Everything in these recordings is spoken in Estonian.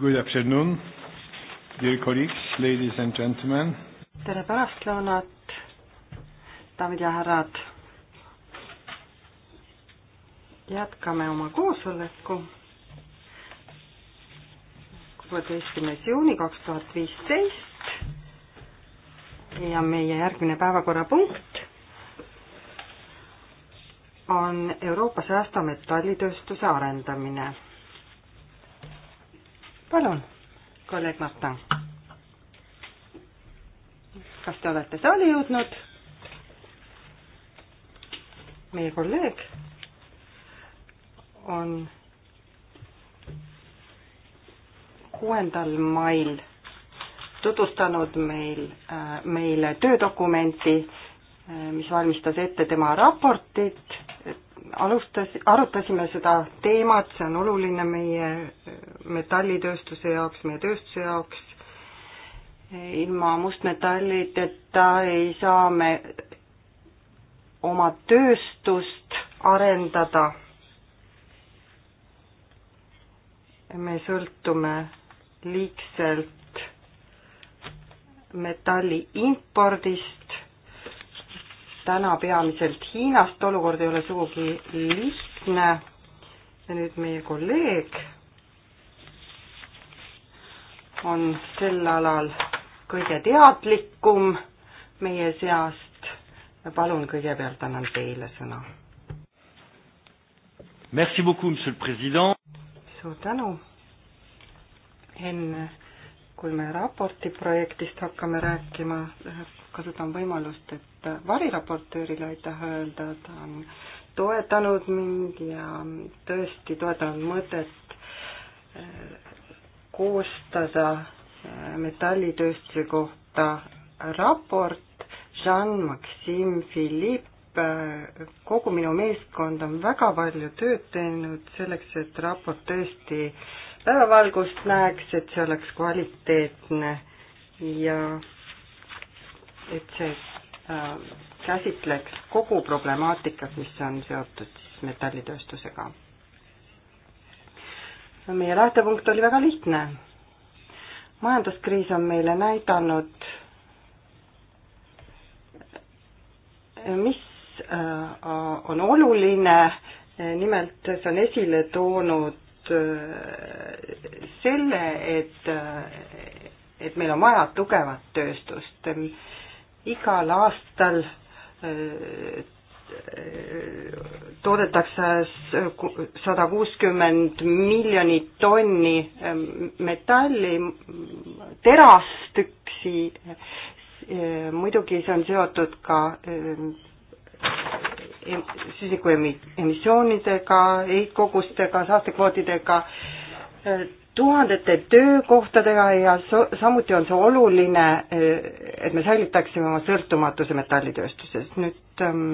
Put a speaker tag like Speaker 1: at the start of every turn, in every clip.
Speaker 1: Good afternoon, dear colleagues, ladies and gentlemen.
Speaker 2: tere pärastlõunat, daamid ja härrad. jätkame oma koosoleku. kuueteistkümnes juuni kaks tuhat viisteist ja meie järgmine päevakorrapunkt on Euroopa säästva metallitööstuse arendamine palun, kolleeg Martin. kas te olete saali jõudnud? meie kolleeg on kuuendal mail tutvustanud meil, äh, meile töödokumenti, äh, mis valmistas ette tema raportit alustas, arutasime seda teemat, see on oluline meie äh, metallitööstuse jaoks, meie tööstuse jaoks. ilma mustmetallideta ei saa me oma tööstust arendada. me sõltume liigselt metalli impordist, täna peamiselt Hiinast, olukord ei ole sugugi lihtne. ja nüüd meie kolleeg on sel alal kõige teadlikum meie seast. palun, kõigepealt annan teile sõna.
Speaker 1: Merci beaucoup, monsieur le president.
Speaker 2: suur tänu. enne kui me raporti projektist hakkame rääkima, kasutan võimalust, et tahab variraportöörile aitäh öelda, ta on toetanud mind ja tõesti toetanud mõtet eh, koostada eh, metallitööstuse kohta raport. Jean-Maxime Philippe, eh, kogu minu meeskond on väga palju tööd teinud selleks, et raport tõesti päevavalgust näeks, et see oleks kvaliteetne ja et see Äh, käsitleks kogu problemaatikat, mis on seotud siis metallitööstusega. meie lähtepunkt oli väga lihtne. majanduskriis on meile näidanud, mis äh, on oluline, nimelt see on esile toonud äh, selle, et, et meil on vaja tugevat tööstust igal aastal äh, toodetakse sada kuuskümmend miljonit tonni ähm, metalli, terastüksi, äh, muidugi see on seotud ka äh, süsiku emissioonidega, heitkogustega, saastekvootidega, tuhandete töökohtadega ja so, samuti on see oluline, et me säilitaksime oma sõltumatuse metallitööstuses. nüüd ähm,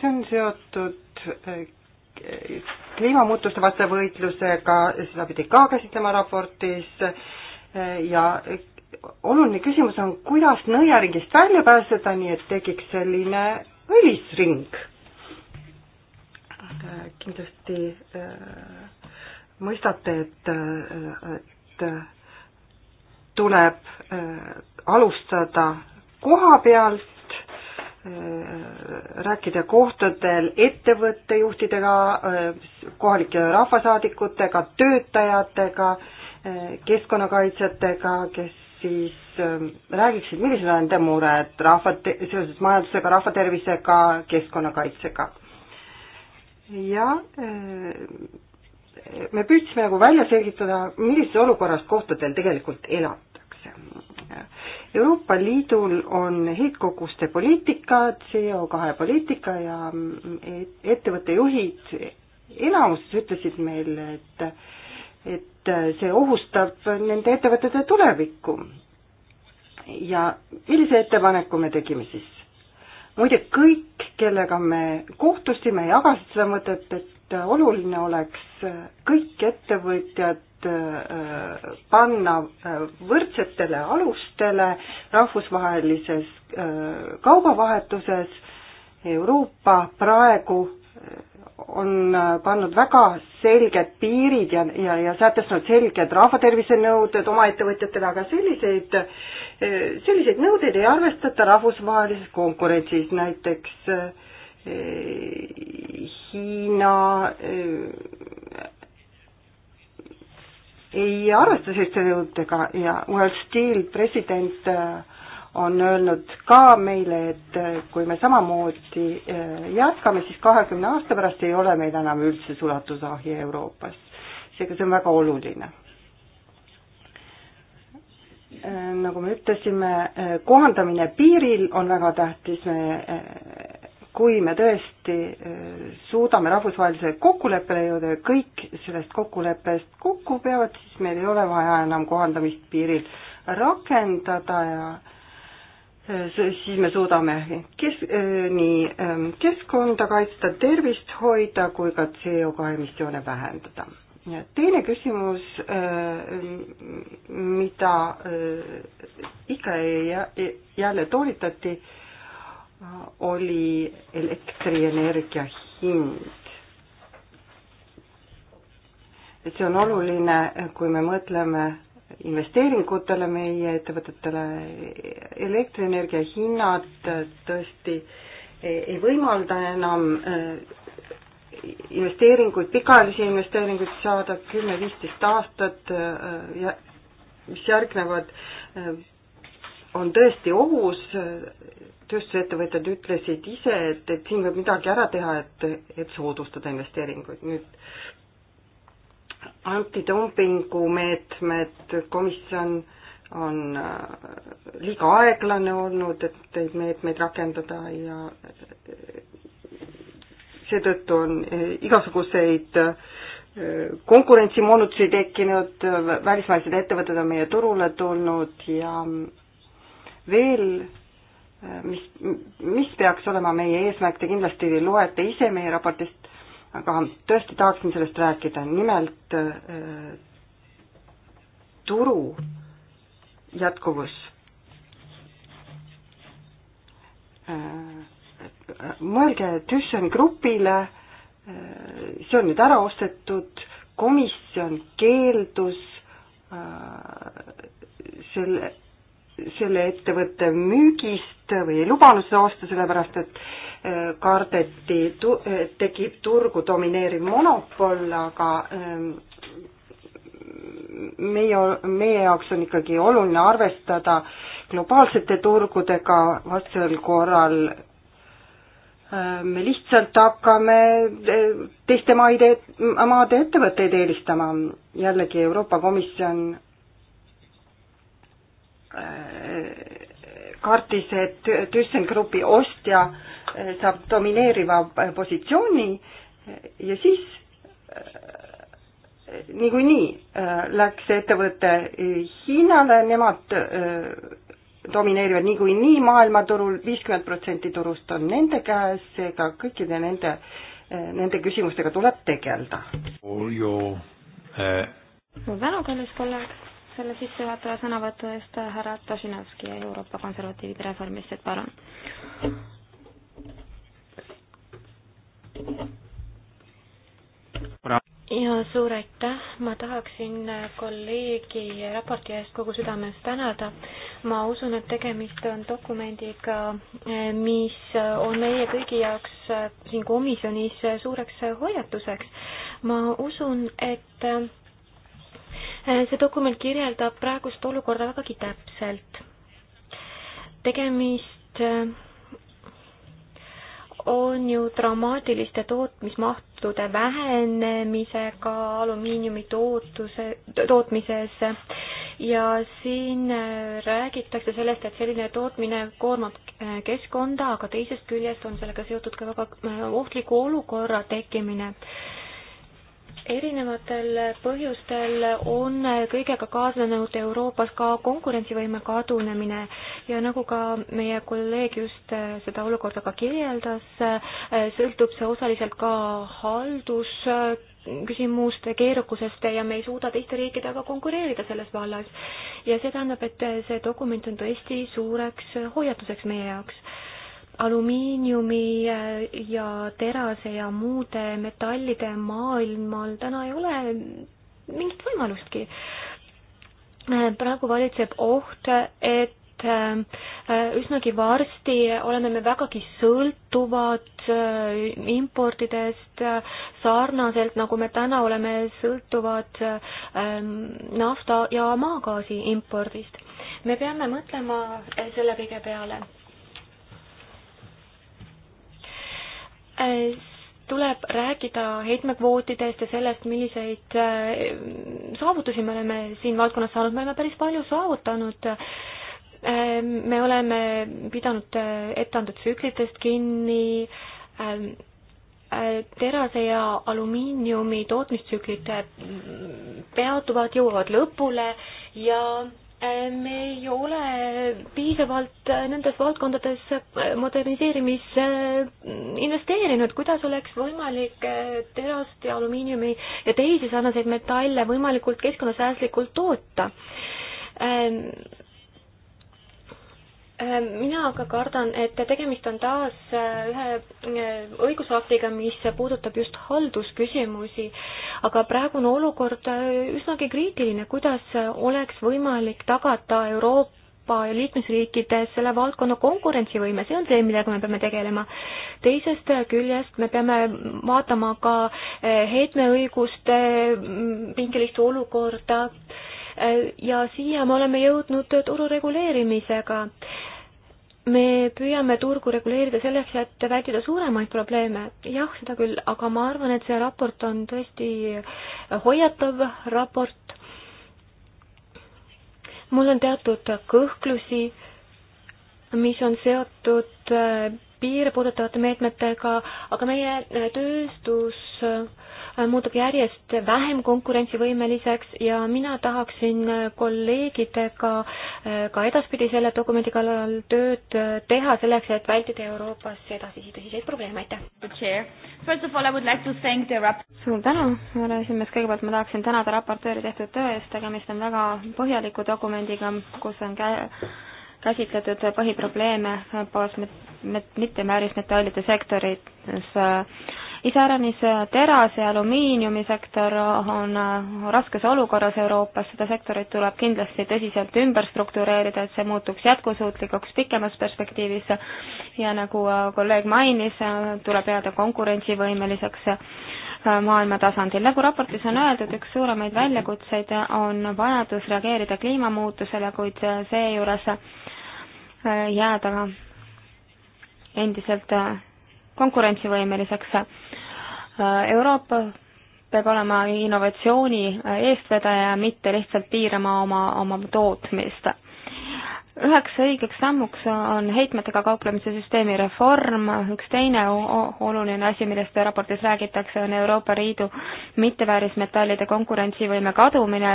Speaker 2: see on seotud äh, kliimamuutuste vastase võitlusega, seda pidi ka käsitlema raportis äh, ja äh, oluline küsimus on, kuidas nõiaringist välja pääseda, nii et tekiks selline õlisring. kindlasti äh, mõistate, et, et tuleb äh, alustada koha pealt, äh, rääkida kohtadel ettevõtte juhtidega, äh, kohalike rahvasaadikutega, töötajatega, keskkonnakaitsjatega, kes siis räägiksid, millised on nende mured rahva, seoses majandusega, rahvatervisega, keskkonnakaitsega. ja me püüdsime nagu välja selgitada, millises olukorras kohtadel tegelikult elatakse. Euroopa Liidul on heitkoguste poliitika, CO2 poliitika ja ettevõtte juhid enamuses ütlesid meile, et et see ohustab nende ettevõtete tulevikku. ja millise ettepaneku me tegime siis? muide, kõik, kellega me kohtusime, jagasid seda mõtet, et et oluline oleks kõik ettevõtjad äh, panna äh, võrdsetele alustele rahvusvahelises äh, kaubavahetuses. Euroopa praegu on pannud väga selged piirid ja, ja, ja sätestanud selged rahvatervise nõuded oma ettevõtjatele, aga selliseid, selliseid nõudeid ei arvestata rahvusvahelises konkurentsis, näiteks äh, Hiina eh, ei arvesta selliste nõudega ja World Steel president eh, on öelnud ka meile, et eh, kui me samamoodi jätkame, siis kahekümne aasta pärast ei ole meil enam üldse sulatusahju Euroopas. seega see on väga oluline. nagu me ütlesime, kohandamine piiril on väga tähtis, me kui me tõesti äh, suudame rahvusvahelisele kokkuleppele jõuda ja kõik sellest kokkuleppest kokku peavad, siis meil ei ole vaja enam kohandamist piiril rakendada ja äh, siis me suudame kes-, äh, nii ähm, keskkonda kaitsta, tervist hoida kui ka CO2 emissioone vähendada. ja teine küsimus, mida ikka jälle toonitati, oli elektrienergia hind. et see on oluline, kui me mõtleme investeeringutele meie ettevõtetele, elektrienergia hinnad tõesti ei võimalda enam äh, investeeringuid, pikaajalisi investeeringuid saada kümme-viisteist aastat äh, ja mis järgnevad, äh, on tõesti ohus, tööstusettevõtjad ütlesid ise, et, et siin võib midagi ära teha, et, et soodustada investeeringuid. nüüd antidumpingu meetmed, komisjon on äh, liiga aeglane olnud, et neid meetmeid rakendada ja seetõttu on äh, igasuguseid äh, konkurentsimoonutusi tekkinud, välismaised ettevõtted on meie turule tulnud ja mm, veel mis, mis peaks olema meie eesmärk, te kindlasti loete ise meie raportist, aga tõesti tahaksin sellest rääkida, nimelt äh, turu jätkuvus. Äh, mõelge Thyssen Grupile, äh, see on nüüd ära ostetud, komisjon keeldus selle selle ettevõtte müügist või ei lubanud seda osta, sellepärast et äh, kardeti, äh, tekib turgu domineeriv monopol, aga ähm, meie, meie jaoks on ikkagi oluline arvestada globaalsete turgudega, vastasel korral äh, me lihtsalt hakkame teiste maide, maade ettevõtteid eelistama. jällegi Euroopa Komisjon kartis, et ThyssenKrupi ostja eh, saab domineeriva eh, positsiooni eh, ja siis niikuinii läks see ettevõte Hiinale, nemad domineerivad niikuinii maailmaturul, viiskümmend protsenti turust on nende käes, seega kõikide nende, nende küsimustega tuleb tegeleda.
Speaker 1: suur
Speaker 2: tänu,
Speaker 3: kallis kolleeg! selle sissejuhatava sõnavõtu eest, härra Tošinovski ja Euroopa Konservatiivide Reformist, et palun. ja suur aitäh, ma tahaksin kolleegi raporti eest kogu südamest tänada. ma usun, et tegemist on dokumendiga, mis on meie kõigi jaoks siin komisjonis suureks hoiatuseks. ma usun, et Eh, see dokument kirjeldab praegust olukorda vägagi täpselt. tegemist eh, on ju dramaatiliste tootmismahtude vähenemisega alumiiniumi tootuse, tootmises ja siin eh, räägitakse sellest, et selline tootmine koormab keskkonda, aga teisest küljest on sellega seotud ka väga ohtliku olukorra tekkimine erinevatel põhjustel on kõigega kaasnenud Euroopas ka konkurentsivõime kadunemine ja nagu ka meie kolleeg just seda olukorda ka kirjeldas, sõltub see osaliselt ka haldus küsimuste keerukusest ja me ei suuda teiste riikidega konkureerida selles vallas. ja see tähendab, et see dokument on tõesti suureks hoiatuseks meie jaoks alumiiniumi äh, ja terase ja muude metallide maailmal täna ei ole mingit võimalustki. Äh, praegu valitseb oht, et äh, üsnagi varsti oleme me vägagi sõltuvad importidest, sarnaselt nagu me täna oleme sõltuvad nafta ja maagaasi impordist. me peame mõtlema selle kõige peale Äh, tuleb rääkida heitmekvootidest ja sellest, milliseid äh, saavutusi me oleme siin valdkonnas saanud, me oleme päris palju saavutanud. Ähm, me oleme pidanud äh, etteantud tsüklitest kinni, ähm, terase ja alumiiniumi tootmistsüklid peatuvad, jõuavad lõpule ja me ei ole piisavalt nendes valdkondades moderniseerimisse investeerinud, kuidas oleks võimalik terast ja alumiiniumi ja teisi sarnaseid metalle võimalikult keskkonnasäästlikult toota Ähm, mina aga kardan, et tegemist on taas äh, ühe äh, õigusaktiga, mis puudutab just haldusküsimusi, aga praegune olukord äh, üsnagi kriitiline, kuidas oleks võimalik tagada Euroopa Euroopa liikmesriikides selle valdkonna konkurentsivõime, see on see, millega me peame tegelema. teisest küljest me peame vaatama ka heitmeõiguste mm, pingelist olukorda äh, Äh, ja siia me oleme jõudnud turu reguleerimisega. me püüame turgu reguleerida selleks, et vältida suuremaid probleeme, jah, seda küll, aga ma arvan, et see raport on tõesti hoiatav raport. mul on teatud kõhklusi, mis on seotud äh, piire puudutavate meetmetega, aga meie tööstus äh, Äh, muutub järjest vähem konkurentsivõimeliseks ja mina tahaksin kolleegidega äh, ka edaspidi selle dokumendi kallal tööd äh, teha selleks, et vältida Euroopas edasisi tõsiseid probleeme, aitäh! suur tänu, härra esimees, kõigepealt ma tahaksin tänada raportööri tehtud töö eest, tegemist on väga põhjaliku dokumendiga, kus on kä-, käsitletud põhiprobleeme baas- met-, mittemäärismetallide sektoris äh, iseäranis äh, terase ja alumiiniumi sektor on äh, raskes olukorras Euroopas, seda sektorit tuleb kindlasti tõsiselt ümber struktureerida, et see muutuks jätkusuutlikuks pikemas perspektiivis ja nagu äh, kolleeg mainis, tuleb jääda konkurentsivõimeliseks maailma tasandil. nagu raportis on öeldud, üks suuremaid väljakutseid on vajadus reageerida kliimamuutusele, kuid seejuures jääda endiselt konkurentsivõimeliseks. Äh, Euroopa peab olema innovatsiooni eestvedaja, mitte lihtsalt piirama oma, oma tootmist. üheks õigeks sammuks on heitmetega kauplemise süsteemi reform, üks teine oluline asi, millest raportis räägitakse, on Euroopa Liidu mitteväärismetallide konkurentsivõime kadumine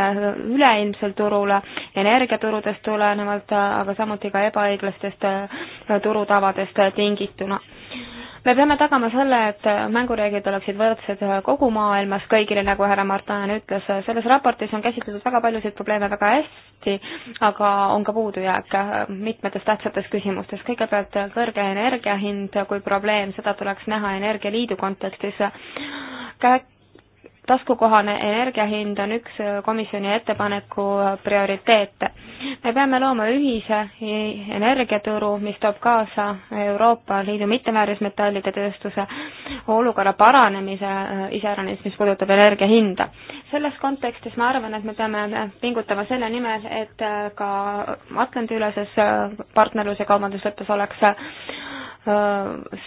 Speaker 3: üleilmsel turul, energiaturudest tulenevalt, aga samuti ka ebaõiglastest äh, turutavadest tingituna me peame tagama selle, et mängureeglid oleksid võrdsed kogu maailmas kõigile, nagu härra Martin ütles. selles raportis on käsitletud väga paljusid probleeme väga hästi, aga on ka puudujääk mitmetes tähtsates küsimustes. kõigepealt kõrge energiahind kui probleem, seda tuleks näha Energialiidu kontekstis taskukohane energiahind on üks äh, komisjoni ettepaneku äh, prioriteete. me peame looma ühise e-, energiaturu, mis toob kaasa Euroopa Liidu mittemäärusmetallide tööstuse olukorra paranemise, äh, iseäranis, mis puudutab energia hinda. selles kontekstis ma arvan, et me peame pingutama selle nimel, et ka Atlandi-üleses partnerlus- ja kaubandusleppes oleks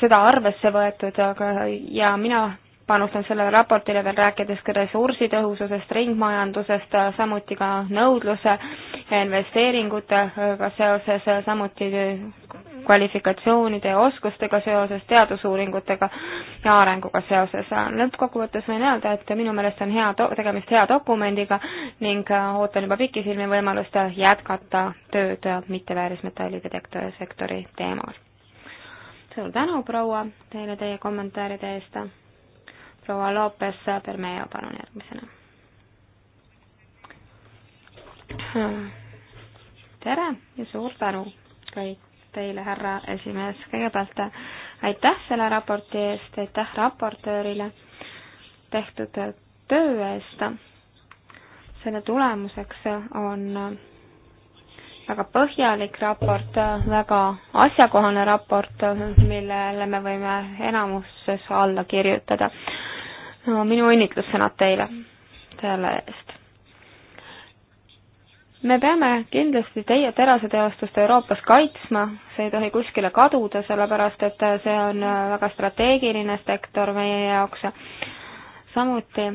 Speaker 3: seda arvesse võetud, aga ja mina panustan sellele raportile veel rääkides ka ressursitõhususest, ringmajandusest, samuti ka nõudluse ja investeeringutega seoses, samuti kvalifikatsioonide ja oskustega seoses, teadusuuringutega ja arenguga seoses. lõppkokkuvõttes võin öelda, et minu meelest on hea, tegemist hea dokumendiga ning ootan juba pikisilmi võimalust jätkata tööd mitteväärismetallide sektori teemal. suur tänu, proua, teile teie kommentaaride eest proua Lopes Bermeo, palun järgmisena. tere ja suur tänu kõik teile, härra esimees, kõigepealt aitäh selle raporti eest, aitäh raportöörile tehtud töö eest. selle tulemuseks on väga põhjalik raport, väga asjakohane raport, millele me võime enamuses alla kirjutada no minu õnnitlussõnad teile selle eest. me peame kindlasti teie teraseteostust Euroopas kaitsma, see ei tohi kuskile kaduda, sellepärast et see on väga strateegiline sektor meie jaoks. samuti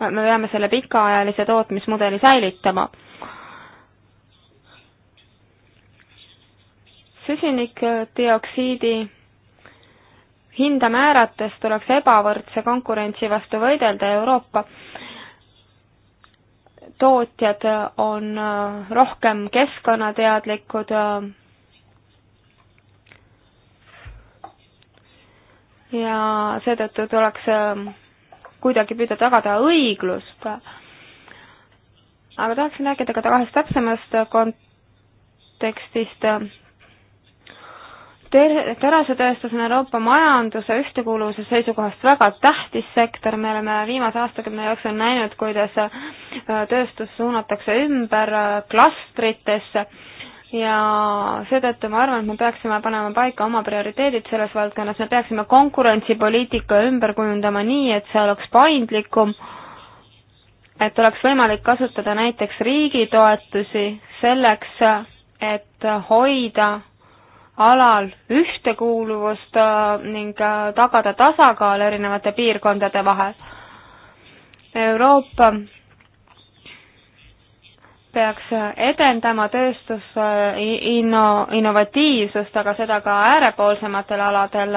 Speaker 3: me peame selle pikaajalise tootmismudeli säilitama. süsinikdioksiidi hinda määrates tuleks ebavõrdse konkurentsi vastu võidelda Euroopa tootjad on äh, rohkem keskkonnateadlikud äh, ja seetõttu tuleks äh, kuidagi püüda tagada õiglust. aga tahaksin rääkida ka kahest täpsemast kontekstist ter-, terasetööstus on Euroopa majanduse ühtekuuluvuse seisukohast väga tähtis sektor, me oleme viimase aastakümne jooksul näinud, kuidas äh, tööstus suunatakse ümber äh, klastritesse ja seetõttu ma arvan, et me peaksime panema paika oma prioriteedid selles valdkonnas, me peaksime konkurentsipoliitika ümber kujundama nii, et see oleks paindlikum, et oleks võimalik kasutada näiteks riigi toetusi selleks, et hoida alal ühtekuuluvust äh, ning äh, tagada tasakaal erinevate piirkondade vahel. Euroopa peaks edendama tööstus äh, inno-, innovatiivsust, aga seda ka äärepoolsematel aladel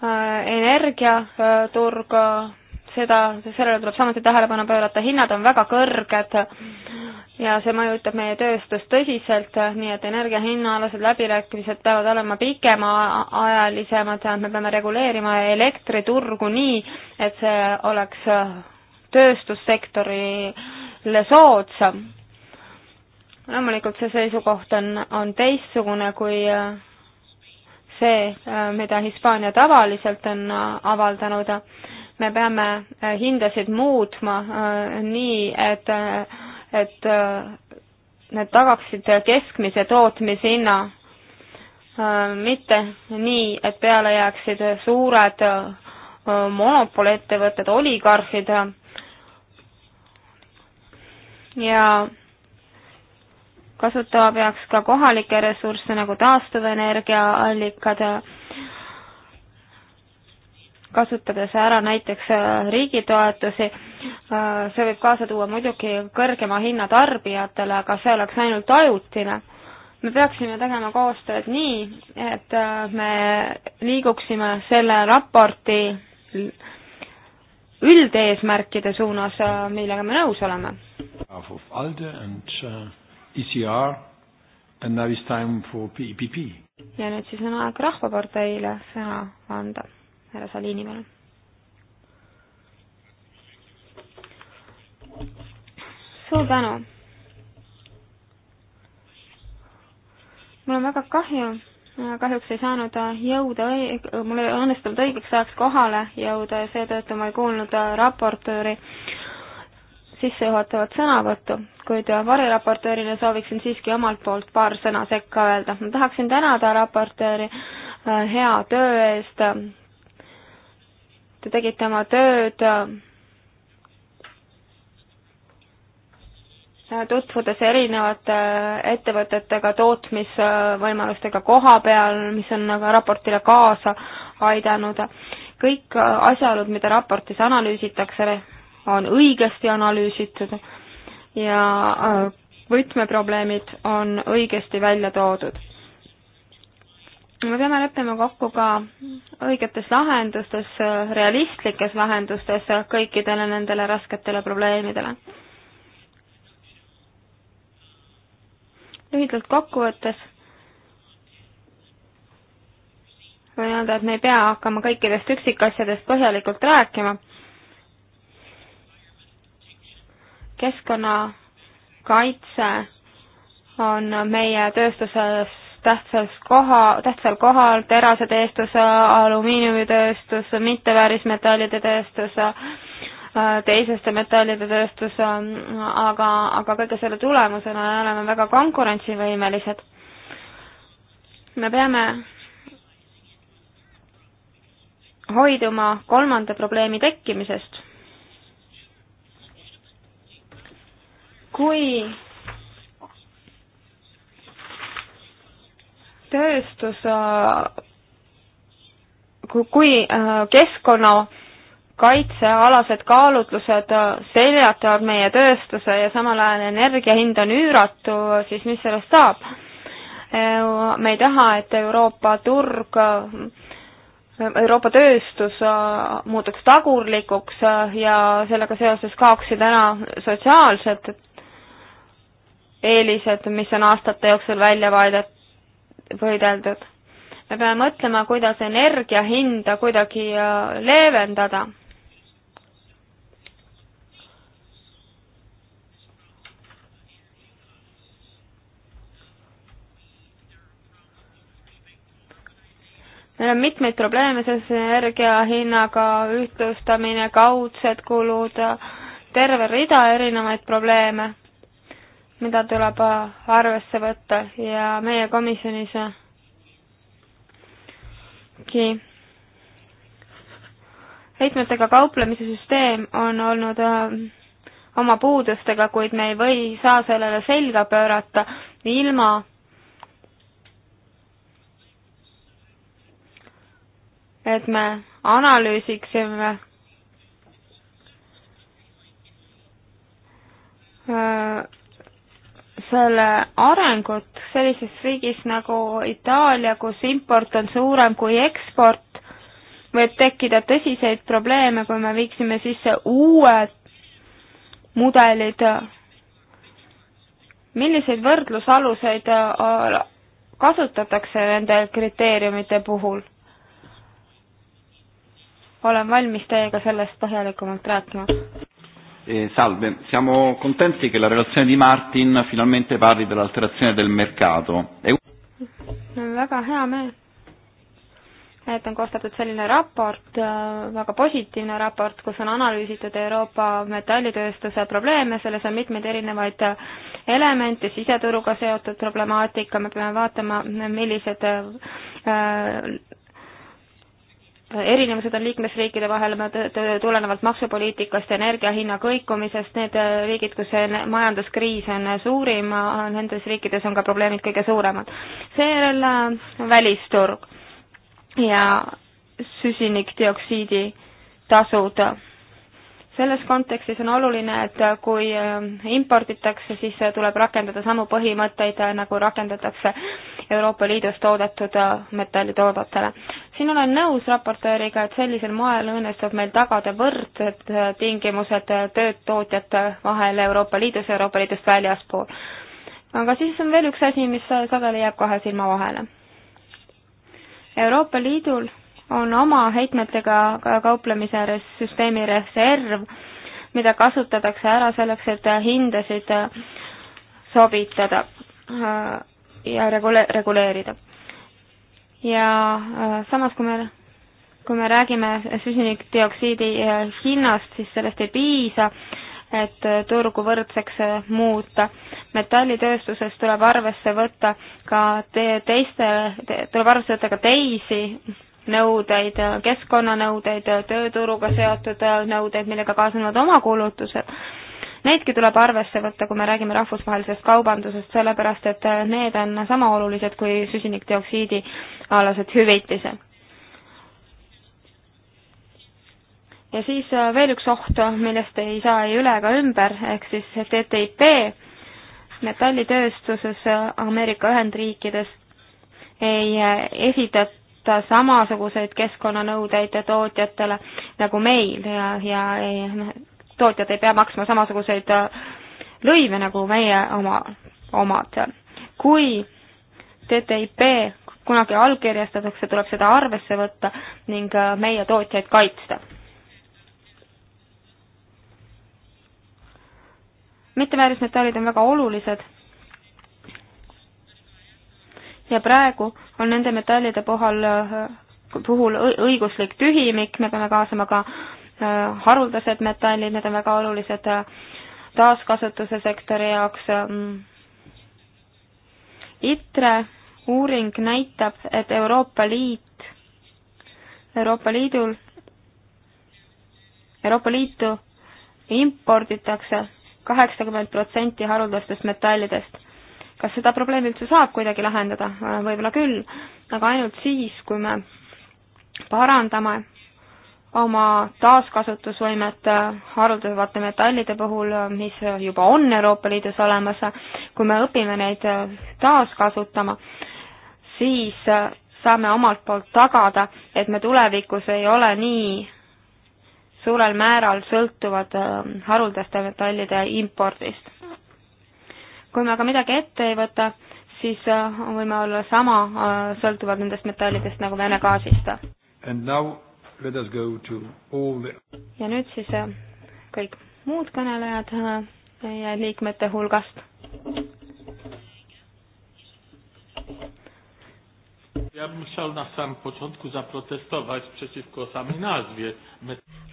Speaker 3: energiaturg seda, sellele tuleb samuti tähelepanu pöörata, hinnad on väga kõrged ja see mõjutab meie tööstust tõsiselt, nii et energia hinnaalased läbirääkimised peavad olema pikemaajalisemad, me peame reguleerima elektriturgu nii, et see oleks tööstussektorile soodsam. loomulikult see seisukoht on, on teistsugune kui see, mida Hispaania tavaliselt on avaldanud me peame äh, hindasid muutma äh, nii, et, et äh, need tagaksid keskmise tootmishinna, mitte nii, et peale jääksid suured monopoliettevõtted, oligarhid ja kasutama peaks ka kohalikke ressursse nagu taastuvenergiaallikad kasutades ära näiteks äh, riigi toetusi, äh, see võib kaasa tuua muidugi kõrgema hinna tarbijatele, aga see oleks ainult ajutine. me peaksime tegema koostööd nii, et äh, me liiguksime selle raporti üldeesmärkide suunas, millega me nõus oleme. ja nüüd siis on aeg Rahvaparteile sõna anda härra Salini, palun. suur tänu. mul on väga kahju, kahjuks ei saanud jõuda, mul ei õnnestunud õigeks ajaks kohale jõuda ja seetõttu ma ei kuulnud raportööri sissejuhatavat sõnavõttu, kuid variraportöörina sooviksin siiski omalt poolt paar sõna sekka öelda. ma tahaksin tänada raportööri äh, hea töö eest Te tegite oma tööd äh, tutvudes erinevate ettevõtetega, tootmisvõimalustega koha peal, mis on aga raportile kaasa aidanud. kõik asjaolud, mida raportis analüüsitakse, on õigesti analüüsitud ja äh, võtmeprobleemid on õigesti välja toodud me peame leppima kokku ka õigetes lahendustes, realistlikes lahendustes kõikidele nendele rasketele probleemidele. lühidalt kokkuvõttes võin öelda, et me ei pea hakkama kõikidest üksikasjadest põhjalikult rääkima. keskkonnakaitse on meie tööstuses tähtsas koha, tähtsal kohal terasetööstus, alumiiniumitööstus, mitteväärismetallide tööstus, teiseste metallide tööstus, aga, aga kõige selle tulemusena oleme väga konkurentsivõimelised. me peame hoiduma kolmanda probleemi tekkimisest. kui tööstus, kui äh, keskkonnakaitsealased kaalutlused äh, seljatavad meie tööstuse ja samal ajal energia hind on üüratu, siis mis sellest saab? Äh, me ei taha, et Euroopa turg Euroopa tööstus muutuks tagurlikuks ja sellega seoses kaoksid ära sotsiaalsed eelised, mis on aastate jooksul välja vaid-, võideldud. me peame mõtlema, kuidas energia hinda kuidagi äh, leevendada. meil on mitmeid probleeme seoses energia hinnaga, ühtlustamine, kaudsed kulud, äh, terve rida erinevaid probleeme mida tuleb arvesse võtta ja meie komisjonis heitmetega kauplemise süsteem on olnud ähm, oma puudustega, kuid me ei või, saa sellele selga pöörata ilma et me analüüsiksime öö, äh, selle arengut sellises riigis nagu Itaalia, kus import on suurem kui eksport, võib tekkida tõsiseid probleeme, kui me viiksime sisse uued mudelid. milliseid võrdlusaluseid äh, kasutatakse nende kriteeriumite puhul? olen valmis teiega sellest põhjalikumalt rääkima
Speaker 2: Eh, salve, siamo contenti che la relazione di Martin finalmente parli dell'alterazione del mercato. E...
Speaker 3: väga hea meel, et on koostatud selline raport, äh, väga positiivne raport, kus on analüüsitud Euroopa metallitööstuse probleeme, selles on mitmeid erinevaid äh, elemente, siseturuga seotud problemaatika, me peame vaatama, millised äh, erinevused on liikmesriikide vahel tulenevalt maksupoliitikast, energiahinna kõikumisest, need äh, riigid, kus see majanduskriis on äh, suurim, nendes riikides on ka probleemid kõige suuremad. seejärel äh, välisturg ja süsinikdioksiidi tasud. selles kontekstis on oluline, et kui imporditakse, siis tuleb rakendada samu põhimõtteid, nagu rakendatakse Euroopa Liidus toodetud äh, metallitoodetele. siin olen nõus raportööriga, et sellisel moel õnnestub meil tagada võrdsed äh, tingimused äh, töötootjate vahel Euroopa Liidus ja Euroopa Liidust väljaspool. aga siis on veel üks asi, mis sageli jääb kahe silma vahele. Euroopa Liidul on oma heitmetega kauplemise süsteemi reserv, mida kasutatakse ära selleks, et hindasid sobitada ja regule-, reguleerida. ja äh, samas, kui me, kui me räägime süsinikdioksiidi äh, hinnast, siis sellest ei piisa, et äh, turgu võrdseks muuta. metallitööstuses tuleb arvesse võtta ka te-, teiste te,, tuleb arvesse võtta ka teisi nõudeid, keskkonnanõudeid, tööturuga seotud nõudeid, millega kaasnevad oma kulutused Neidki tuleb arvesse võtta, kui me räägime rahvusvahelisest kaubandusest, sellepärast et need on sama olulised kui süsinikdioksiidi alased hüvitised. ja siis äh, veel üks oht, millest ei saa ei üle ega ümber, ehk siis TTIP, metallitööstuses äh, Ameerika Ühendriikides ei äh, esitata võtta samasuguseid keskkonnanõudeid tootjatele nagu meil ja, ja ei, tootjad ei pea maksma samasuguseid äh, lõive nagu meie oma, omad. kui TTIP kunagi allkirjastatakse, tuleb seda arvesse võtta ning äh, meie tootjaid kaitsta. mitteväärtusmetallid on väga olulised ja praegu on nende metallide puhul äh, puhul õiguslik tühimik, me peame kaasama ka Äh, haruldased metallid, need on väga olulised äh, taaskasutuse sektori jaoks. Ähm. ITRE uuring näitab, et Euroopa Liit, Euroopa Liidul, Euroopa Liitu imporditakse kaheksakümmend protsenti haruldastest metallidest. kas seda probleemi üldse saab kuidagi lahendada? Äh, võib-olla küll, aga ainult siis, kui me parandame oma taaskasutusvõimet äh, haruldavate metallide puhul, äh, mis juba on Euroopa Liidus olemas, kui me õpime neid äh, taaskasutama, siis saame omalt poolt tagada, et me tulevikus ei ole nii suurel määral sõltuvad haruldaste metallide impordist. kui me aga midagi ette ei võta, siis võime olla sama sõltuvad nendest metallidest nagu Vene gaasist.
Speaker 1: And now let us go to all
Speaker 3: the... ja nüüd siis äh, kõik muud kõnelejad äh, ja liikmete hulgast. Ja bym chciał na samym początku zaprotestować przeciwko samej nazwie.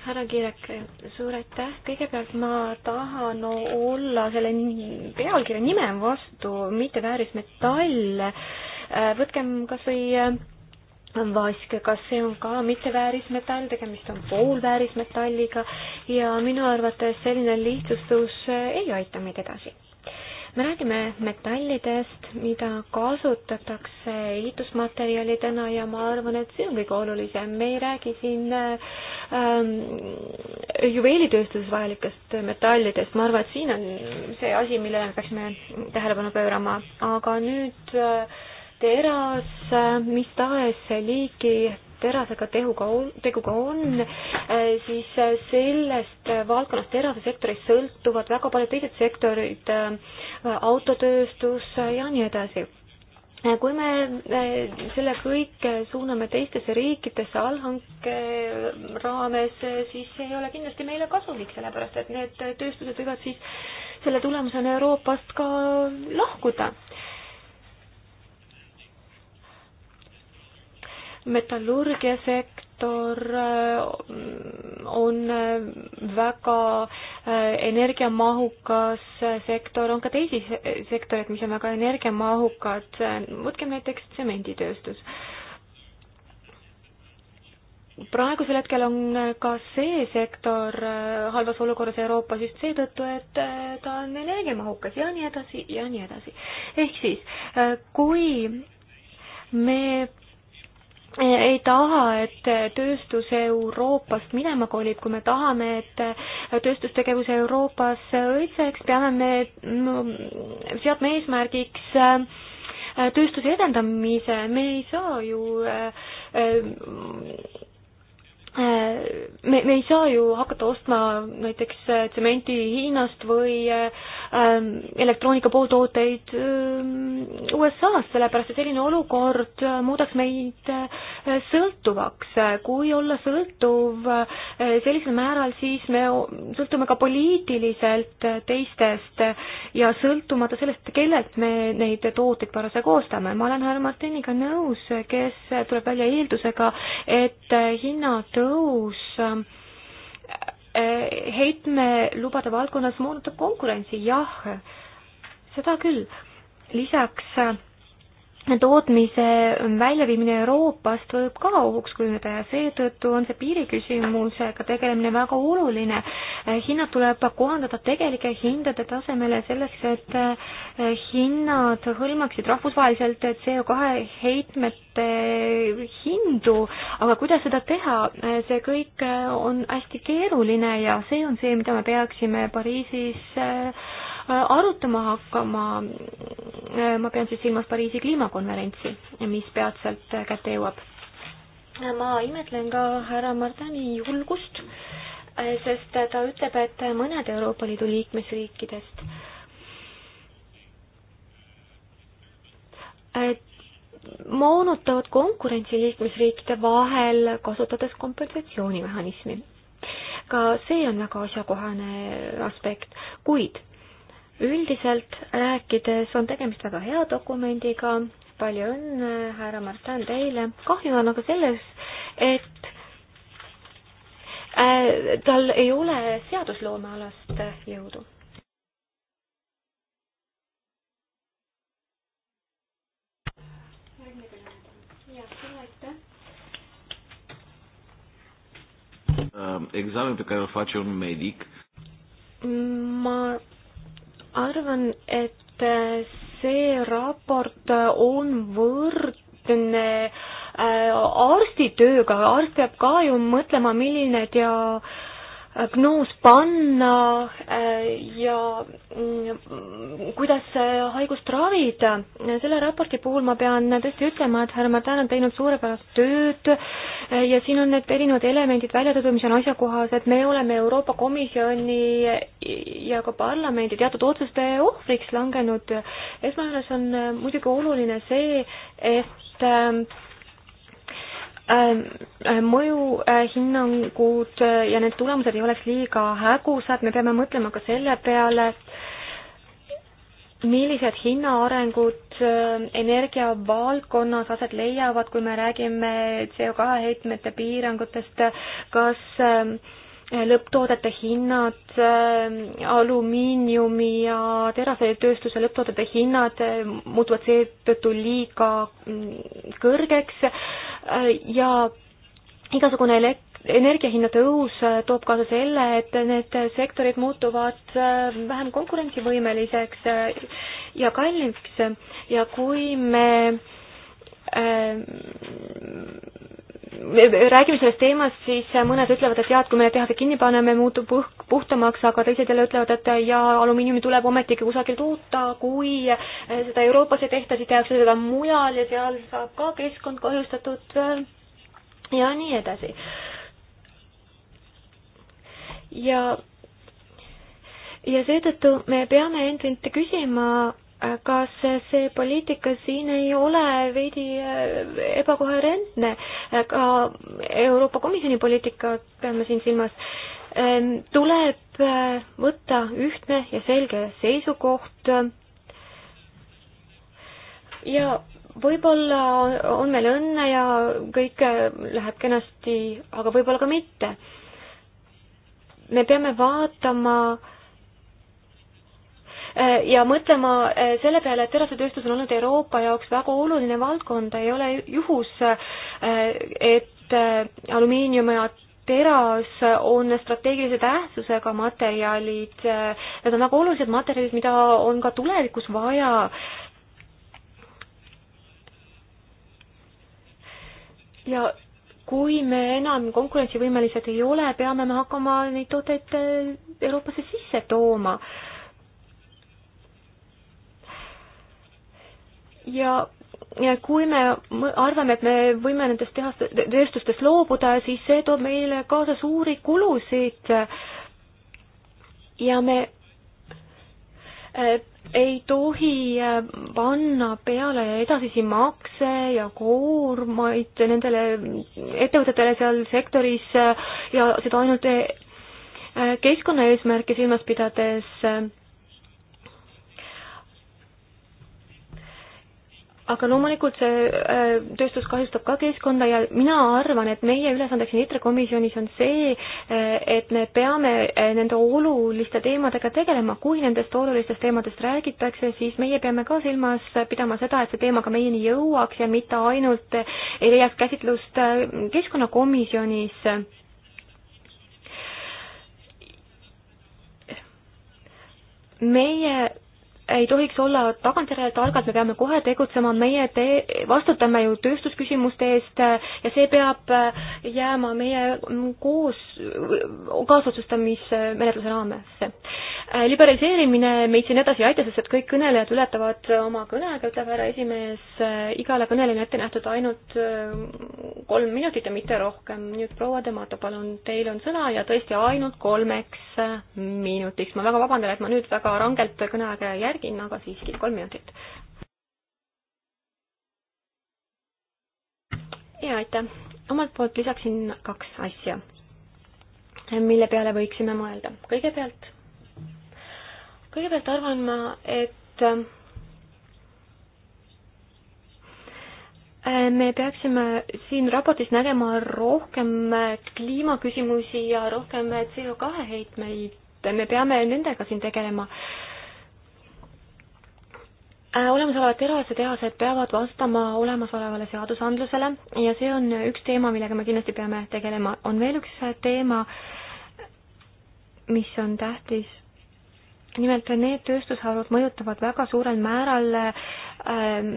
Speaker 3: härra Kirek, suur aitäh, kõigepealt ma tahan no, olla selle pealkirja nime vastu, mitte väärismetall. Äh, võtkem kas või vaske, kas see on ka mitteväärismetall, tegemist on poolväärismetalliga ja minu arvates selline lihtsustus eh, ei aita meid edasi. me räägime metallidest, mida kasutatakse ehitusmaterjalidena ja ma arvan, et see on kõige olulisem, me ei räägi siin eh, ähm, juveelitööstuses vajalikest metallidest, ma arvan, et siin on see asi, millele me peaksime tähelepanu pöörama, aga nüüd äh, teras, mis tahes liiki terasega tehuga on, teguga on, äh, siis sellest valdkonnast, terasesektorist sõltuvad väga paljud teised sektorid, äh, autotööstus ja nii edasi äh, kui me selle kõik suuname teistesse riikidesse allhanke raames, siis see ei ole kindlasti meile kasulik, sellepärast et need tööstused võivad siis selle tulemusena Euroopast ka lahkuda metallurgiasektor äh, on äh, väga äh, energiamahukas sektor, on ka teisi sektoreid, mis on väga energiamahukad, võtkem näiteks tsemenditööstus. praegusel hetkel on ka see sektor halvas olukorras Euroopas just seetõttu, et ta on energiamahukas ja nii edasi ja nii edasi. ehk siis, kui me ei taha, et tööstus Euroopast minema kolib, kui me tahame, et tööstustegevus Euroopas õitseks, peame me no, seadme eesmärgiks äh, tööstuse edendamise, me ei saa ju äh, äh, me, me ei saa ju hakata ostma näiteks tsementi Hiinast või Ähm, elektroonika pooltooteid ähm, USA-s, sellepärast et selline olukord äh, muudaks meid äh, sõltuvaks. kui olla sõltuv äh, sellisel määral, siis me sõltume ka poliitiliselt teistest ja sõltumata sellest, kellelt me neid tooteid parasjagu ostame. ma olen härra Martiniga nõus, kes tuleb välja eeldusega, et hinnatõus Eh, heitmelubade valdkonnas moonutab konkurentsi, jah, seda küll. lisaks eh, tootmise väljaviimine Euroopast võib ka ohuks kujuneda ja seetõttu on see piiriküsimusega tegelemine väga oluline. hinnad tuleb kohandada tegelike hindade tasemele selleks, et eh, hinnad hõlmaksid rahvusvaheliselt CO2 heitmete hindu, aga kuidas seda teha, see kõik on hästi keeruline ja see on see, mida me peaksime Pariisis eh, Äh, arutama hakkama, äh, ma pean siis silmas Pariisi kliimakonverentsi, mis peatselt äh, kätte jõuab. ma imetlen ka härra Martani julgust, sest ta ütleb, et mõned Euroopa Liidu liikmesriikidest moonutavad konkurentsi liikmesriikide vahel, kasutades kompensatsioonimehhanismi. ka see on väga asjakohane aspekt, kuid üldiselt rääkides on tegemist väga hea dokumendiga, palju õnne, härra Martin, teile. kahju on aga selles, et äh, tal ei ole seadusloomealast jõudu.
Speaker 1: Ähm, examen pe care îl face un medic.
Speaker 3: Ma arvan, et see raport on võrdne äh, arstitööga, arst peab ka ju mõtlema, milline dia-, gnoos panna äh, ja mm, kuidas haigust ravida. selle raporti puhul ma pean tõesti ütlema, et härra Martin on teinud suurepärast tööd äh, ja siin on need erinevad elemendid välja toodud, mis on asjakohased. me oleme Euroopa Komisjoni ja ka parlamendi teatud otsuste ohvriks langenud. esmajoones on äh, muidugi oluline see, et Äh, äh, mõjuhinnangud äh, ja need tulemused ei oleks liiga hägusad, me peame mõtlema ka selle peale, millised hinnaarengud energiavaldkonnas aset leiavad, kui me räägime CO2 heitmete piirangutest, kas lõpptoodete hinnad, alumiiniumi ja terasetööstuse lõpptoodete hinnad muutuvad seetõttu liiga mm, kõrgeks ja igasugune elek-, energiahinna tõus äh, toob kaasa selle, et need sektorid muutuvad äh, vähem konkurentsivõimeliseks äh, ja kalliks ja kui me räägime sellest teemast, siis mõned ütlevad, et jaa, et kui me tehase kinni paneme, muutub õhk puhtamaks, aga teised jälle ütlevad, et jaa, alumiiniumi tuleb ometigi kusagilt uutta, kui seda Euroopas ei tehta, siis tehakse seda mujal ja seal saab ka keskkond kahjustatud äh, ja nii edasi. ja, ja seetõttu me peame endalt küsima kas see poliitika siin ei ole veidi äh, ebakoherentne, ka Euroopa Komisjoni poliitika, pean ma siin silmas, ähm, tuleb äh, võtta ühtne ja selge seisukoht ja võib-olla on meil õnne ja kõik äh, läheb kenasti, aga võib-olla ka mitte. me peame vaatama äh, Äh, ja mõtlema äh, selle peale, et terasetööstus on olnud Euroopa jaoks väga oluline valdkond, ei ole juhus, äh, et alumiinium ja teras on strateegilise tähtsusega materjalid, need on väga olulised materjalid, mida on ka tulevikus vaja. ja kui me enam konkurentsivõimelised ei ole, peame me hakkama neid tooteid Euroopasse sisse tooma äh, ja ja kui me arvame, et me võime nendest tehast, tööstustest loobuda, siis see toob meile kaasa suuri kulusid ja me äh, ei tohi äh, panna peale edasisi makse ja koormaid nendele ettevõtetele seal sektoris äh, ja seda ainult keskkonnaeesmärke silmas pidades aga loomulikult see äh, tööstus kahjustab ka keskkonda ja mina arvan, et meie ülesandeks siin ITRE komisjonis on see, äh, et me peame äh, nende oluliste teemadega tegelema, kui nendest olulistest teemadest räägitakse, siis meie peame ka silmas pidama seda, et see teema ka meieni jõuaks ja mitte ainult ei leiaks käsitlust keskkonnakomisjonis meie ei tohiks olla tagantjärele targad, me peame kohe tegutsema, meie tee, vastutame ju tööstusküsimuste eest ja see peab äh, jääma meie mm, koos, kaasotsustamismenetluse raamesse. Äh, liberaliseerimine meid siin edasi ei aita, sest et kõik kõnelejad ületavad oma kõneaega, ütleb härra esimees, äh, igale kõnelejale on ette nähtud ainult kolm minutit ja mitte rohkem. nüüd proua Demato, palun, teil on sõna ja tõesti ainult kolmeks minutiks. ma väga vabandan, et ma nüüd väga rangelt kõneaega järgin, märgin, aga siiski kolm minutit. ja aitäh. omalt poolt lisaksin kaks asja, mille peale võiksime mõelda. kõigepealt, kõigepealt arvan ma, et äh, me peaksime siin raportis nägema rohkem kliimaküsimusi ja rohkem CO2 heitmeid, me peame nendega siin tegelema Äh, olemasolevad terasetehased peavad vastama olemasolevale seadusandlusele ja see on üks teema, millega me kindlasti peame tegelema. on veel üks äh, teema, mis on tähtis nimelt need tööstusharud mõjutavad väga suurel määral ähm,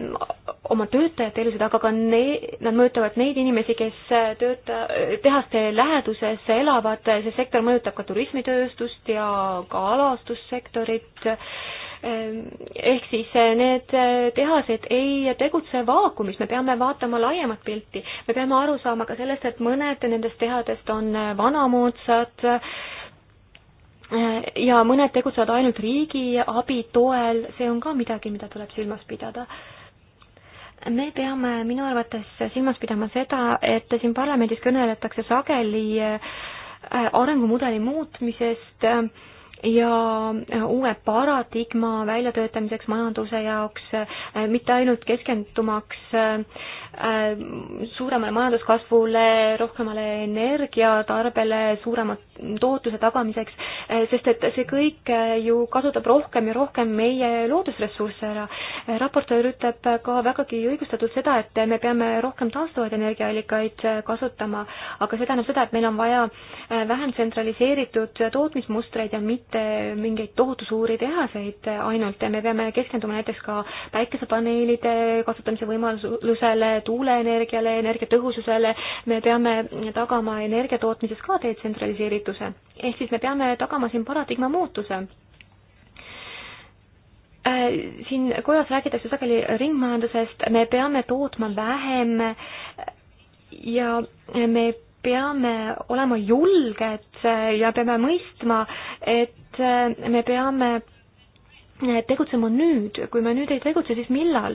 Speaker 3: oma töötajate elusid, aga ka ne-, nad mõjutavad neid inimesi, kes äh, tööta-, äh, tehaste läheduses elavad, see sektor mõjutab ka turismitööstust ja ka alastussektorit ähm,, ehk siis äh, need tehased ei tegutse vaakumis, me peame vaatama laiemat pilti. me peame aru saama ka sellest, et mõned nendest tehadest on vanamoodsad äh,, ja mõned tegutsevad ainult riigi abi toel, see on ka midagi, mida tuleb silmas pidada. me peame minu arvates silmas pidama seda, et siin parlamendis kõneletakse sageli äh, arengumudeli muutmisest äh, ja äh, uue paradigma väljatöötamiseks majanduse jaoks, mitte ainult keskendumaks Äh, suuremale majanduskasvule, rohkemale energiatarbele, suurema tootluse tagamiseks, äh, sest et see kõik äh, ju kasutab rohkem ja rohkem meie loodusressursse ära. raportöör ütleb ka vägagi õigustatult seda, et me peame rohkem taastuvaid energiaallikaid kasutama, aga see tähendab seda, et meil on vaja vähem tsentraliseeritud tootmismustreid ja mitte mingeid tohutu suuri tehaseid ainult ja me peame keskenduma näiteks ka päikesepaneelide kasutamise võimalusele, tuuleenergiale, energiatõhususele, me peame tagama energiatootmises ka detsentraliseerituse. ehk siis me peame tagama siin paradigma muutuse. Äh, siin kojas räägitakse sageli ringmajandusest, me peame tootma vähem ja me peame olema julged ja peame mõistma, et me peame tegutsema nüüd, kui me nüüd ei tegutse, siis millal?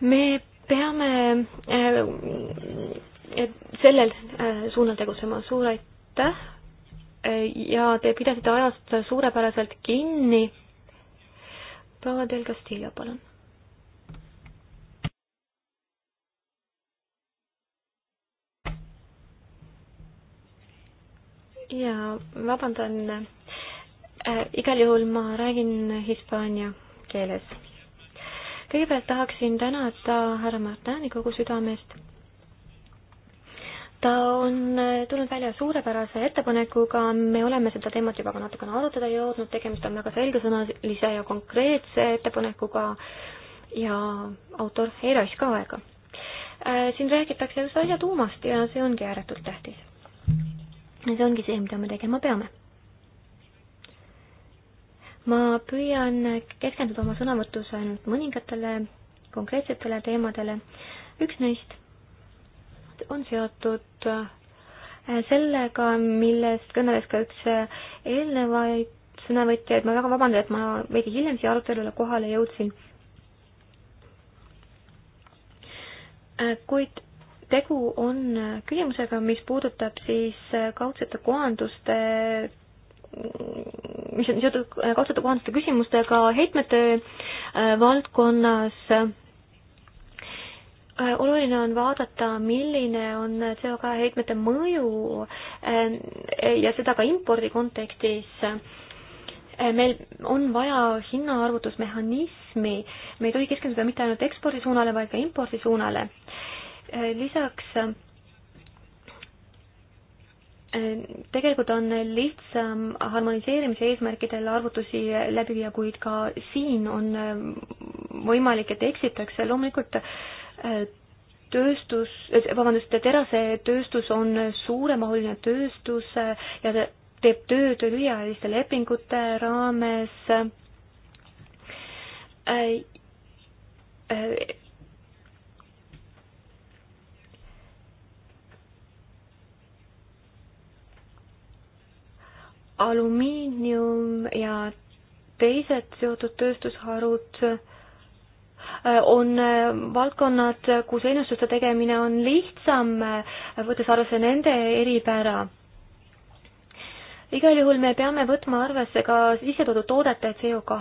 Speaker 3: me peame äh, sellel äh, suunal tegutsema, suur aitäh äh, ja te pidasite ajast suurepäraselt kinni. proua Del Castillo, palun. ja vabandan, igal juhul ma räägin hispaania keeles kõigepealt tahaksin tänada härra Martani kogu südamest. ta on tulnud välja suurepärase ettepanekuga, me oleme seda teemat juba ka natukene arutada jõudnud, tegemist on väga selgesõnalise ja konkreetse ettepanekuga ja autor ei raiska aega. Äh, siin räägitakse just asja tuumast ja see ongi ääretult tähtis. see ongi see, mida me tegema peame ma püüan keskenduda oma sõnavõtus ainult mõningatele konkreetsetele teemadele. üks neist on seotud äh, sellega, millest kõneles ka üks äh, eelnevaid sõnavõtjaid, ma väga vabandan, et ma veidi hiljem siia arutelule kohale jõudsin. Äh, kuid tegu on küsimusega, mis puudutab siis kaudsete kohanduste mis on seotud kaudselt kohanduste küsimustega heitmete äh, valdkonnas. Äh, oluline on vaadata, milline on CO2 heitmete mõju äh, ja seda ka impordi kontekstis. meil on vaja hinnaarvutusmehhanismi, me ei tohi keskenduda mitte ainult ekspordi suunale, vaid ka impordi suunale. lisaks Ehm, tegelikult on lihtsam harmoniseerimise eesmärkidel arvutusi läbi viia, kuid ka siin on ehm, võimalik, et eksitakse. loomulikult ehm, tööstus, vabandust, terasetööstus on suuremahuline tööstus eh, ja ta teeb tööd lühiajaliste lepingute raames eh, eh, alumiinium ja teised seotud tööstusharud äh, on äh, valdkonnad, kus ennustuste tegemine on lihtsam, äh, võttes arvesse nende eripära. igal juhul me peame võtma arvesse ka sissetoodud toodete CO2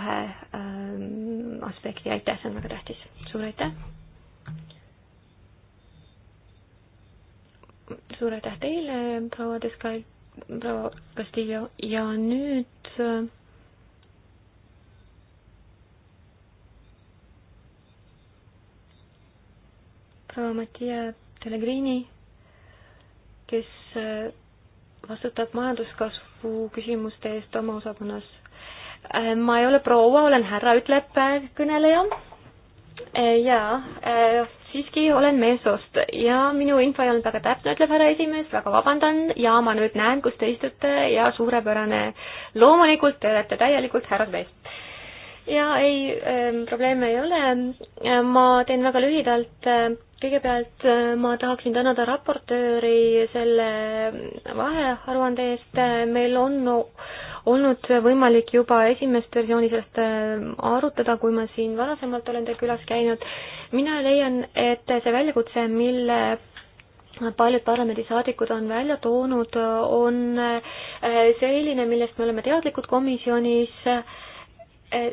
Speaker 3: ähm, aspekti, aitäh, see on väga tähtis. suur aitäh! suur aitäh teile, proua Deskail! proua Castillo ja nüüd äh, proua Mattia Pellegrini, kes äh, vastutab majanduskasvu küsimuste eest oma osakonnas. Äh, ma ei ole proua, olen härra, ütleb kõneleja. jaa siiski olen meessoost ja minu info ei olnud väga täpne, ütleb härra esimees, väga vabandan ja ma nüüd näen, kus te istute ja suurepärane. loomulikult te olete täielikult härrasmees. ja ei ähm,, probleeme ei ole. Äh, ma teen väga lühidalt. Äh, kõigepealt äh, ma tahaksin tänada raportööri selle vahearuande eest. meil on no, olnud võimalik juba esimest versiooni sellest arutada, kui ma siin varasemalt olen teil külas käinud mina leian, et see väljakutse, mille paljud parlamendisaadikud on välja toonud, on äh, selline, millest me oleme teadlikud komisjonis. Äh,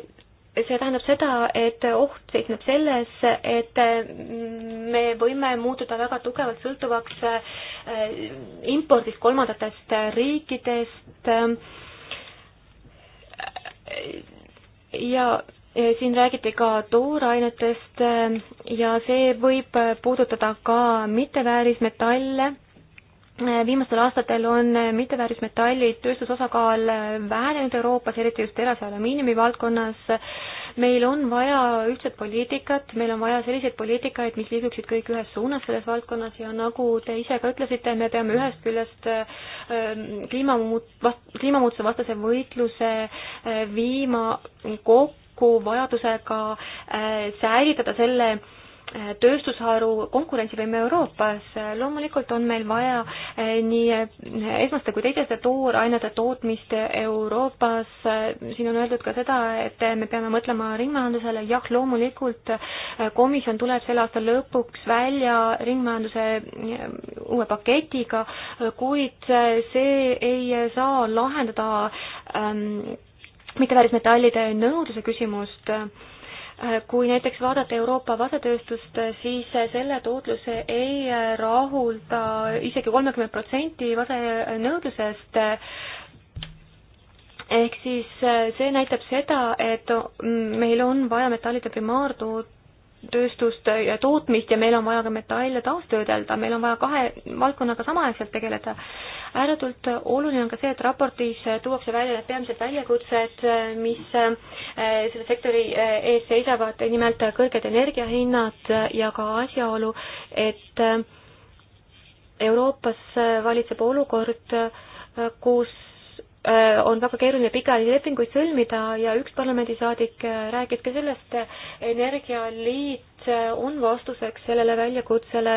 Speaker 3: see tähendab seda, et oht seisneb selles, et äh, me võime muutuda väga tugevalt sõltuvaks impordist kolmandatest riikidest ja Eh, siin räägiti ka toorainetest eh, ja see võib eh, puudutada ka mitteväärismetalle. viimastel aastatel on mitteväärismetalli tööstusosakaal vähenenud Euroopas, eriti just terase alumiiniumi valdkonnas. meil on vaja ühtset poliitikat, meil on vaja selliseid poliitikaid, mis liiguksid kõik ühes suunas selles valdkonnas ja nagu te ise ka ütlesite, me peame ühest küljest kliimamuut-, kliimamuutuse vastase võitluse viima kokku kokku vajadusega äh, säilitada selle äh, tööstusharu konkurentsivõime Euroopas. loomulikult on meil vaja äh, nii esmaste kui teiseste toorainete tootmist Euroopas. siin on öeldud ka seda, et me peame mõtlema ringmajandusele. jah, loomulikult komisjon tuleb selle aasta lõpuks välja ringmajanduse uue paketiga, kuid see ei saa lahendada ähm, mitteväärtusmetallide nõudluse küsimust. kui näiteks vaadata Euroopa vasetööstust, siis selle tootluse ei rahulda isegi kolmekümmend protsenti vasenõudlusest ehk siis see näitab seda, et meil on vaja metallide primaartööstust ja tootmist ja meil on vaja ka metalle taastöödelda, meil on vaja kahe valdkonnaga samaaegselt tegeleda ääretult oluline on ka see, et raportis tuuakse välja need peamised väljakutsed, mis äh, selle sektori äh, ees seisavad, nimelt kõrged energiahinnad ja ka asjaolu, et äh, Euroopas valitseb olukord, kus Äh, on väga keeruline pikaajalisi lepinguid sõlmida ja üks parlamendisaadik äh, rääkis ka sellest, energialiit äh, on vastuseks sellele väljakutsele,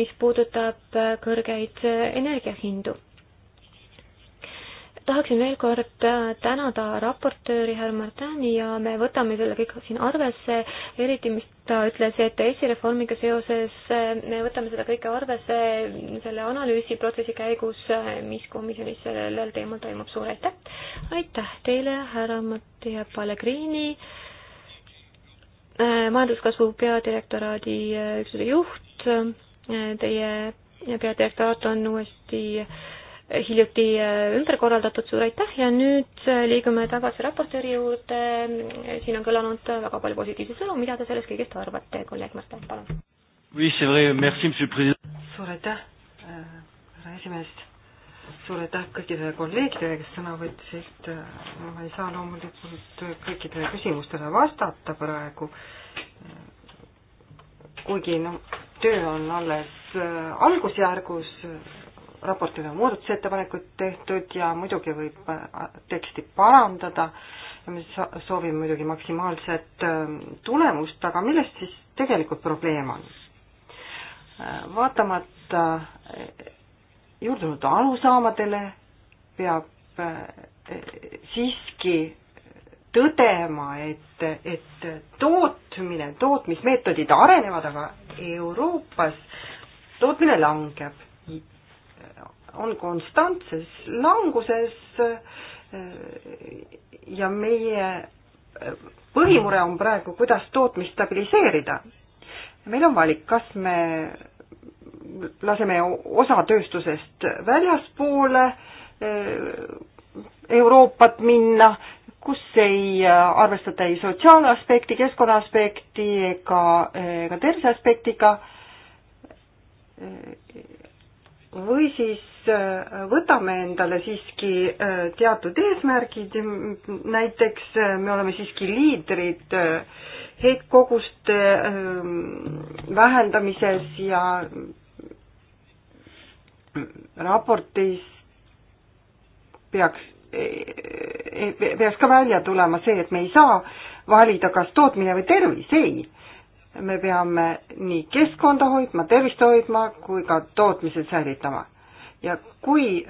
Speaker 3: mis puudutab kõrgeid energiahindu tahaksin veel kord äh, tänada raportööri härra Martani ja me võtame selle kõik siin arvesse, eriti mis ta ütles, et esireformiga seoses äh, me võtame seda kõike arvesse selle analüüsiprotsessi käigus, äh, mis komisjonis sellel teemal toimub. suur aitäh! aitäh teile, härra Mati ja Pellegrini, majanduskasvu peadirektoraadi üksuse juht, teie peadirektoraat on uuesti äh, hiljuti äh, ümber korraldatud, suur aitäh ja nüüd äh, liigume tagasi raportööri juurde. siin on kõlanud äh, väga palju positiivseid sõnu, mida te sellest
Speaker 2: kõigest arvate, kolleeg Martin, palun. suur aitäh, härra esimees, suur aitäh kõikidele kolleegidele, kes sõna võtsid. ma ei saa loomulikult kõikidele küsimustele vastata praegu, kuigi noh, töö on alles algusjärgus raportile on muudatusettepanekud tehtud ja muidugi võib äh, teksti parandada ja me soovime muidugi maksimaalset ähm, tulemust, aga millest siis tegelikult probleem on? Äh, vaatamata äh, juurdunud arusaamadele peab siiski tõdema, et, et tootmine, tootmismeetodid arenevad, aga Euroopas tootmine langeb on konstantses languses eh, ja meie eh, põhimure on praegu, kuidas tootmist stabiliseerida. meil on valik, kas me laseme osa tööstusest väljaspoole eh, Euroopat minna, kus ei arvestata ei sotsiaalaspekti, keskkonnaaspekti ega, ega terviseaspektiga või siis äh, võtame endale siiski äh, teatud eesmärgid, näiteks äh, me oleme siiski liidrid heitkoguste ähm, vähendamises ja raportis peaks, peaks ka välja tulema see, et me ei saa valida kas tootmine või tervis, ei me peame nii keskkonda hoidma, tervist hoidma kui ka tootmise säilitama. ja kui äh,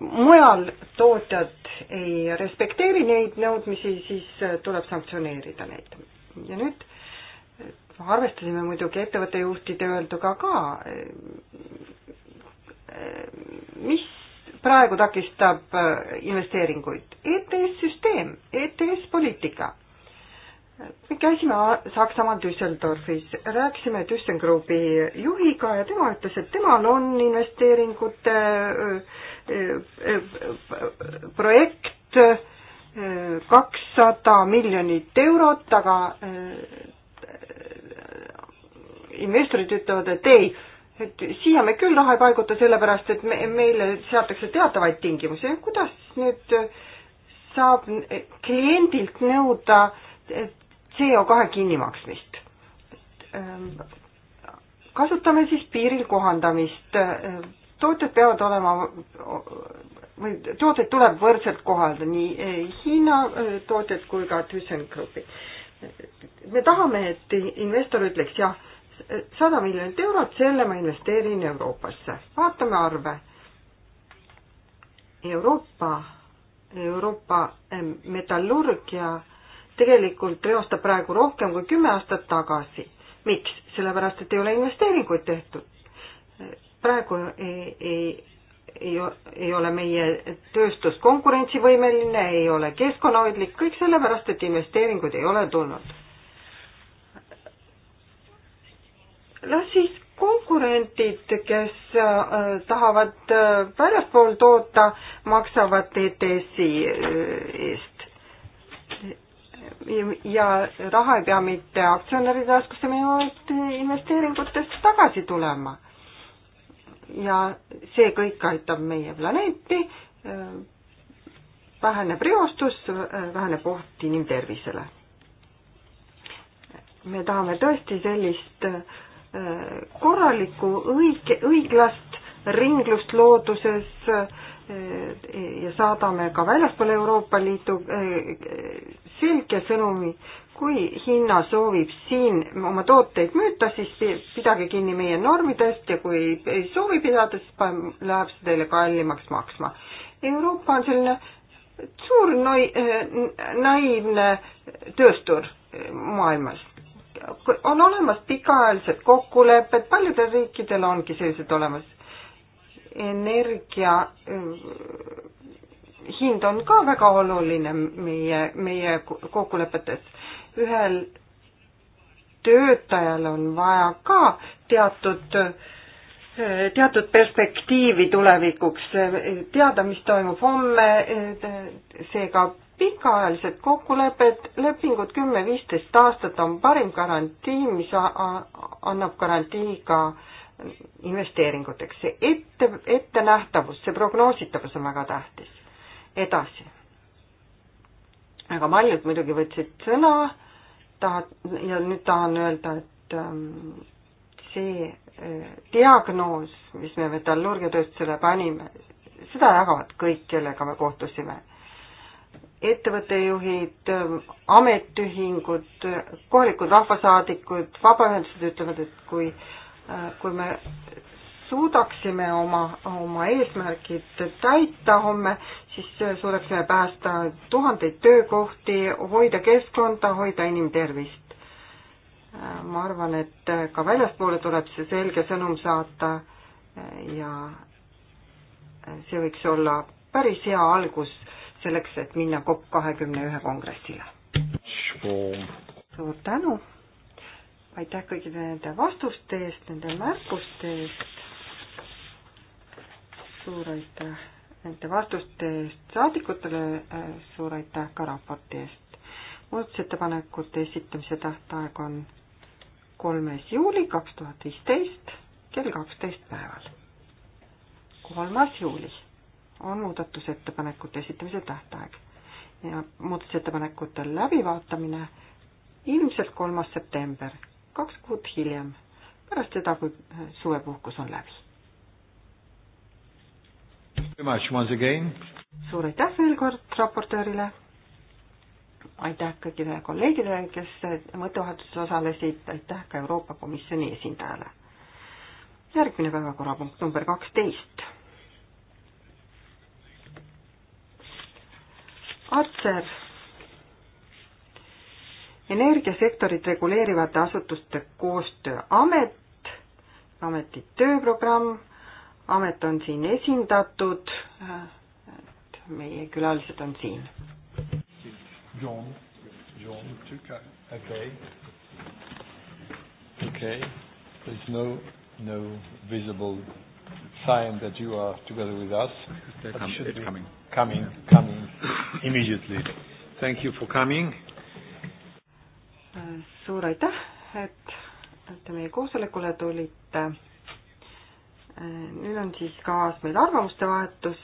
Speaker 2: mujal tootjad ei respekteeri neid nõudmisi, siis äh, tuleb sanktsioneerida neid. ja nüüd äh, arvestasime muidugi ettevõtte juhtide öelduga ka, äh, mis praegu takistab investeeringuid? ETS-süsteem, ETS-poliitika me käisime Saksamaal Düsseldorfis, rääkisime ThyssenKrupi juhiga ja tema ütles, et temal on investeeringute projekt kakssada miljonit eurot, aga investorid ütlevad, et ei, et siia me küll raha ei paiguta, sellepärast et me, meile seatakse teatavaid tingimusi. kuidas nüüd saab kliendilt nõuda et CO kahe kinnimaksmist. Ähm, kasutame siis piiril kohandamist. Ähm, tooted peavad olema või tooteid tuleb võrdselt kohalda, nii äh, Hiina äh, tooted kui ka ThyssenKrupi. me tahame, et investor ütleks jah, sada miljonit eurot, selle ma investeerin Euroopasse. vaatame arve. Euroopa, Euroopa äh, metallurgia tegelikult reostab praegu rohkem kui kümme aastat tagasi. miks? sellepärast, et ei ole investeeringuid tehtud. praegu ei, ei, ei, ei ole meie tööstus konkurentsivõimeline, ei ole keskkonnahoidlik, kõik sellepärast, et investeeringuid ei ole tulnud. las siis konkurentid, kes äh, tahavad äh, väljaspool toota, maksavad ETS-i äh, eest ja raha ei pea mitte aktsionäride taskusse minema, vaid investeeringutest tagasi tulema. ja see kõik aitab meie planeeti, väheneb reostus, väheneb oht inimtervisele. me tahame tõesti sellist äh, korralikku õige, õiglast ringlust looduses äh, ja saadame ka väljaspool Euroopa Liitu eh, selge sõnumi, kui Hiina soovib siin oma tooteid müüta, siis pidage kinni meie normidest ja kui ei soovi pidada, siis läheb see teile kallimaks maksma. Euroopa on selline suur noi-, eh, naiivne tööstur eh, maailmas. on olemas pikaajalised kokkulepped, paljudel riikidel ongi sellised olemas energia eh, hind on ka väga oluline meie, meie kokkulepetes. ühel töötajal on vaja ka teatud, eh, teatud perspektiivi tulevikuks, teada, mis toimub homme, eh, seega pikaajalised kokkulepped, lepingud kümme-viisteist aastat on parim garantii, mis annab garantii ka äh, investeeringuteks. see ette, ettenähtavus, see prognoositavus on väga tähtis. edasi. aga paljud muidugi võtsid sõna, tahad, ja nüüd tahan öelda, et ähm, see äh, diagnoos, mis me metallurgiatööstusele panime, seda jagavad kõik, kellega me kohtusime ettevõtte juhid, ähm, ametiühingud, kohalikud rahvasaadikud, vabaühendused ütlevad, et kui kui me suudaksime oma, oma eesmärgid täita homme, siis suudaksime päästa tuhandeid töökohti, hoida keskkonda, hoida inimtervist. ma arvan, et ka väljaspoole tuleb see selge sõnum saata ja see võiks olla päris hea algus selleks, et minna COP kahekümne ühe kongressile. suur tänu! aitäh kõigile nende vastuste eest, nende märkuste eest. suur aitäh nende vastuste eest saadikutele, äh, suur aitäh ka raporti eest. muudatusettepanekute esitamise tähtaeg on kolmes juuli kaks tuhat viisteist kell kaksteist päeval. kolmas juuli on muudatusettepanekute esitamise tähtaeg ja muudatusettepanekute läbivaatamine ilmselt kolmas september kaks kuud hiljem, pärast seda, kui äh, suvepuhkus on läbi. suur aitäh veel kord raportöörile. aitäh kõigile kolleegidele, kes mõttevahetuses osalesid, aitäh ka Euroopa Komisjoni esindajale. järgmine päevakorrapunkt number kaksteist. Atser energiasektorit reguleerivate asutuste koostööamet, ameti tööprogramm, amet on siin esindatud, et meie külalised on siin. John,
Speaker 1: John Tüka, okei okay., okei okay., there is no, no visible sign that you are together with us. They're com- it's coming. Coming, yeah. coming immediately. Thank you for coming
Speaker 2: suur aitäh, et, et te meie koosolekule tulite. nüüd on siis kaas meil arvamuste vahetus.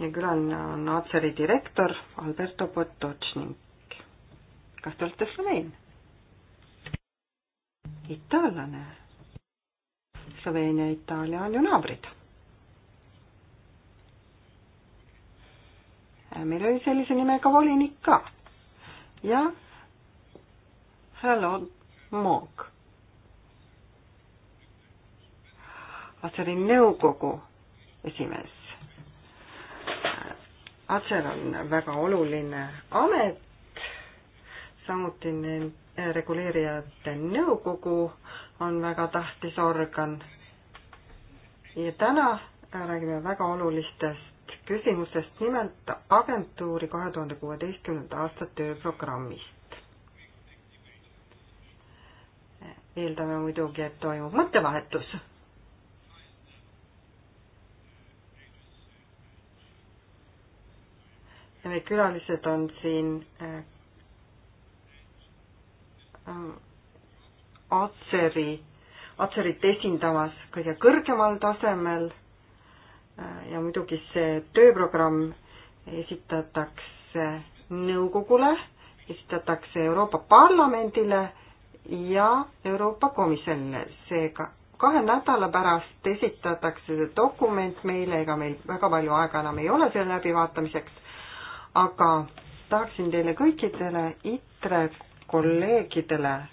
Speaker 2: ja külaline on Atseri direktor Alberto Potočnik. kas te olete sloveen? itaallane. Sloveenia ja Itaalia on ju naabrid meil oli sellise nimega volinik ka. jah, Hello Monk. see oli nõukogu esimees. Atser on väga oluline amet, samuti reguleerijate nõukogu on väga tähtis organ. ja täna räägime väga olulistest küsimustest, nimelt agentuuri kahe tuhande kuueteistkümnenda aasta tööprogrammist. eeldame muidugi, et toimub mõttevahetus. ja meie külalised on siin äh, Atseri, Atserit esindamas kõige kõrgemal tasemel Äh, ja muidugi see tööprogramm esitatakse nõukogule, esitatakse Euroopa Parlamendile ja Euroopa Komisjonile, seega kahe nädala pärast esitatakse see dokument meile, ega meil väga palju aega enam ei ole selle läbivaatamiseks, aga tahaksin teile kõikidele ITRE kolleegidele äh,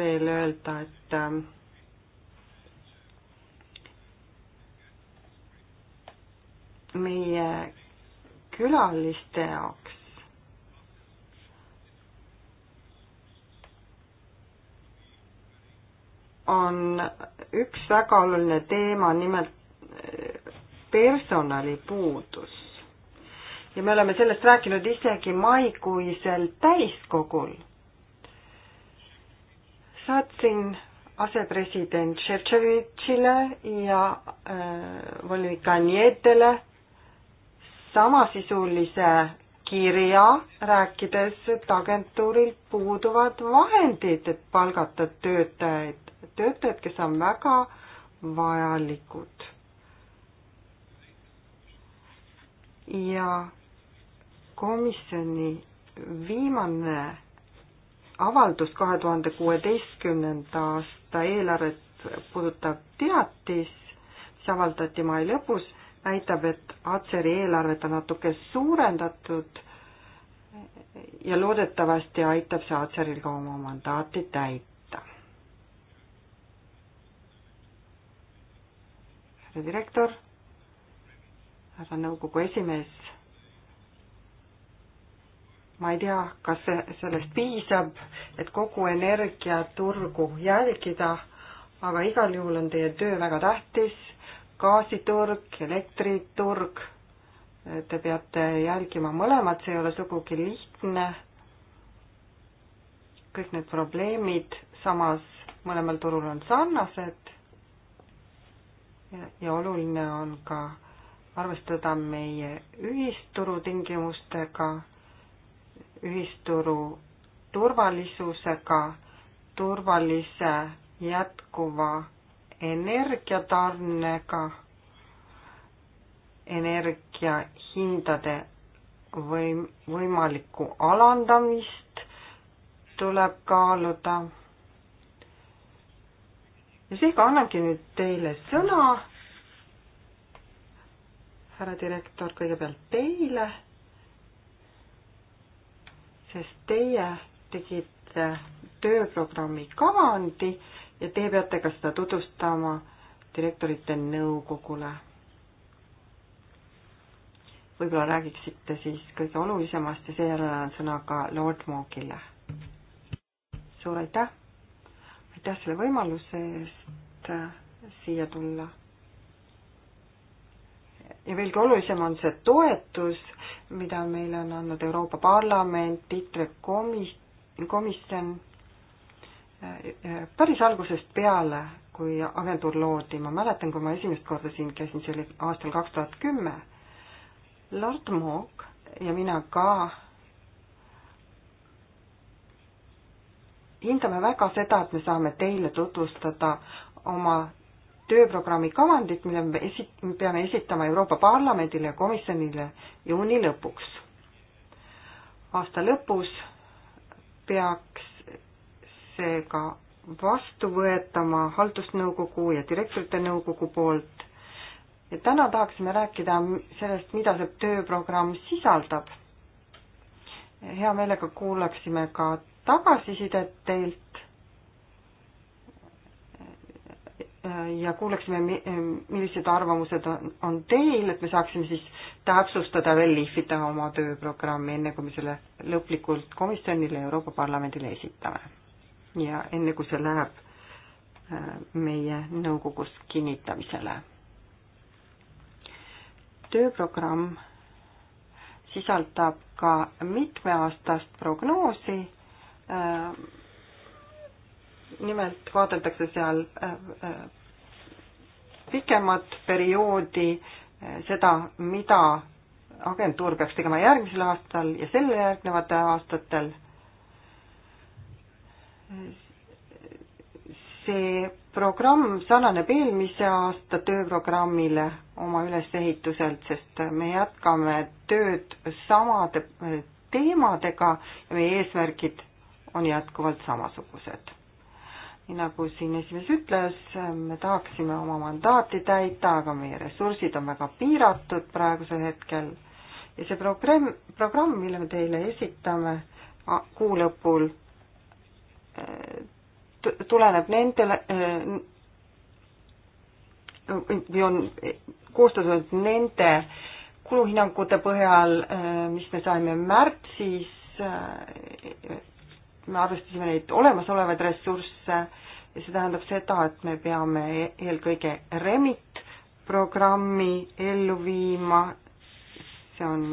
Speaker 2: veel öelda, et ähm, meie külaliste jaoks on üks väga oluline teema, nimelt eh, personalipuudus. ja me oleme sellest rääkinud isegi maikuisel täiskogul. saatsin asepresident Šefčovitšile ja äh, volinik Anietele samasisulise kirja, rääkides, et agentuuril puuduvad vahendid, et palgata töötajaid, töötajaid, kes on väga vajalikud. ja komisjoni viimane avaldus kahe tuhande kuueteistkümnenda aasta eelarvet puudutav teatis, mis avaldati mai lõpus, näitab, et Atseri eelarvet on natuke suurendatud ja loodetavasti aitab see Atseril ka oma mandaati täita. härra direktor, härra nõukogu esimees, ma ei tea, kas sellest piisab, et kogu energiaturgu jälgida, aga igal juhul on teie töö väga tähtis gaasiturg, elektriturg, te peate jälgima mõlemat, see ei ole sugugi lihtne. kõik need probleemid samas mõlemal turul on sarnased. ja oluline on ka arvestada meie ühisturu tingimustega, ühisturu turvalisusega, turvalise jätkuva energiatarnega, energiahindade võim-, võimalikku alandamist tuleb kaaluda. ja seega annangi nüüd teile sõna, härra direktor, kõigepealt teile, sest teie tegite tööprogrammi kavandi ja te peate ka seda tutvustama direktorite nõukogule. võib-olla räägiksite siis kõige olulisemast ja seejärel on sõna ka Lord Moogile. suur aitäh, aitäh selle võimaluse eest äh, siia tulla. ja veelgi olulisem on see toetus, mida meile on andnud Euroopa Parlament, ITRE komis-, komisjon päris algusest peale, kui agentuur loodi, ma mäletan, kui ma esimest korda siin käisin, see oli aastal kaks tuhat kümme, Lord Moog ja mina ka hindame väga seda, et me saame teile tutvustada oma tööprogrammi kavandit, mille me esi-, me peame esitama Euroopa Parlamendile ja komisjonile juuni lõpuks. aasta lõpus peaks seega vastu võetama haldusnõukogu ja direktorite nõukogu poolt. ja täna tahaksime rääkida sellest, mida see tööprogramm sisaldab. hea meelega kuulaksime ka tagasisidet teilt ja kuulaksime, millised arvamused on, on teil, et me saaksime siis täpsustada veel lihvida oma tööprogrammi, enne kui me selle lõplikult komisjonile ja Euroopa Parlamendile esitame ja enne kui see läheb äh, meie nõukogus kinnitamisele. tööprogramm sisaldab ka mitmeaastast prognoosi. Äh, nimelt vaadeldakse seal äh, pikemat perioodi, seda, mida agentuur peaks tegema järgmisel aastal ja selle järgnevatel aastatel see programm sarnaneb eelmise aasta tööprogrammile oma ülesehituselt, sest me jätkame tööd samade teemadega ja meie eesmärgid on jätkuvalt samasugused. nii nagu siin esimees ütles, me tahaksime oma mandaati täita, aga meie ressursid on väga piiratud praegusel hetkel ja see programm, programm, mille me teile esitame kuu lõpul tuleneb nendele või on koostatud nende kuluhinnangute põhjal, mis me saime märtsis, me arvestasime neid olemasolevaid ressursse ja see tähendab seda, et me peame eelkõige REMIT programmi ellu viima, see on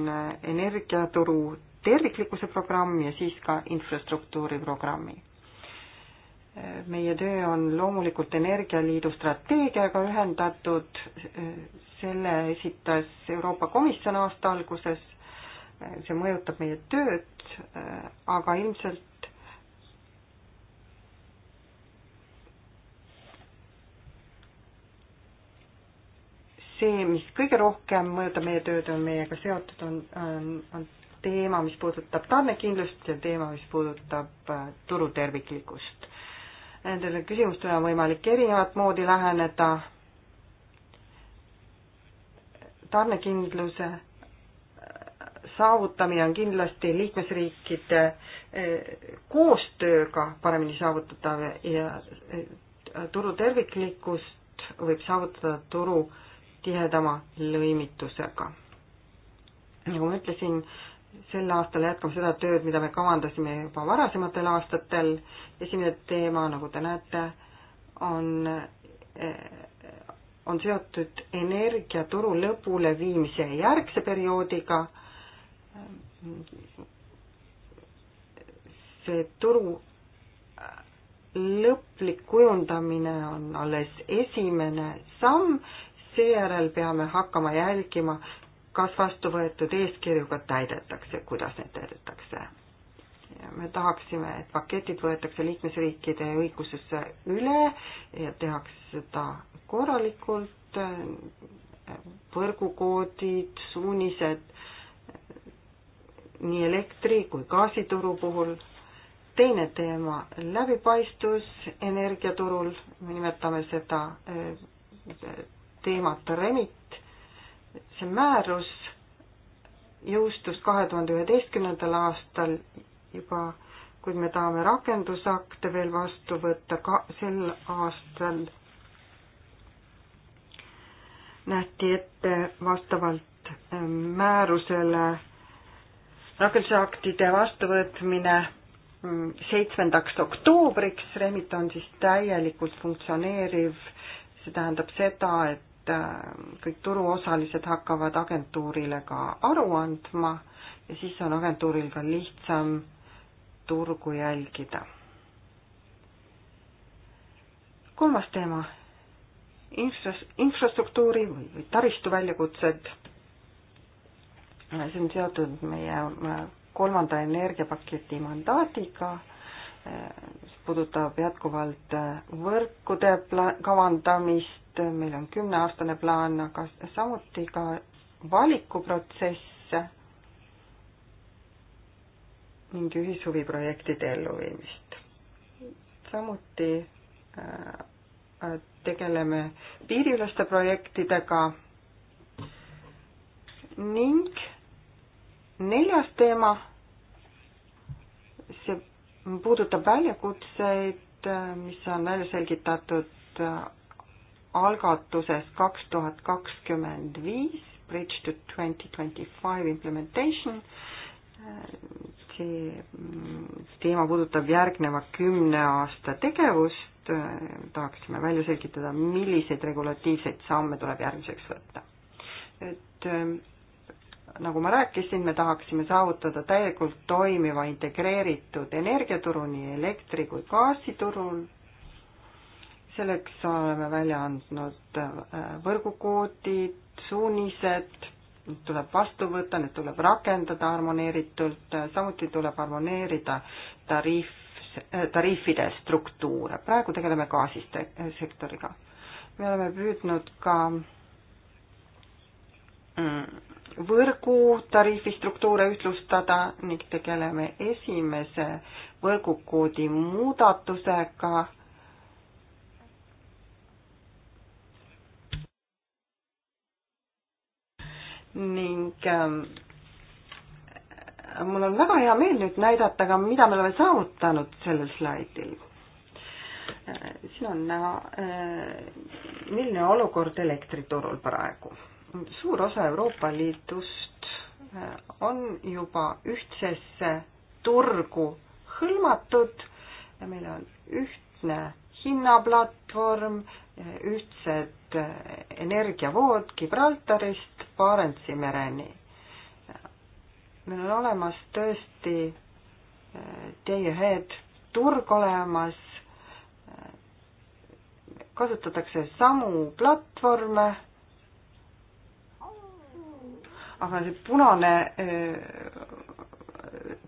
Speaker 2: energiaturu terviklikkuse programm ja siis ka infrastruktuuri programmi meie töö on loomulikult Energialiidu strateegiaga ühendatud, selle esitas Euroopa Komisjon aasta alguses, see mõjutab meie tööd, aga ilmselt see, mis kõige rohkem mõjutab meie tööd, on meiega seotud, on, on, on teema, mis puudutab tarnekindlust ja teema, mis puudutab äh, turu terviklikkust Nendele küsimustele on võimalik erinevat moodi läheneda. tarnekindluse saavutamine on kindlasti liikmesriikide eh, koostööga paremini saavutatav ja eh, turu terviklikkust võib saavutada turu tihedama lõimitusega. nagu ma ütlesin, sel aastal jätkame seda tööd, mida me kavandasime juba varasematel aastatel. esimene teema, nagu te näete, on, eh, on seotud energiaturu lõpuleviimise järgse perioodiga. see turu eh, lõplik kujundamine on alles esimene samm, seejärel peame hakkama jälgima, kas vastu võetud eeskirju ka täidetakse, kuidas neid täidetakse. me tahaksime, et paketid võetakse liikmesriikide õigusesse üle ja tehakse seda korralikult, võrgukoodid, suunised nii elektri kui gaasituru puhul. teine teema, läbipaistvus energiaturul, me nimetame seda eh, teemat remit, see määrus jõustus kahe tuhande üheteistkümnendal aastal juba, kuid me tahame rakendusakte veel vastu võtta ka sel aastal. nähti ette vastavalt ähm, määrusele rakendusaktide vastuvõtmine ähm, seitsmendaks oktoobriks, Remit on siis täielikult funktsioneeriv, see tähendab seda, et Äh, kõik turuosalised hakkavad agentuurile ka aru andma ja siis on agentuuril ka lihtsam turgu jälgida. kolmas teema, infras-, infrastruktuuri või, või taristu väljakutsed. see on seotud meie äh, kolmanda energiapaketi mandaadiga, mis äh, puudutab jätkuvalt võrkude pla-, kavandamist, et meil on kümneaastane plaan, aga samuti ka valikuprotsesse ning ühishuviprojektide elluviimist. samuti äh, tegeleme piiriüleste projektidega ning neljas teema, see puudutab väljakutseid, äh, mis on välja selgitatud äh, algatusest kaks tuhat kakskümmend viis, Bridge to twenty twenty five implementation, see teema puudutab järgneva kümne aasta tegevust, tahaksime välja selgitada, milliseid regulatiivseid samme tuleb järgmiseks võtta. et ähm, nagu ma rääkisin, me tahaksime saavutada täielikult toimiva integreeritud energiaturu nii elektri kui gaasiturul, selleks oleme välja andnud äh, võrgukoodid, suunised, need tuleb vastu võtta, need tuleb rakendada harmoneeritult, äh, samuti tuleb harmoneerida tariif, äh, tariifide struktuure. praegu tegeleme gaasisektoriga. me oleme püüdnud ka mm, võrgu tariifistruktuure ühtlustada ning tegeleme esimese võrgukoodi muudatusega ning ähm, mul on väga hea meel nüüd näidata ka, mida me oleme saavutanud sellel slaidil. Äh, siin on näha, äh, milline olukord elektriturul praegu. suur osa Euroopa Liidust äh, on juba ühtsesse turgu hõlmatud ja meil on ühtne hinnaplatvorm, ühtsed energiavood Gibraltarist Barentsi mereni. meil on olemas tõesti eh, day ahead turg olemas, kasutatakse samu platvorme, aga see punane eh,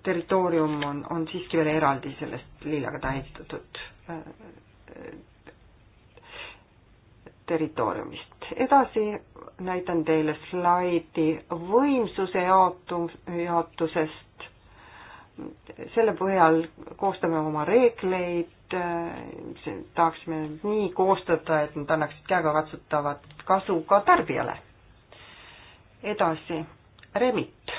Speaker 2: territoorium on, on siiski veel eraldi sellest lillaga tähistatud eh, territooriumist. edasi näitan teile slaidi võimsuse jaotum-, jaotusest. selle põhjal koostame oma reegleid, tahaksime nii koostada, et nad annaksid käegakatsutavat kasu ka tarbijale. edasi, remit.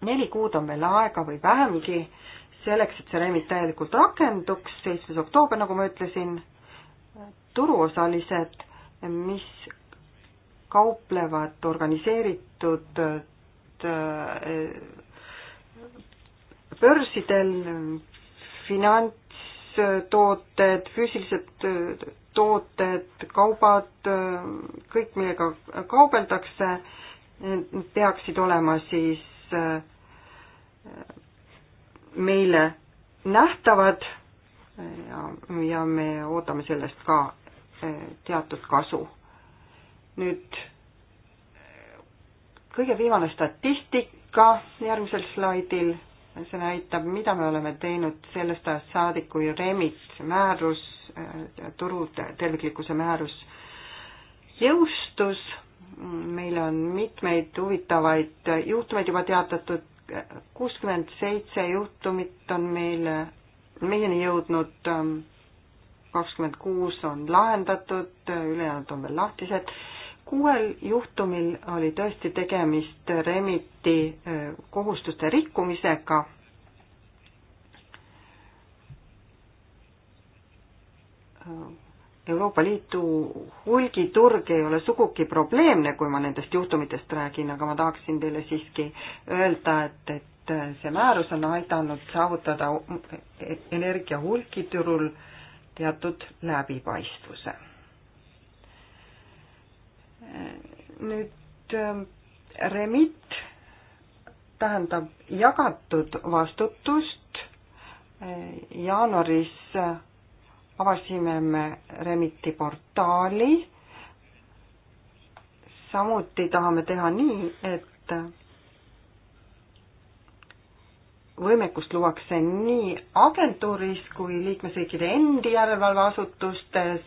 Speaker 2: neli kuud on meil aega või vähemgi selleks, et see remit täielikult rakenduks, seitsmes oktoober, nagu ma ütlesin turuosalised, mis kauplevad organiseeritud äh, börsidel finantstooted, füüsilised äh, tooted, kaubad, äh, kõik, millega kaubeldakse, peaksid olema siis meile nähtavad ja, ja me ootame sellest ka eh, teatud kasu. nüüd eh, kõige viimane statistika järgmisel slaidil, see näitab, mida me oleme teinud sellest ajast saadik, kui REMIT määrus, eh, turu terviklikkuse määrus jõustus. meil on mitmeid huvitavaid juhtumeid juba teatatud, kuuskümmend seitse juhtumit on meile meieni jõudnud ähm, kakskümmend kuus on lahendatud, ülejäänud on veel lahtised. kuuel juhtumil oli tõesti tegemist Remiti äh, kohustuste rikkumisega. Äh, Euroopa Liidu hulgiturg ei ole sugugi probleemne, kui ma nendest juhtumitest räägin, aga ma tahaksin teile siiski öelda, et, et et see määrus on aidanud saavutada energia hulgiturul teatud läbipaistvuse. nüüd remit tähendab jagatud vastutust. jaanuaris avasime me remiti portaali. samuti tahame teha nii, et võimekust luuakse nii agentuuris kui liikmesriikide endi järelevalveasutustes,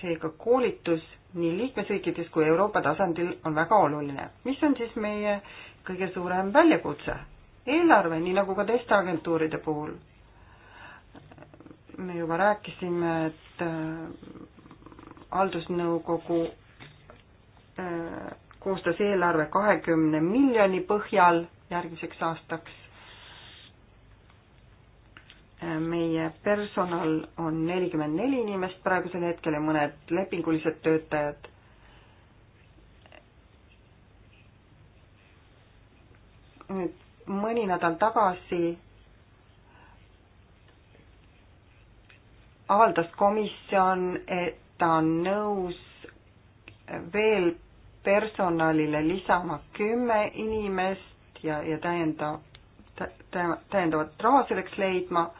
Speaker 2: seega koolitus nii liikmesriikides kui Euroopa tasandil on väga oluline. mis on siis meie kõige suurem väljakutse? eelarve, nii nagu ka teiste agentuuride puhul. me juba rääkisime, et äh, haldusnõukogu äh, koostas eelarve kahekümne miljoni põhjal järgmiseks aastaks. meie personal on nelikümmend neli inimest praegusel hetkel ja mõned lepingulised töötajad. nüüd mõni nädal tagasi avaldas komisjon, et ta on nõus veel personalile lisama kümme inimest ja, ja täiendav tä,, täiendavat raha selleks leidma.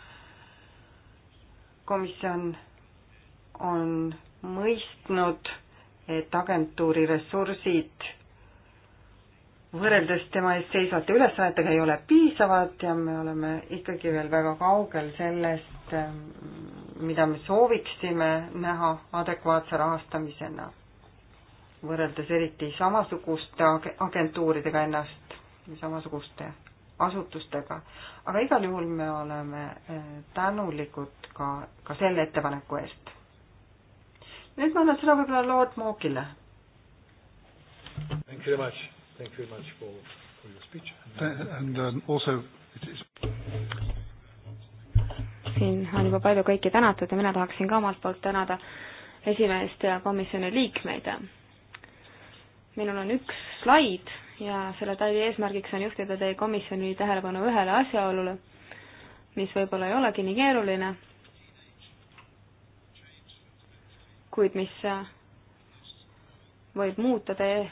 Speaker 2: komisjon on mõistnud, et agentuuri ressursid võrreldes tema ees seisvate ülesannetega ei ole piisavad ja me oleme ikkagi veel väga kaugel sellest, mida me sooviksime näha adekvaatse rahastamisena, võrreldes eriti samasuguste agentuuridega ennast samasuguste asutustega, aga igal juhul me oleme eh, tänulikud ka, ka selle ettepaneku eest. nüüd ma annan sõna võib-olla Lord Mookile.
Speaker 1: Thank you very much, thank you very much for, for your speech.
Speaker 2: And um, also it is
Speaker 3: siin on juba palju kõiki tänatud ja mina tahaksin ka omalt poolt tänada esimeest ja komisjoni liikmeid. minul on üks slaid ja selle slaidi eesmärgiks on juhtida teie komisjoni tähelepanu ühele asjaolule, mis võib-olla ei olegi nii keeruline, kuid mis äh, võib muuta teie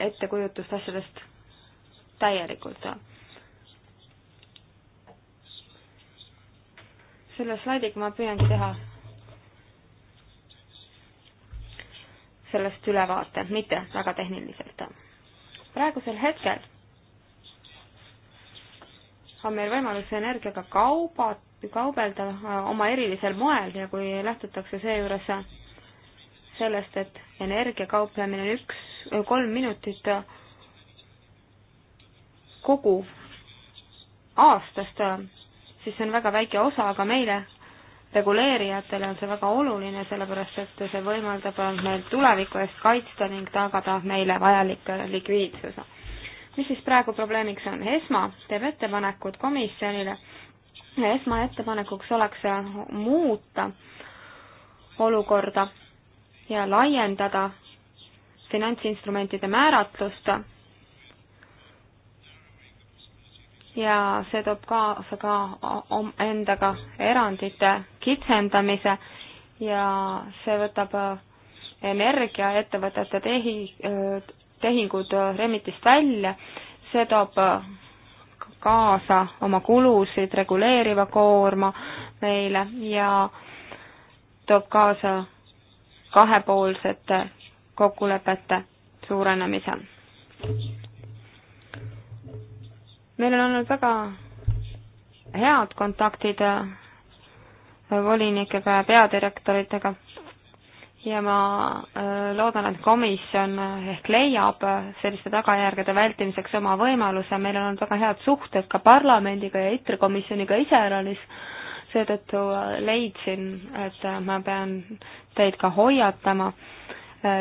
Speaker 3: ettekujutust asjadest täielikult. selle slaidiga ma püüangi teha sellest ülevaate, mitte väga tehniliselt praegusel hetkel on meil võimalus energiaga kauba, kaubelda äh, oma erilisel moel ja kui lähtutakse seejuures sellest, et energia kauplemine on üks, kolm minutit kogu aastast, siis see on väga väike osa, aga meile reguleerijatele on see väga oluline, sellepärast et see võimaldab meil tuleviku eest kaitsta ning tagada meile vajalik likviidsus. mis siis praegu probleemiks on? ESMA teeb ettepanekud komisjonile ja ESMA ettepanekuks oleks muuta olukorda ja laiendada finantsinstrumentide määratlust ja see toob kaasa ka endaga erandite kitsendamise ja see võtab äh, energiaettevõtete tehi, äh, tehingud äh, remitist välja, see toob kaasa oma kulusid reguleeriva koorma meile ja toob kaasa kahepoolsete kokkulepete suurenemise meil on olnud väga head kontaktid äh, volinikega ja peadirektoritega ja ma äh, loodan, et komisjon äh, ehk leiab selliste tagajärgede vältimiseks oma võimaluse, meil on olnud väga head suhted ka parlamendiga ja ITRE komisjoniga iseäranis, seetõttu leidsin, et ma pean teid ka hoiatama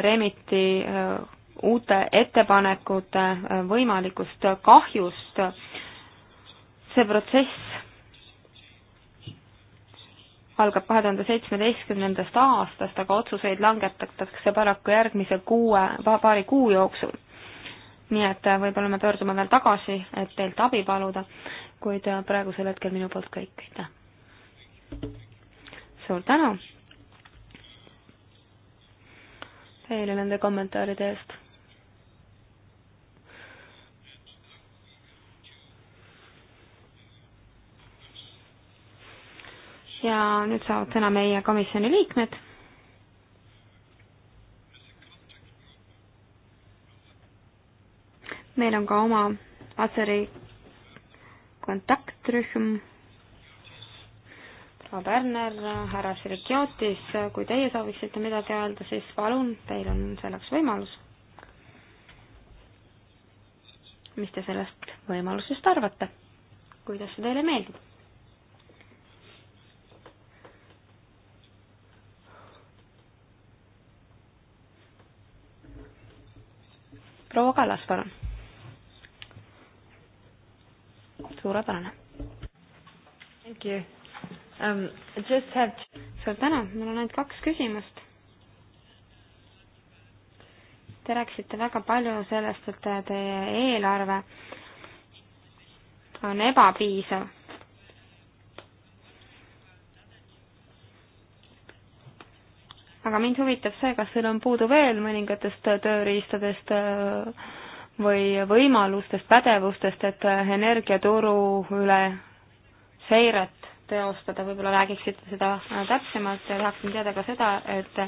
Speaker 3: Remiti uute ettepanekute äh, võimalikust kahjust. see protsess algab kahe tuhande seitsmeteistkümnendast aastast, aga otsuseid langetatakse paraku järgmise kuue, paari kuu jooksul. nii et äh, võib-olla me pöördume veel tagasi, et teilt abi paluda, kuid äh, praegusel hetkel minu poolt kõik, aitäh! suur tänu teile nende kommentaaride eest! ja nüüd saavad sõna meie komisjoni liikmed. meil on ka oma Aseri kontaktrühm proua Pärner, härra Sirikiotis, kui teie sooviksite midagi öelda, siis palun, teil on selleks võimalus. mis te sellest võimalusest arvate? kuidas see teile meeldib? proua Kallas, palun. suurepärane. Thank you um,. Just have to... suur tänu, mul on ainult kaks küsimust. Te rääkisite väga palju sellest, et teie eelarve on ebapiisav aga mind huvitab see, kas sul on puudu veel mõningatest tööriistadest äh, või võimalustest, pädevustest, et äh, energiaturu üle seiret teostada, võib-olla räägiksite seda äh, täpsemalt ja tahaksin teada ka seda, et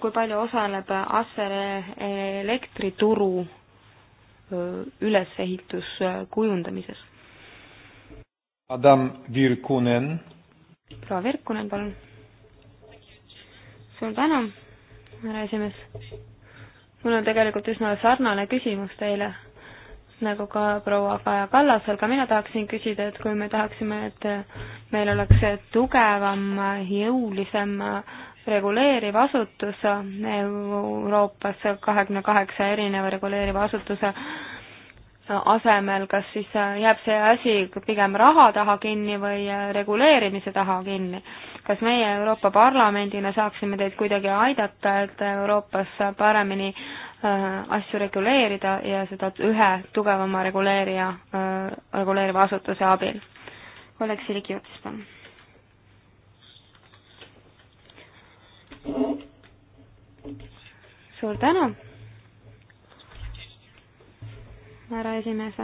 Speaker 3: kui palju osaleb Asser elektrituru ülesehitus kujundamises?
Speaker 1: Adam Virkunen.
Speaker 3: proua Virkunen, palun suur tänu, härra esimees. mul on tegelikult üsna sarnane küsimus teile, nagu ka proua Kaja Kallasel, ka mina tahaksin küsida, et kui me tahaksime, et meil oleks tugevam, jõulisem reguleeriv asutus Euroopas, kahekümne kaheksa erineva reguleeriva asutuse asemel, kas siis äh, jääb see asi pigem raha taha kinni või äh, reguleerimise taha kinni. kas meie Euroopa Parlamendina saaksime teid kuidagi aidata, et Euroopas paremini äh, asju reguleerida ja seda ühe tugevama reguleerija, reguleeriva asutuse abil? kolleeg Sirik Juts, palun. suur tänu härra esimees.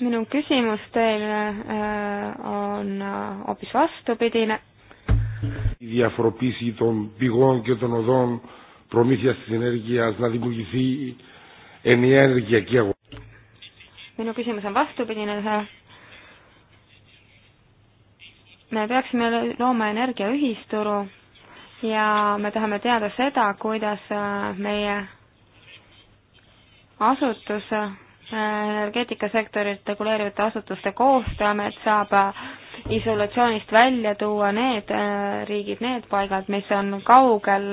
Speaker 3: minu küsimus teile äh, on äh, hoopis vastupidine.
Speaker 1: διαφοροποίηση των πηγών και των οδών προμήθειας της ενέργειας να δημιουργηθεί ενιαία ενεργειακή αγορά.
Speaker 3: Minu küsimus on vastupidine. Me peaksime looma energiaühisturu ja me tahame teada seda, kuidas äh, meie asutus, äh, energeetikasektorit reguleerivate asutuste koostööamet saab äh, isolatsioonist välja tuua need äh, riigid, need paigad, mis on kaugel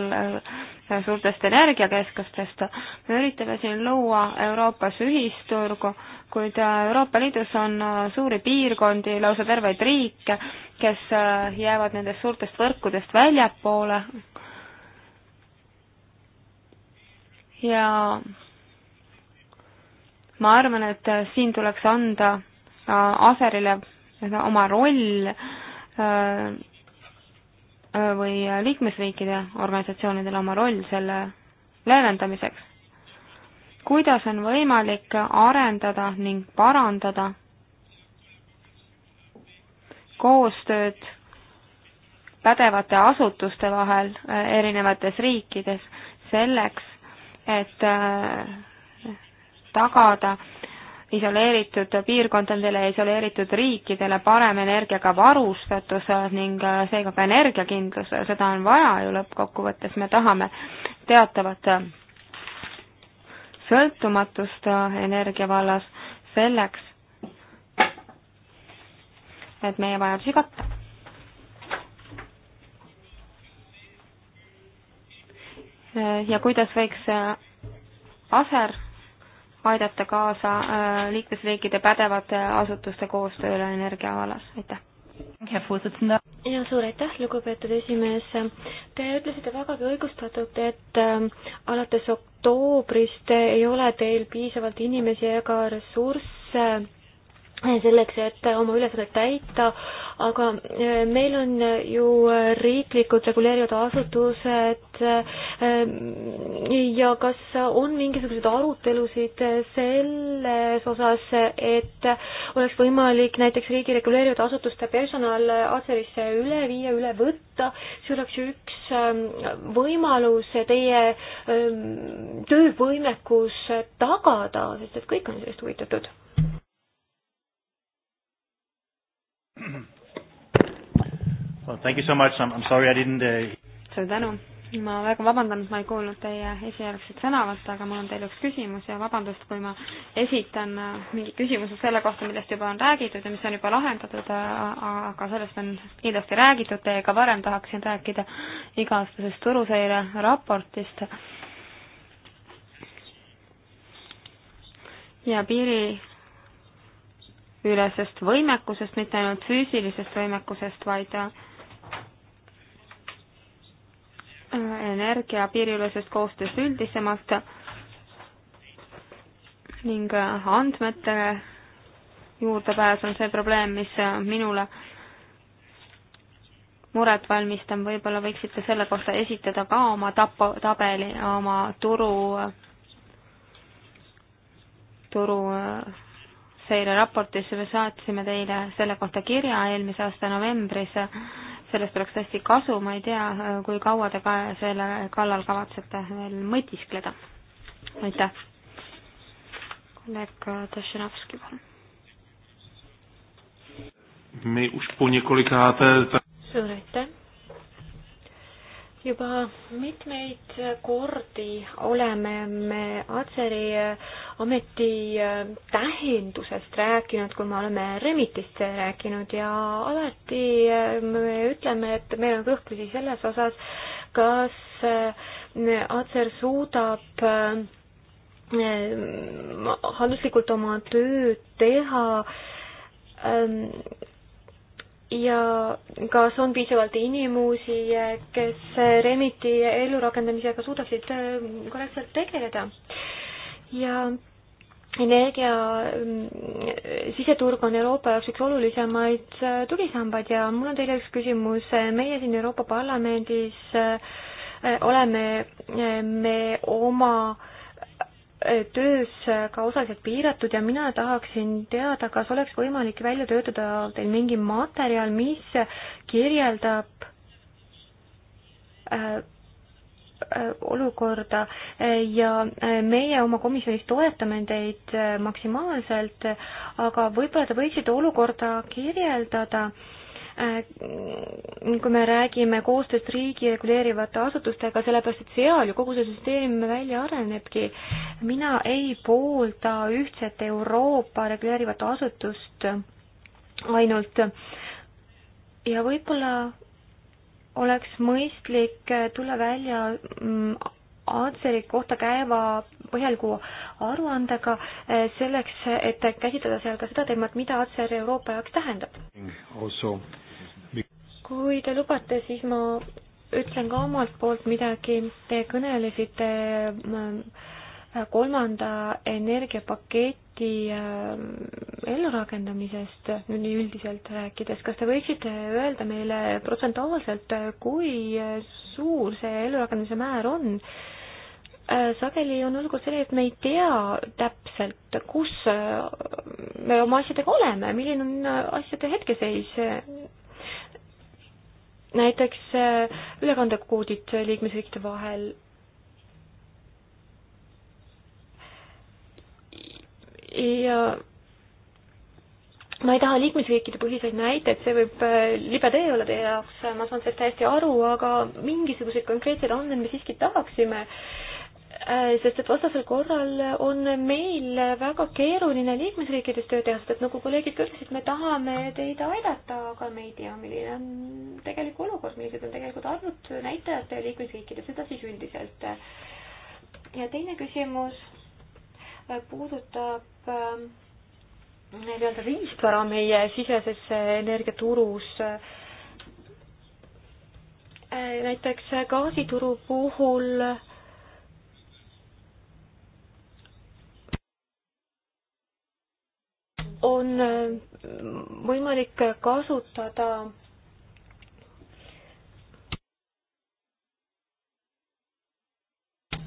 Speaker 3: suurtest energiakeskustest. me üritame siin luua Euroopas ühisturgu, kuid Euroopa Liidus on suuri piirkondi, lausa terveid riike, kes jäävad nendest suurtest võrkudest väljapoole ja ma arvan, et äh, siin tuleks anda äh, Aserile äh, oma roll või liikmesriikide organisatsioonidele oma roll selle leevendamiseks. kuidas on võimalik arendada ning parandada koostööd pädevate asutuste vahel erinevates riikides selleks, et tagada isoleeritud piirkondadele ja isoleeritud riikidele parem energiaga varustatus ning äh, seega ka energiakindlus, seda on vaja ju lõppkokkuvõttes, me tahame teatavat äh, sõltumatust äh, energia vallas selleks, et meie vajadusi katta. ja kuidas võiks ASER aidata kaasa äh, liikmesriikide pädevate asutuste koostööle energia alas, aitäh! ja suur aitäh, lugupeetud esimees. Te ütlesite vägagi õigustatult, et ähm, alates oktoobrist ei ole teil piisavalt inimesi ega ressursse selleks, et oma ülesannet täita, aga e, meil on ju riiklikud reguleerivad asutused e, ja kas on mingisuguseid arutelusid selles osas, et oleks võimalik näiteks riigi reguleerivate asutuste personal Atserisse üle viia, üle võtta, see oleks ju üks e, võimalus teie töövõimekus tagada, sest et kõik on sellest huvitatud Well, thank you so much, I am sorry I didn't uh... suur tänu, ma väga vabandan, et ma ei kuulnud teie esialgset sõnavõttu, aga mul on teile üks küsimus ja vabandust, kui ma esitan äh, mingi küsimuse selle kohta, millest juba on räägitud ja mis on juba lahendatud, äh, aga sellest on kindlasti räägitud teiega varem, tahaksin rääkida iga-aastasest turuseire raportist ja piiri ülesest võimekusest, mitte ainult füüsilisest võimekusest, vaid äh, energia piiriülesest koostööst üldisemalt ning äh, andmetele juurdepääs on see probleem, mis äh, minule muret valmistab, võib-olla võiksite selle kohta esitada ka oma tapo, tabeli, oma turu, turu seire raportis me saatsime teile selle kohta kirja eelmise aasta novembris, sellest oleks tõesti kasu, ma ei tea, kui kaua te ka selle kallal kavatsete veel mõtiskleda. aitäh. kolleeg Tošenovski, palun. suur aitäh juba mitmeid kordi oleme me Atseri ameti tähendusest rääkinud, kui me oleme Remitist rääkinud ja alati me ütleme, et meil on kõhklusi selles osas, kas Atser suudab ähm, halduslikult oma tööd teha ähm, ja kas on piisavalt inimuusi, kes Remiti ellurakendamisega suudaksid äh, korrektselt tegeleda ja energia mm, siseturg on Euroopa jaoks üks olulisemaid äh, tugisambaid ja mul on teile üks küsimus. meie siin Euroopa Parlamendis äh, oleme me oma töös ka osaliselt piiratud ja mina tahaksin teada, kas oleks võimalik välja töötada teil mingi materjal, mis kirjeldab äh, äh, olukorda ja äh, meie oma komisjonis toetame teid maksimaalselt, aga võib-olla te võiksite olukorda kirjeldada äh, Äh, kui me räägime koostööst riigi reguleerivate asutustega, sellepärast et seal ju kogu see süsteem välja arenebki. mina ei poolda ühtset Euroopa reguleerivat asutust ainult ja võib-olla oleks mõistlik tulla välja mm, Adseri kohta käiva põhjaliku aruandega äh, selleks, et käsitleda seal ka seda teemat, mida Adser Euroopa jaoks tähendab. Also kui te lubate, siis ma ütlen ka omalt poolt midagi. Te kõnelesite äh, kolmanda energiapaketi äh, ellurakendamisest nüüd nii üldiselt rääkides. kas te võiksite öelda meile protsentuaalselt, kui suur see ellurakendamise määr on? Äh, sageli on olukord selline, et me ei tea täpselt, kus me oma asjadega oleme, milline on asjade hetkeseis näiteks äh, ülekandekoodid liikmesriikide vahel. ja ma ei taha liikmesriikide põhiseid näiteid, see võib äh, libe tee olla teie jaoks, ma saan sellest täiesti aru, aga mingisuguseid konkreetseid andmeid me siiski tahaksime äh, Äh, sest et vastasel korral on meil väga keeruline liikmesriikides töö teha, sest et nagu kolleegid ka ütlesid, me tahame teid aidata, aga me ei tea, milline on tegelik olukord, millised on tegelikult arvud, näitajad liikmesriikides, seda siis üldiselt. ja teine küsimus äh, puudutab äh, nii-öelda riistvara meie siseses energiaturus näiteks gaasituru puhul on äh, võimalik kasutada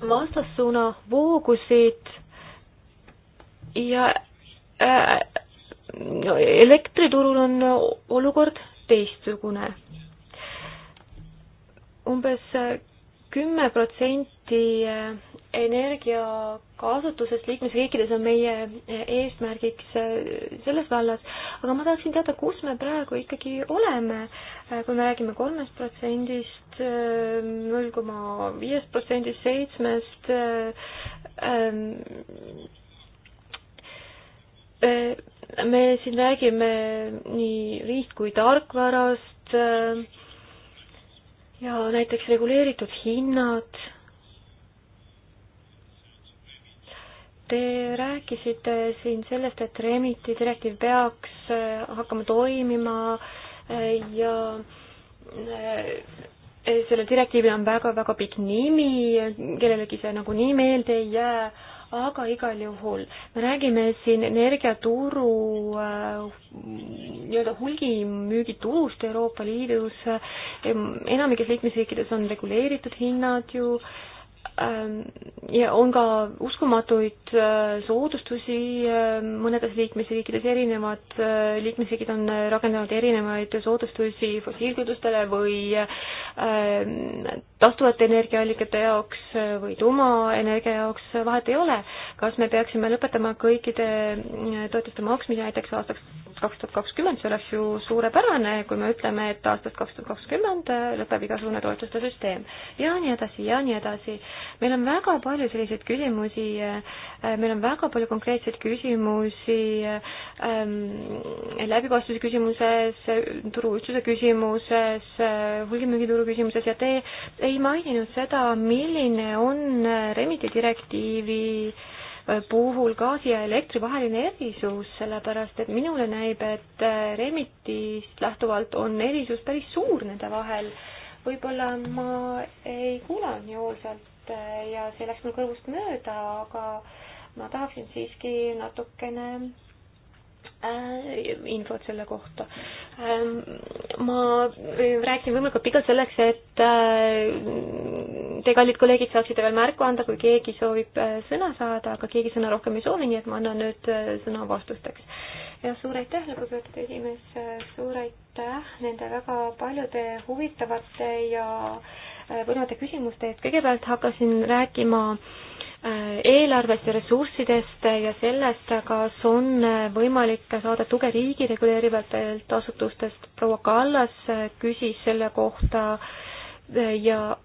Speaker 3: vastassuuna voogusid ja äh, elektriturul on olukord teistsugune. umbes äh, kümme protsenti energiakasutusest liikmesriikides on meie eesmärgiks äh, selles vallas, aga ma tahaksin teada, kus me praegu ikkagi oleme, äh, kui me räägime kolmest protsendist, äh, null koma viiest protsendist, seitsmest. Ähm, me siin räägime nii riist- kui tarkvarast ja näiteks reguleeritud hinnad Te rääkisite siin sellest, et Remiti direktiiv peaks äh, hakkama toimima äh, ja äh, sellel direktiivil on väga-väga pikk nimi, kellelegi see nagunii meelde ei jää, aga igal juhul me räägime siin energiaturu nii-öelda hulgimüügitulust Euroopa Liidus. enamikes liikmesriikides on reguleeritud hinnad ju äh, Ähm, ja on ka uskumatuid äh, soodustusi äh, mõnedes liikmesriikides, erinevad äh, liikmesriigid on rakendanud erinevaid soodustusi fossiilkütustele või taastuvate energiaallikate jaoks või tuumaenergia jaoks, vahet ei ole. kas me peaksime lõpetama kõikide toetuste maksmise näiteks aastaks kaks tuhat kakskümmend, see oleks ju suurepärane, kui me ütleme, et aastast kaks tuhat kakskümmend äh, lõpeb igasugune toetuste süsteem ja nii edasi ja nii edasi. meil on väga palju selliseid küsimusi, äh, meil on väga palju konkreetseid küsimusi ähm, läbipaistvuse küsimuses, turu ühtsuse küsimuses, äh, hulgimüügituru küsimuses ja te ei maininud seda, milline on Remiti direktiivi äh, Äh, puhul gaasi ja elektri vaheline erisus, sellepärast et minule näib, et äh, Remitist lähtuvalt on erisus päris suur nende vahel. võib-olla ma ei kuulanud nii hoolsalt äh, ja see läks mul kõrvust mööda, aga ma tahaksin siiski natukene Äh, infot selle kohta. Ähm, ma rääkisin võimalikult pikalt selleks, et äh, te, kallid kolleegid, saaksite veel märku anda, kui keegi soovib äh, sõna saada, aga keegi sõna rohkem ei soovi, nii et ma annan nüüd sõna vastusteks. ja suur aitäh, lugupeetud esimees, suur aitäh nende väga paljude huvitavate ja põnevate küsimuste eest. kõigepealt hakkasin rääkima äh, eelarvest ja ressurssidest ja sellest, kas on võimalik saada tuge riigi reguleerivatelt asutustest. proua Kallas küsis selle kohta ja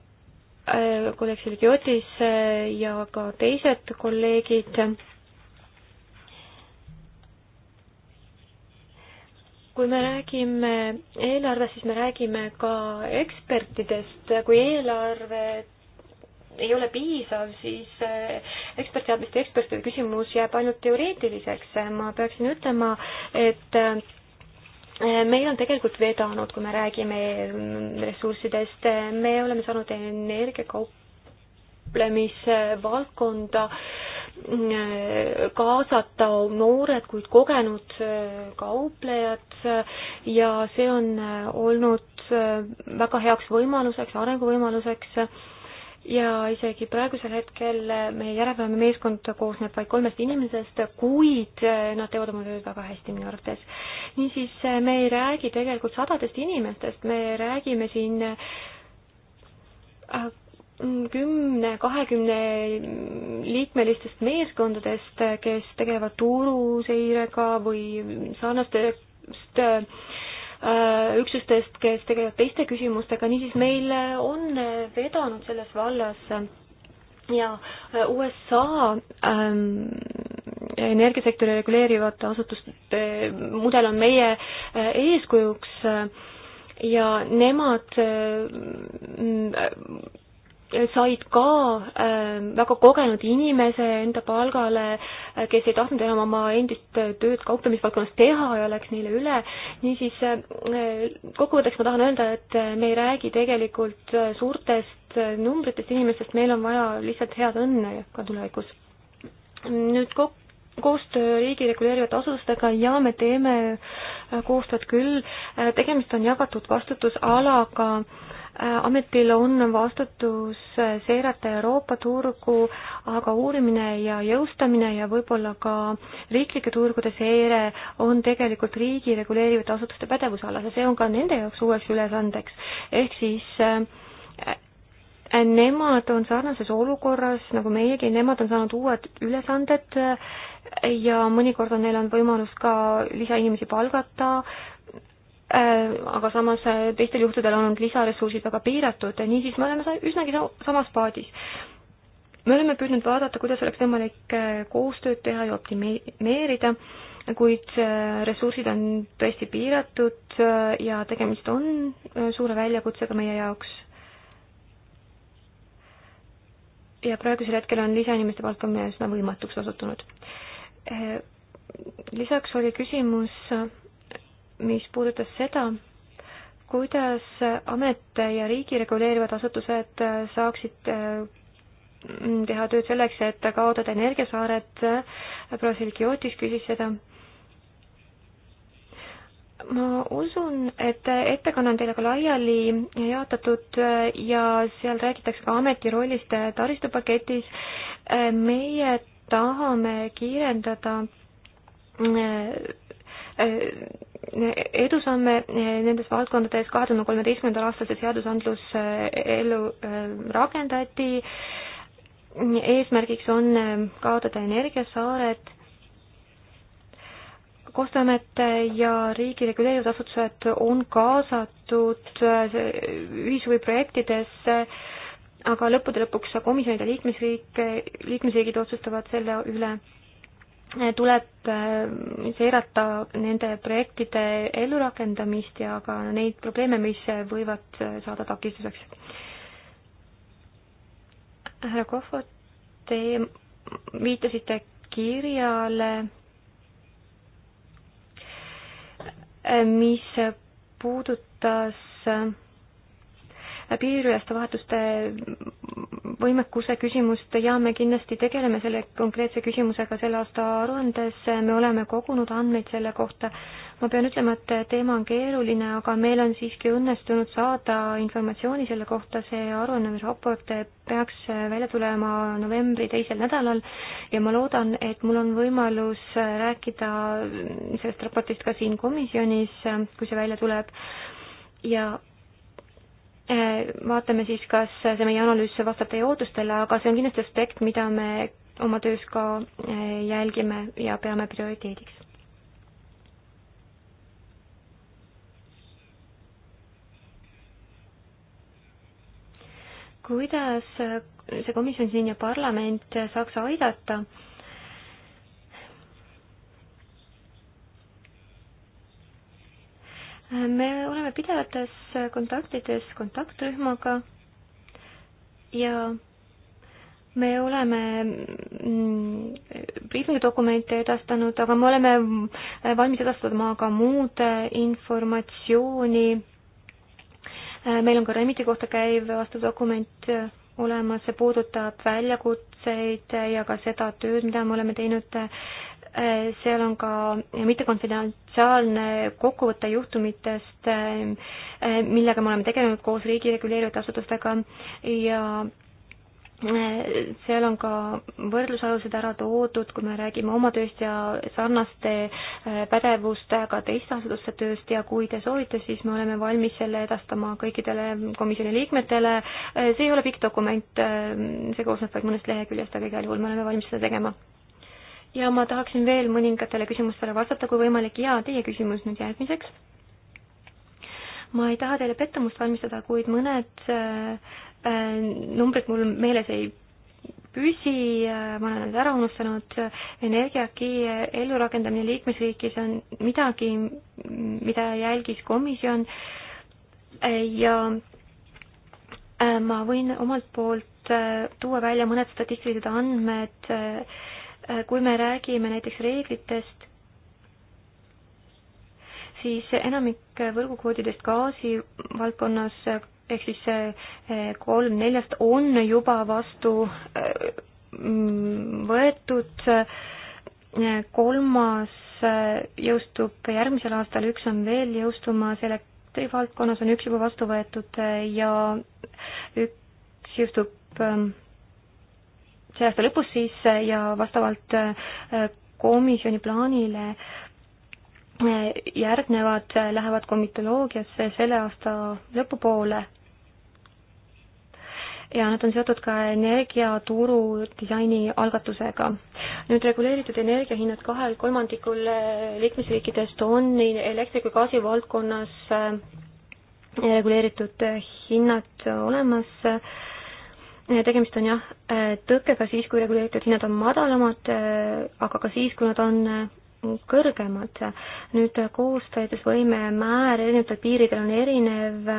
Speaker 3: äh, kolleeg Silviotis äh, ja ka teised kolleegid kui me räägime eelarvest, siis me räägime ka ekspertidest, kui eelarvet ei ole piisav, siis eh, ekspertteadmiste ekspertide küsimus jääb ainult teoreetiliseks. ma peaksin ütlema, et eh, meil on tegelikult vedanud, kui me räägime ressurssidest, me oleme saanud energiakauplemisvaldkonda eh, kaasata noored, kuid kogenud kauplejad ja see on olnud väga heaks võimaluseks, arenguvõimaluseks ja isegi praegusel hetkel meie järelevalvemeeskond koosneb vaid kolmest inimesest, kuid nad teevad oma tööd väga hästi minu arvates. niisiis, me ei räägi tegelikult sadadest inimestest, me räägime siin äh, kümne, kahekümne liikmelistest meeskondadest, kes tegelevad turuseirega või sarnastest Äh, üksustest, kes tegelevad teiste küsimustega, niisiis meil on vedanud selles vallas ja äh, USA ähm, energiasektori reguleerivate asutuste mudel on meie äh, eeskujuks ja nemad äh, said ka ähm, väga kogenud inimese enda palgale, äh, kes ei tahtnud enam oma endist tööd kauplemisvaldkonnas teha ja läks neile üle. niisiis äh, kokkuvõtteks ma tahan öelda, et äh, me ei räägi tegelikult suurtest numbritest inimestest, meil on vaja lihtsalt head õnne ka tulevikus. nüüd kok-, koostöö riigi reguleerivate asutustega ja me teeme koostööd küll, tegemist on jagatud vastutusalaga Äh, ametil on vastutus äh, seirata Euroopa turgu, aga uurimine ja jõustamine ja võib-olla ka riiklike turgude seire on tegelikult riigi reguleerivate asutuste pädevusalas ja see on ka nende jaoks uueks ülesandeks. ehk siis äh, nemad on sarnases olukorras nagu meiegi, nemad on saanud uued ülesanded ja mõnikord on neil on võimalus ka lisainimesi palgata Äh, aga samas äh, teistel juhtudel on olnud lisaressursid väga piiratud, niisiis me oleme üsnagi samas paadis. me oleme püüdnud vaadata, kuidas oleks võimalik äh, koostööd teha ja optimeerida, kuid ressursid on tõesti piiratud ja tegemist on suure väljakutsega meie jaoks. ja praegusel hetkel on lisainimeste palkamine üsna võimatuks osutunud. lisaks oli küsimus mis puudutas seda, kuidas amet ja riigi reguleerivad asutused saaksid äh, teha tööd selleks, et kaotada energiasaared, professor Giotis küsis seda. ma usun, et ettekanne on teile ka laiali jaotatud ja seal räägitakse ka ameti rollist taristupaketis. meie tahame kiirendada äh, äh, edusamme eh, nendes valdkondades kahe tuhande kolmeteistkümnendal aastal see seadusandlus eh, ellu eh, rakendati. eesmärgiks on kaotada energiasaared. kohtuamet ja riigi reguleerivad asutused on kaasatud ühishuvi projektidesse, aga lõppude lõpuks komisjonid ja liikmesriik, liikmesriigid otsustavad selle üle tuleb äh, seirata nende projektide ellurakendamist ja ka neid probleeme, mis võivad äh, saada takistuseks. härra Kohvo, te viitasite kirjale, äh, mis puudutas piiriüleste vahetuste võimekuse küsimust ja me kindlasti tegeleme selle konkreetse küsimusega selle aasta aruandes, me oleme kogunud andmeid selle kohta. ma pean ütlema, et teema on keeruline, aga meil on siiski õnnestunud saada informatsiooni selle kohta, see aruannemisraport peaks välja tulema novembri teisel nädalal ja ma loodan, et mul on võimalus rääkida sellest raportist ka siin komisjonis, kui see välja tuleb ja Eh, vaatame siis, kas see meie analüüs vastab teie ootustele, aga see on kindlasti aspekt, mida me oma töös ka eh, jälgime ja peame prioriteediks. kuidas see komisjon siin ja parlament saaks aidata äh, me oleme pidevates kontaktides kontaktrühmaga ja me oleme briifingudokumente mm, edastanud, aga me oleme valmis edastama ka muud informatsiooni. meil on ka Remiti kohta käiv vastav dokument olemas, see puudutab väljakutseid ja ka seda tööd, mida me oleme teinud Äh, seal on ka mittekonfidentsiaalne kokkuvõte juhtumitest, äh, äh, millega me oleme tegelenud koos riigi reguleerivate asutustega ja seal on ka võrdlusalused ära toodud, kui me räägime oma tööst ja sarnaste pädevustega teiste asutuste tööst ja kui te soovite, siis me oleme valmis selle edastama kõikidele komisjoni liikmetele. see ei ole pikk dokument, see koosneb vaid mõnest leheküljest, aga igal juhul me oleme valmis seda tegema ja ma tahaksin veel mõningatele küsimustele vastata, kui võimalik, ja teie küsimus nüüd järgmiseks. ma ei taha teile pettumust valmistada, kuid mõned äh, äh numbrid mul meeles ei püsi, äh, ma olen need ära unustanud, energiaki ellurakendamine liikmesriigis on midagi, mida jälgis komisjon äh, ja ma võin omalt poolt tuua välja mõned statistilised andmed äh, kui me räägime näiteks reeglitest, siis enamik võrgukvoodidest gaasi valdkonnas ehk siis eh, kolm neljast on juba vastu mm, võetud, kolmas eh, jõustub järgmisel aastal, üks on veel jõustumas, elektrivaldkonnas on üks juba vastu võetud eh, ja üks jõustub see aasta lõpus siis ja vastavalt äh, komisjoni plaanile äh, järgnevad äh, lähevad komitoloogiasse selle aasta lõpupoole ja nad on seotud ka energiaturu disaini algatusega. nüüd reguleeritud energiahinnad kahel kolmandikul liikmesriikidest on nii elektri kui gaasi valdkonnas reguleeritud hinnad olemas tegemist on jah tõkkega siis, kui reguleeritud hinnad on madalamad, äh, aga ka siis, kui nad on äh, kõrgemad. nüüd koostöödusvõime määr erinevatel piiridel on erinev,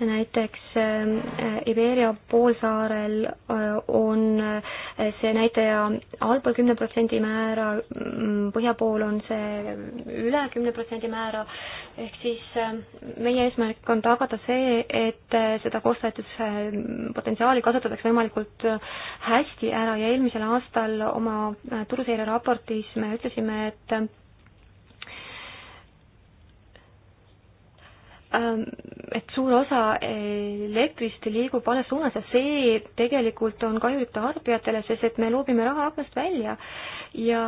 Speaker 3: näiteks eh, Iberia poolsaarel eh, on eh, see näitaja allpool kümne protsendi määra, mm, põhja pool on see üle kümne protsendi määra, ehk siis meie eesmärk on tagada see, et seda koostööduspotentsiaali kasutatakse võimalikult hästi ära ja eelmisel aastal oma turuseire raportis me ütlesime, et Ähm, et suur osa elektrist liigub vales suunas ja see tegelikult on kahjulik tarbijatele, sest et me loobime raha aknast välja ja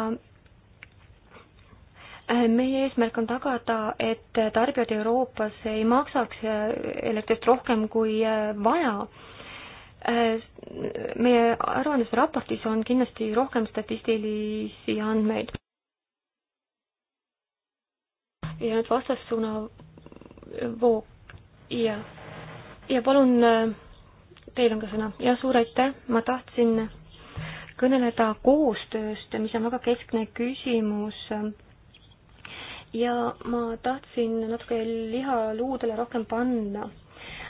Speaker 3: äh, meie eesmärk on tagada, et tarbijad Euroopas ei maksaks äh, elektrit rohkem kui äh, vaja meie aruandes või raportis on kindlasti rohkem statistilisi andmeid. ja nüüd vastassuuna voog ja, ja palun, äh, teil on ka sõna. jah, suur aitäh, ma tahtsin kõneleda koostööst, mis on väga keskne küsimus. ja ma tahtsin natuke liha luudele rohkem panna.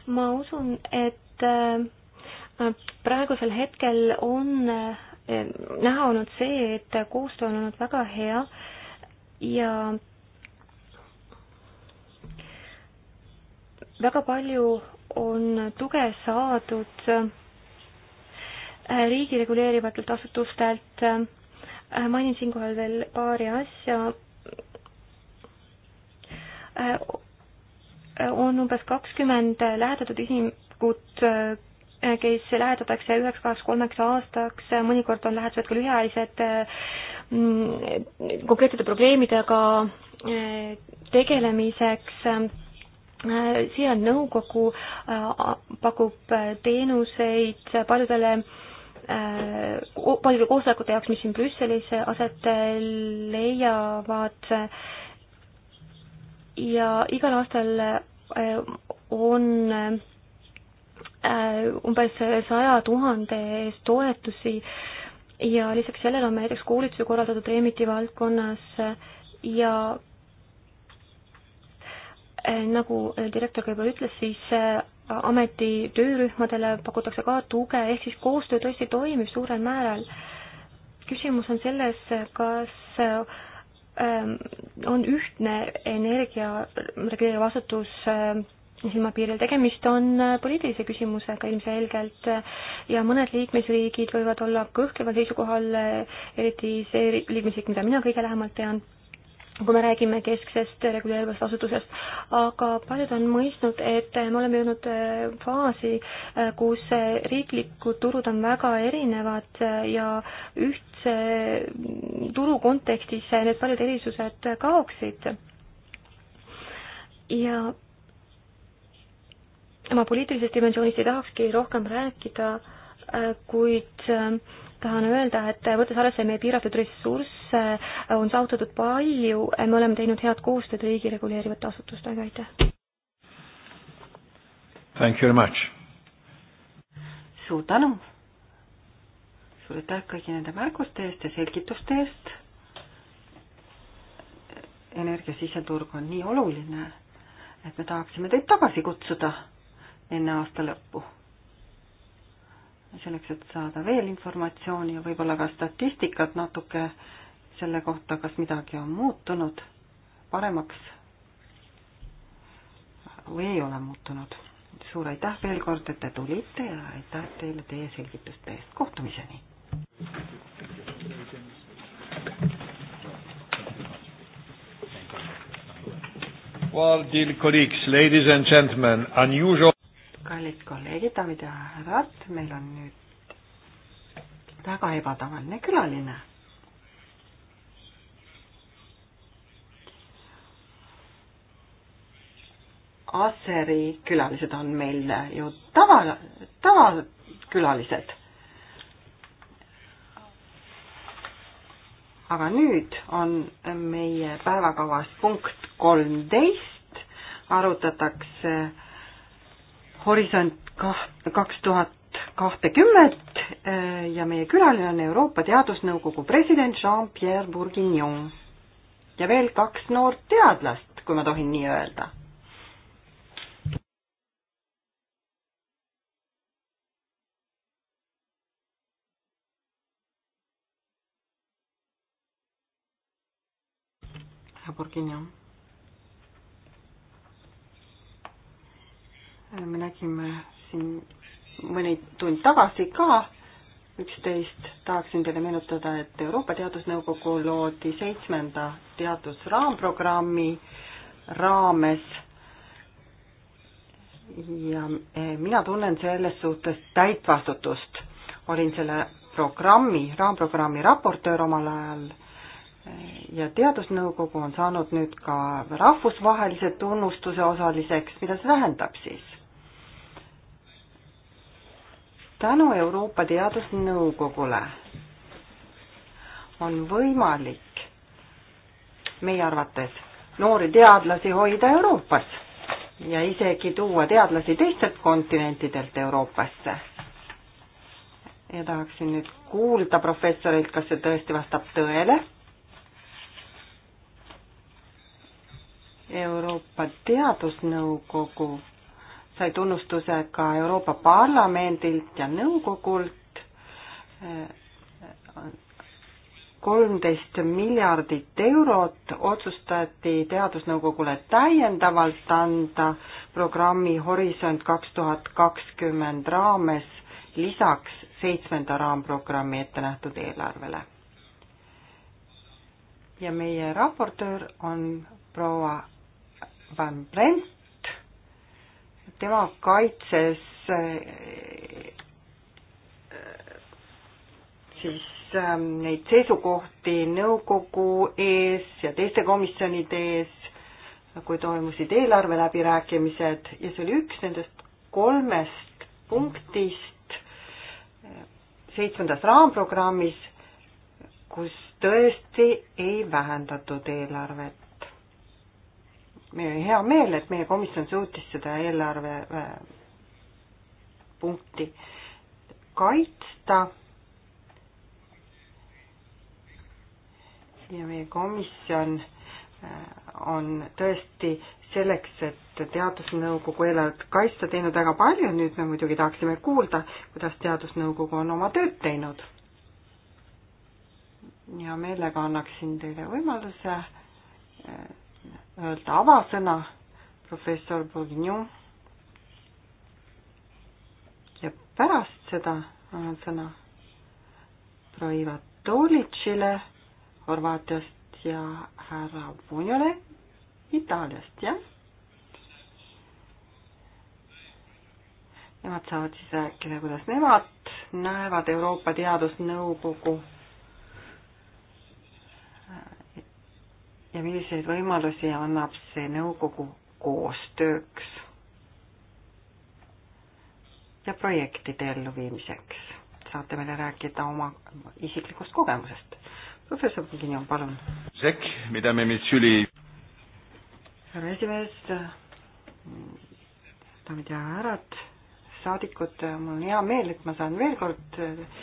Speaker 3: ma usun, et äh, praegusel hetkel on äh, näha olnud see, et koostöö on olnud väga hea ja väga palju on tuge saadud äh, riigi reguleerivatelt asutustelt. Äh, mainin siinkohal veel paari asja. Äh, on umbes kakskümmend lähedatud isikut, kes lähedatakse üheks, kaheks, kolmeks aastaks, mõnikord on lähetused ka lühiajalised mm, konkreetsete probleemidega tegelemiseks Äh, siia nõukogu äh, pakub äh, teenuseid paljudele paljude koosolekute jaoks, mis siin Brüsselis aset leiavad ja igal aastal on umbes saja tuhande eest toetusi ja lisaks sellele on näiteks koolitusi korraldatud Remiti valdkonnas ja Eh, nagu eh, direktor ka juba ütles, siis eh, ameti töörühmadele pakutakse ka tuge, ehk siis koostöö tõesti toimib suurel määral. küsimus on selles, kas on ühtne energia reguleeriv asutus silmapiiril, tegemist on poliitilise küsimusega ilmselgelt ja mõned liikmesriigid võivad olla kõhkleval seisukohal, eriti see liikmesriik, mida mina kõige lähemalt tean kui me räägime kesksest reguleerivast asutusest, aga paljud on mõistnud, et me oleme jõudnud äh, faasi, äh, kus äh, riiklikud turud on väga erinevad ja ühtse mm, turu kontekstis need paljud erisused kaoksid. ja ma poliitilisest dimensioonist ei tahakski rohkem rääkida, kuid tahan öelda, et võttes arvesse meie piiratud ressursse, on saavutatud palju, me oleme teinud head koostööd riigi reguleerivate asutustega,
Speaker 2: aitäh!
Speaker 1: Thank you very much!
Speaker 2: suur tänu! suur aitäh kõigi nende märkuste eest ja selgituste eest! energia siseturg on nii oluline, et me tahaksime teid tagasi kutsuda enne aasta lõppu selleks, et saada veel informatsiooni ja võib-olla ka statistikat natuke selle kohta, kas midagi on muutunud paremaks või ei ole muutunud. suur aitäh veel kord, et te tulite ja aitäh teile teie selgituste eest, kohtumiseni! Well,
Speaker 1: dear colleagues, ladies and gentlemen, unusual
Speaker 2: kallid kolleegid, daamid ja härrad, meil on nüüd väga ebatavaline külaline. Aseri külalised on meil ju tava, tavakülalised. aga nüüd on meie päevakavas punkt kolmteist, arutatakse Horisont kaks tuhat kahtekümmet eh, ja meie külaline on Euroopa Teadusnõukogu president Jean-Pierre Bourguignon. ja veel kaks noort teadlast, kui ma tohin nii öelda. Bourguignon Äh, me nägime siin mõni tund tagasi ka üksteist, tahaksin teile meenutada, et Euroopa Teadusnõukogu loodi seitsmenda teadusraamprogrammi raames ja äh, mina tunnen selles suhtes täit vastutust. olin selle programmi, raamprogrammi raportöör omal ajal äh, ja Teadusnõukogu on saanud nüüd ka rahvusvahelise tunnustuse osaliseks, mida see tähendab siis? tänu Euroopa Teadusnõukogule on võimalik meie arvates noori teadlasi hoida Euroopas ja isegi tuua teadlasi teistelt kontinentidelt Euroopasse. ja tahaksin nüüd kuulda professorilt, kas see tõesti vastab tõele. Euroopa Teadusnõukogu sai tunnustuse ka Euroopa Parlamendilt ja nõukogult. kolmteist miljardit eurot otsustati teadusnõukogule täiendavalt anda programmi Horisont kaks tuhat kakskümmend raames lisaks seitsmenda raamprogrammi ette nähtud eelarvele. ja meie raportöör on proua Van Brent tema kaitses siis ähm, neid seisukohti nõukogu ees ja teiste komisjonide ees, kui toimusid eelarve läbirääkimised ja see oli üks nendest kolmest punktist äh, seitsmendas raamprogrammis, kus tõesti ei vähendatud eelarvet hea meel, et meie komisjon suutis seda eelarve äh, punkti kaitsta. ja meie komisjon äh, on tõesti selleks, et teadusnõukogu eelarvet kaitsta, teinud väga palju, nüüd me muidugi tahaksime kuulda, kuidas teadusnõukogu on oma tööd teinud. hea meelega annaksin teile võimaluse äh, öelda avasõna, professor Bourgnon. ja pärast seda annan sõna proua Tolitšile Horvaatiast ja härra Punjole Itaaliast, jah. Nemad saavad siis rääkida, kuidas nemad näevad Euroopa Teadusnõukogu ja milliseid võimalusi annab see nõukogu koostööks ja projektide elluviimiseks. saate meile rääkida oma isiklikust kogemusest. professor Puginion, palun.
Speaker 1: sekk, mida me nüüd süli?
Speaker 2: härra esimees, daamid ja härrad, saadikud, mul on hea meel, et ma saan veel kord äh,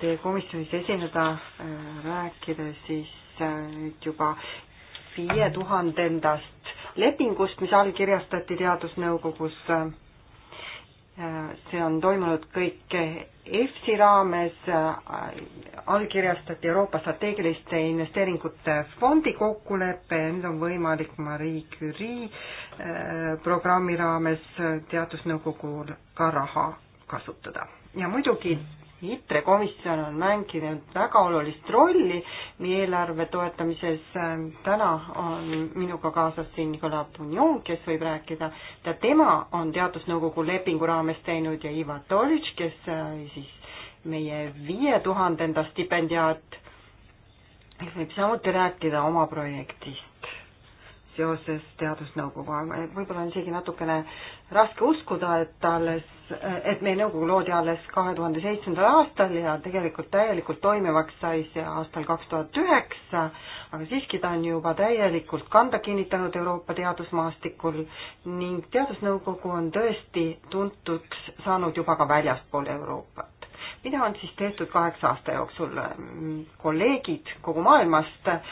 Speaker 2: teie komisjonis esineda, äh, rääkida siis nüüd juba viie tuhandendast lepingust, mis allkirjastati teadusnõukogus. see on toimunud kõik EFSI raames, allkirjastati Euroopa strateegiliste investeeringute fondi kokkulepe ja nüüd on võimalik Marie Curie äh, programmi raames teadusnõukogul ka raha kasutada. ja muidugi ITRE komisjon on mänginud väga olulist rolli meie eelarve toetamises. Ähm, täna on minuga kaasas siin Nicolas Pugnon, kes võib rääkida, ta, tema on teadusnõukogu lepingu raames teinud ja Ivar Tolitš, kes äh, siis meie viie tuhandenda stipendiaat, võib samuti rääkida oma projektist seoses teadusnõukoguga, et võib-olla on isegi natukene raske uskuda, et alles, et meie nõukogu loodi alles kahe tuhande seitsmendal aastal ja tegelikult täielikult toimivaks sai see aastal kaks tuhat üheksa, aga siiski ta on juba täielikult kanda kinnitanud Euroopa teadusmaastikul ning teadusnõukogu on tõesti tuntuks saanud juba ka väljaspool Euroopat mida on siis tehtud kaheksa aasta jooksul? kolleegid kogu maailmast äh,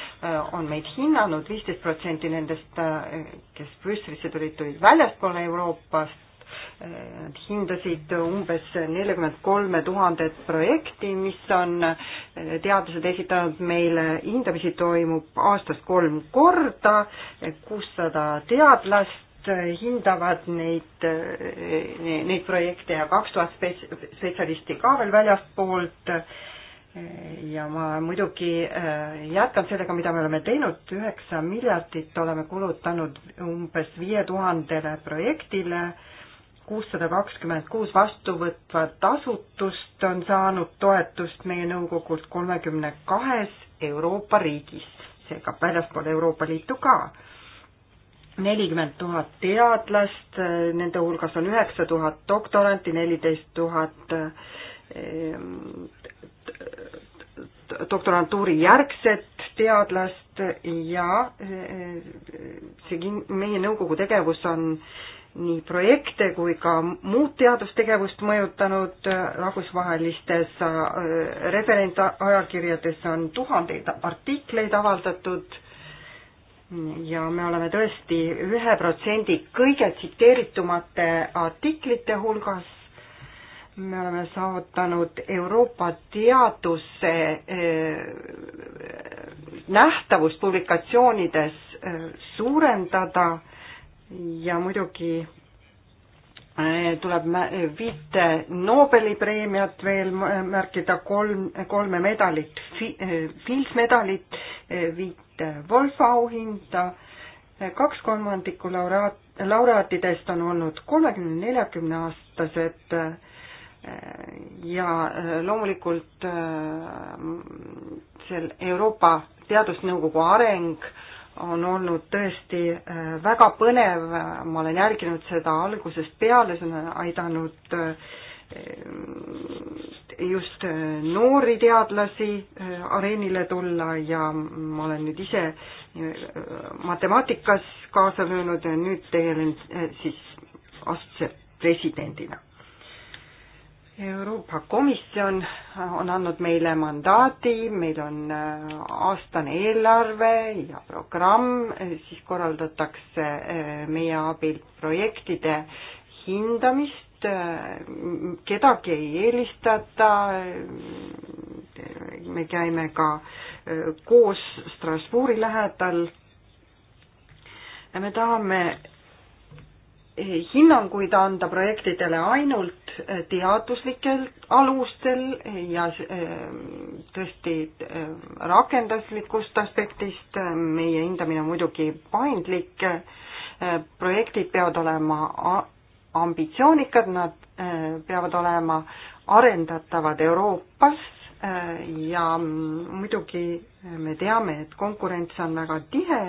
Speaker 2: on meid hinnanud, viisteist protsenti nendest, äh, kes Brüsselisse tulid, tulid väljaspool Euroopast, äh, Nad hindasid umbes neljakümmet kolme tuhandet projekti, mis on teadlased esitanud meile, hindamisi toimub aastas kolm korda, kuussada teadlast Äh, hindavad neid, äh, neid projekte ja kaks tuhat spetsialisti ka veel väljastpoolt. ja ma muidugi äh, jätkan sellega, mida me oleme teinud, üheksa miljardit oleme kulutanud umbes viie tuhandele projektile, kuussada kakskümmend kuus vastuvõtvat asutust on saanud toetust meie nõukogult kolmekümne kahes Euroopa riigis, seega väljaspool Euroopa Liitu ka nelikümmend tuhat teadlast, nende hulgas on üheksa tuhat doktoranti, neliteist tuhat ehm, doktorantuuri järgset teadlast ja eh, see kin-, meie nõukogu tegevus on nii projekte kui ka muud teadustegevust mõjutanud rahvusvahelistes eh, referentajakirjades on tuhandeid artikleid avaldatud ja me oleme tõesti ühe protsendi kõige tsiteeritumate artiklite hulgas. me oleme saavutanud Euroopa teaduse eh, nähtavust publikatsioonides eh, suurendada ja muidugi Eh, tuleb viite Nobeli preemiat veel märkida, kolm, kolme medalit, eh, Fields medalit, eh, viite Wolfa auhinda, kaks kolmandikku laureaat, laureaatidest on olnud kolmekümne, neljakümne aastased ja loomulikult seal Euroopa Teadusnõukogu areng äh, on olnud tõesti äh, väga põnev, ma olen jälginud seda algusest peale, see on aidanud äh, just äh, noori teadlasi areenile tulla ja ma olen nüüd ise matemaatikas kaasa löönud ja nüüd tegelen siis astse presidendina. Euroopa Komisjon on andnud meile mandaadi, meil on äh, aastane eelarve ja programm, äh, siis korraldatakse äh, meie abil projektide hindamist, kedagi ei eelistata, me käime ka koos Strasbourgi lähedal ja me tahame hinnanguid anda projektidele ainult eh, teaduslikel alustel ja eh, tõesti eh, rakenduslikust aspektist. meie hindamine on muidugi paindlik. projektid peavad olema ambitsioonikad, nad peavad olema arendatavad Euroopas ja muidugi me teame, et konkurents on väga tihe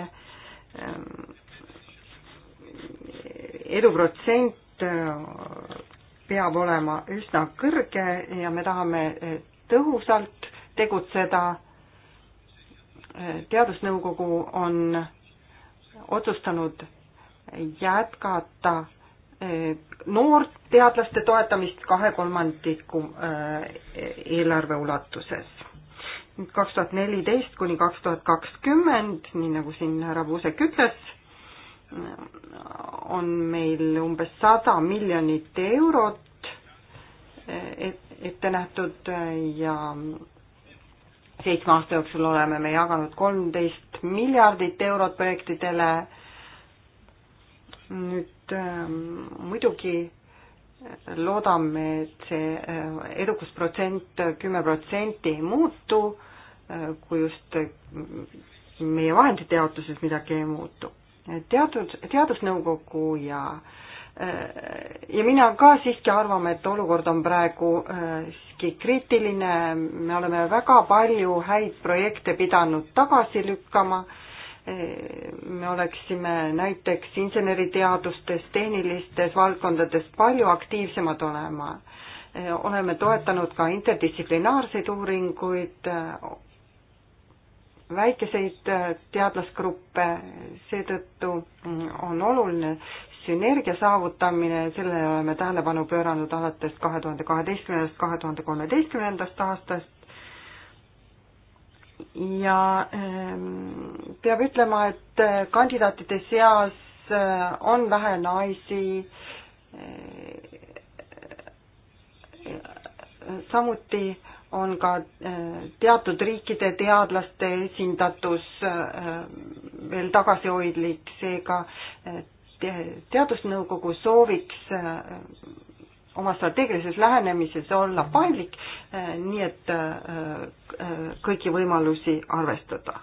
Speaker 2: eduprotsent äh, peab olema üsna kõrge ja me tahame äh, tõhusalt tegutseda. Äh, teadusnõukogu on otsustanud jätkata noort teadlaste toetamist kahe kolmandiku eelarve ulatuses. kaks tuhat neliteist kuni kaks tuhat kakskümmend, nii nagu siin härra Puusek ütles on meil umbes sada miljonit eurot ette nähtud ja seitsme aasta jooksul oleme me jaganud kolmteist miljardit eurot projektidele. nüüd ähm, muidugi loodame, et see äh, edukusprotsent kümme protsenti ei muutu, äh, kui just äh, meie vahendite jaotuses midagi ei muutu teadus, teadusnõukogu ja äh, ja mina ka siiski arvame, et olukord on praegu äh, siiski kriitiline, me oleme väga palju häid projekte pidanud tagasi lükkama, äh, me oleksime näiteks inseneriteadustes, tehnilistes valdkondades palju aktiivsemad olema oleme toetanud ka interdistsiplinaarseid uuringuid, väikeseid äh, teadlasgruppe, seetõttu mm, on oluline sünergia saavutamine, sellele oleme tähelepanu pööranud alates kahe tuhande kaheteistkümnendast, kahe tuhande kolmeteistkümnendast aastast ja ähm, peab ütlema, et äh, kandidaatide seas äh, on vähe naisi, samuti on ka äh, teatud riikide teadlaste esindatus äh, veel tagasihoidlik, seega äh, teadusnõukogu sooviks oma strateegilises lähenemises olla paindlik, nii et kõiki võimalusi arvestada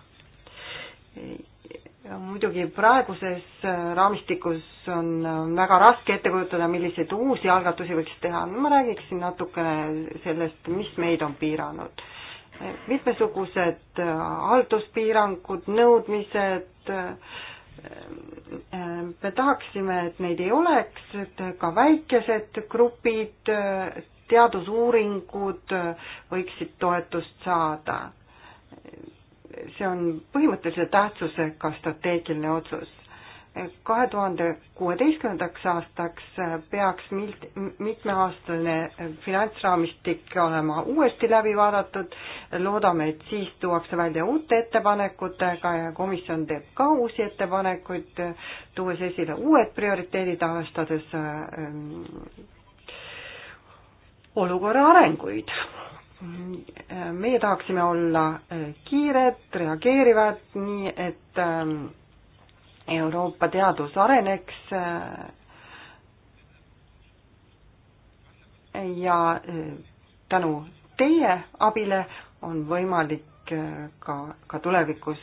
Speaker 2: muidugi praeguses äh, raamistikus on äh, väga raske ette kujutada, milliseid uusi algatusi võiks teha, ma räägiksin natukene sellest, mis meid on piiranud. Äh, mitmesugused halduspiirangud, nõudmised, me tahaksime, et neid ei oleks, et ka väikesed grupid, teadusuuringud võiksid toetust saada see on põhimõttelise tähtsusega strateegiline otsus. kahe tuhande kuueteistkümnendaks aastaks peaks mit-, mitmeaastane finantsraamistik olema uuesti läbi vaadatud, loodame, et siis tuuakse välja uute ettepanekutega ja komisjon teeb ka uusi ettepanekuid, tuues esile uued prioriteedid, arvestades ähm, olukorra arenguid meie tahaksime olla eh, kiired, reageerivad, nii et ähm, Euroopa teadus areneks äh, ja äh, tänu teie abile on võimalik äh, ka, ka tulevikus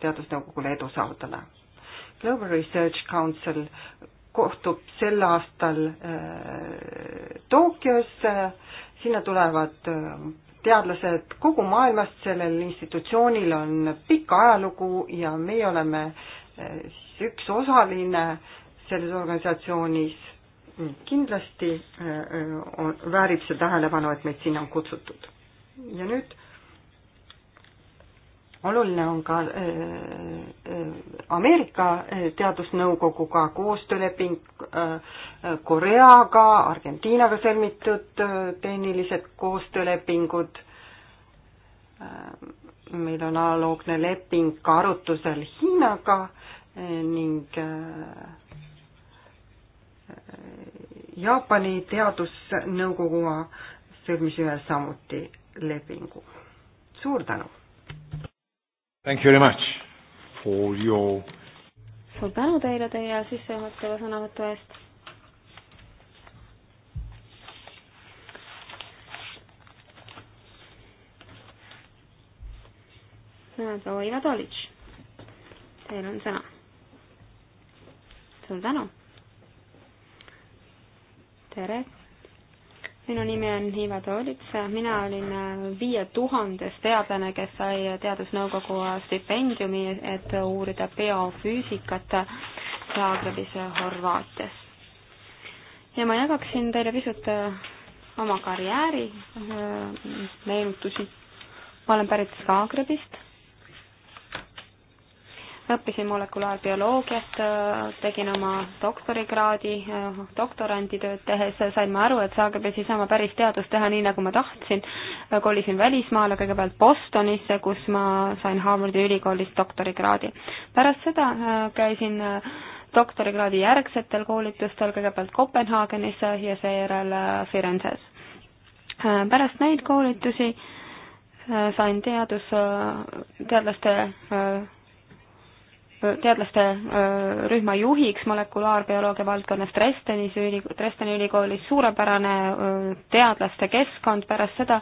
Speaker 2: teadusnõukogule edu saavutada. Global Research Council kohtub sel aastal äh, Tokyos äh, sinna tulevad äh, teadlased kogu maailmast, sellel institutsioonil on pikk ajalugu ja meie oleme siis äh, üks osaline selles organisatsioonis. kindlasti äh, on, väärib see tähelepanu, et meid sinna on kutsutud. ja nüüd oluline on ka äh, äh, Ameerika äh, Teadusnõukoguga koostööleping, Koreaga, Argentiinaga sõlmitud tehnilised koostöölepingud, meil on analoogne leping ka arutusel Hiinaga ning Jaapani teadusnõukoguga sõlmis ühe samuti lepingu. suur tänu!
Speaker 1: Thank you very much for your
Speaker 2: suur
Speaker 3: tänu teile teie sissejuhatava sõnavõtu eest. proua Iva Tolitš, teil on sõna. suur tänu. tere minu nimi on Hiiva Toolits, mina olin äh, viie tuhandes teadlane, kes sai Teadusnõukogu stipendiumi, et uurida biofüüsikat Zagrebis Horvaatias. ja ma jagaksin teile pisut äh, oma karjääri äh, meenutusi. ma olen pärit Zagrebist õppisin molekulaarbioloogiat, äh, tegin oma doktorikraadi, äh, doktoranditööd tehes sain ma aru, et Zagrebis ei saa ma päris teadust teha nii, nagu ma tahtsin. Äh, kolisin välismaale, kõigepealt Bostonisse, kus ma sain Harvardi ülikoolis doktorikraadi. pärast seda käisin doktorikraadi järgsetel koolitustel kõigepealt Kopenhaagenis ja seejärel Firenzes. pärast neid koolitusi sain teadus, teadlaste teadlaste äh, rühma juhiks molekulaarbioloogia valdkonnas Dresdenis, Dresdeni ülikoolis, suurepärane äh, teadlaste keskkond pärast seda,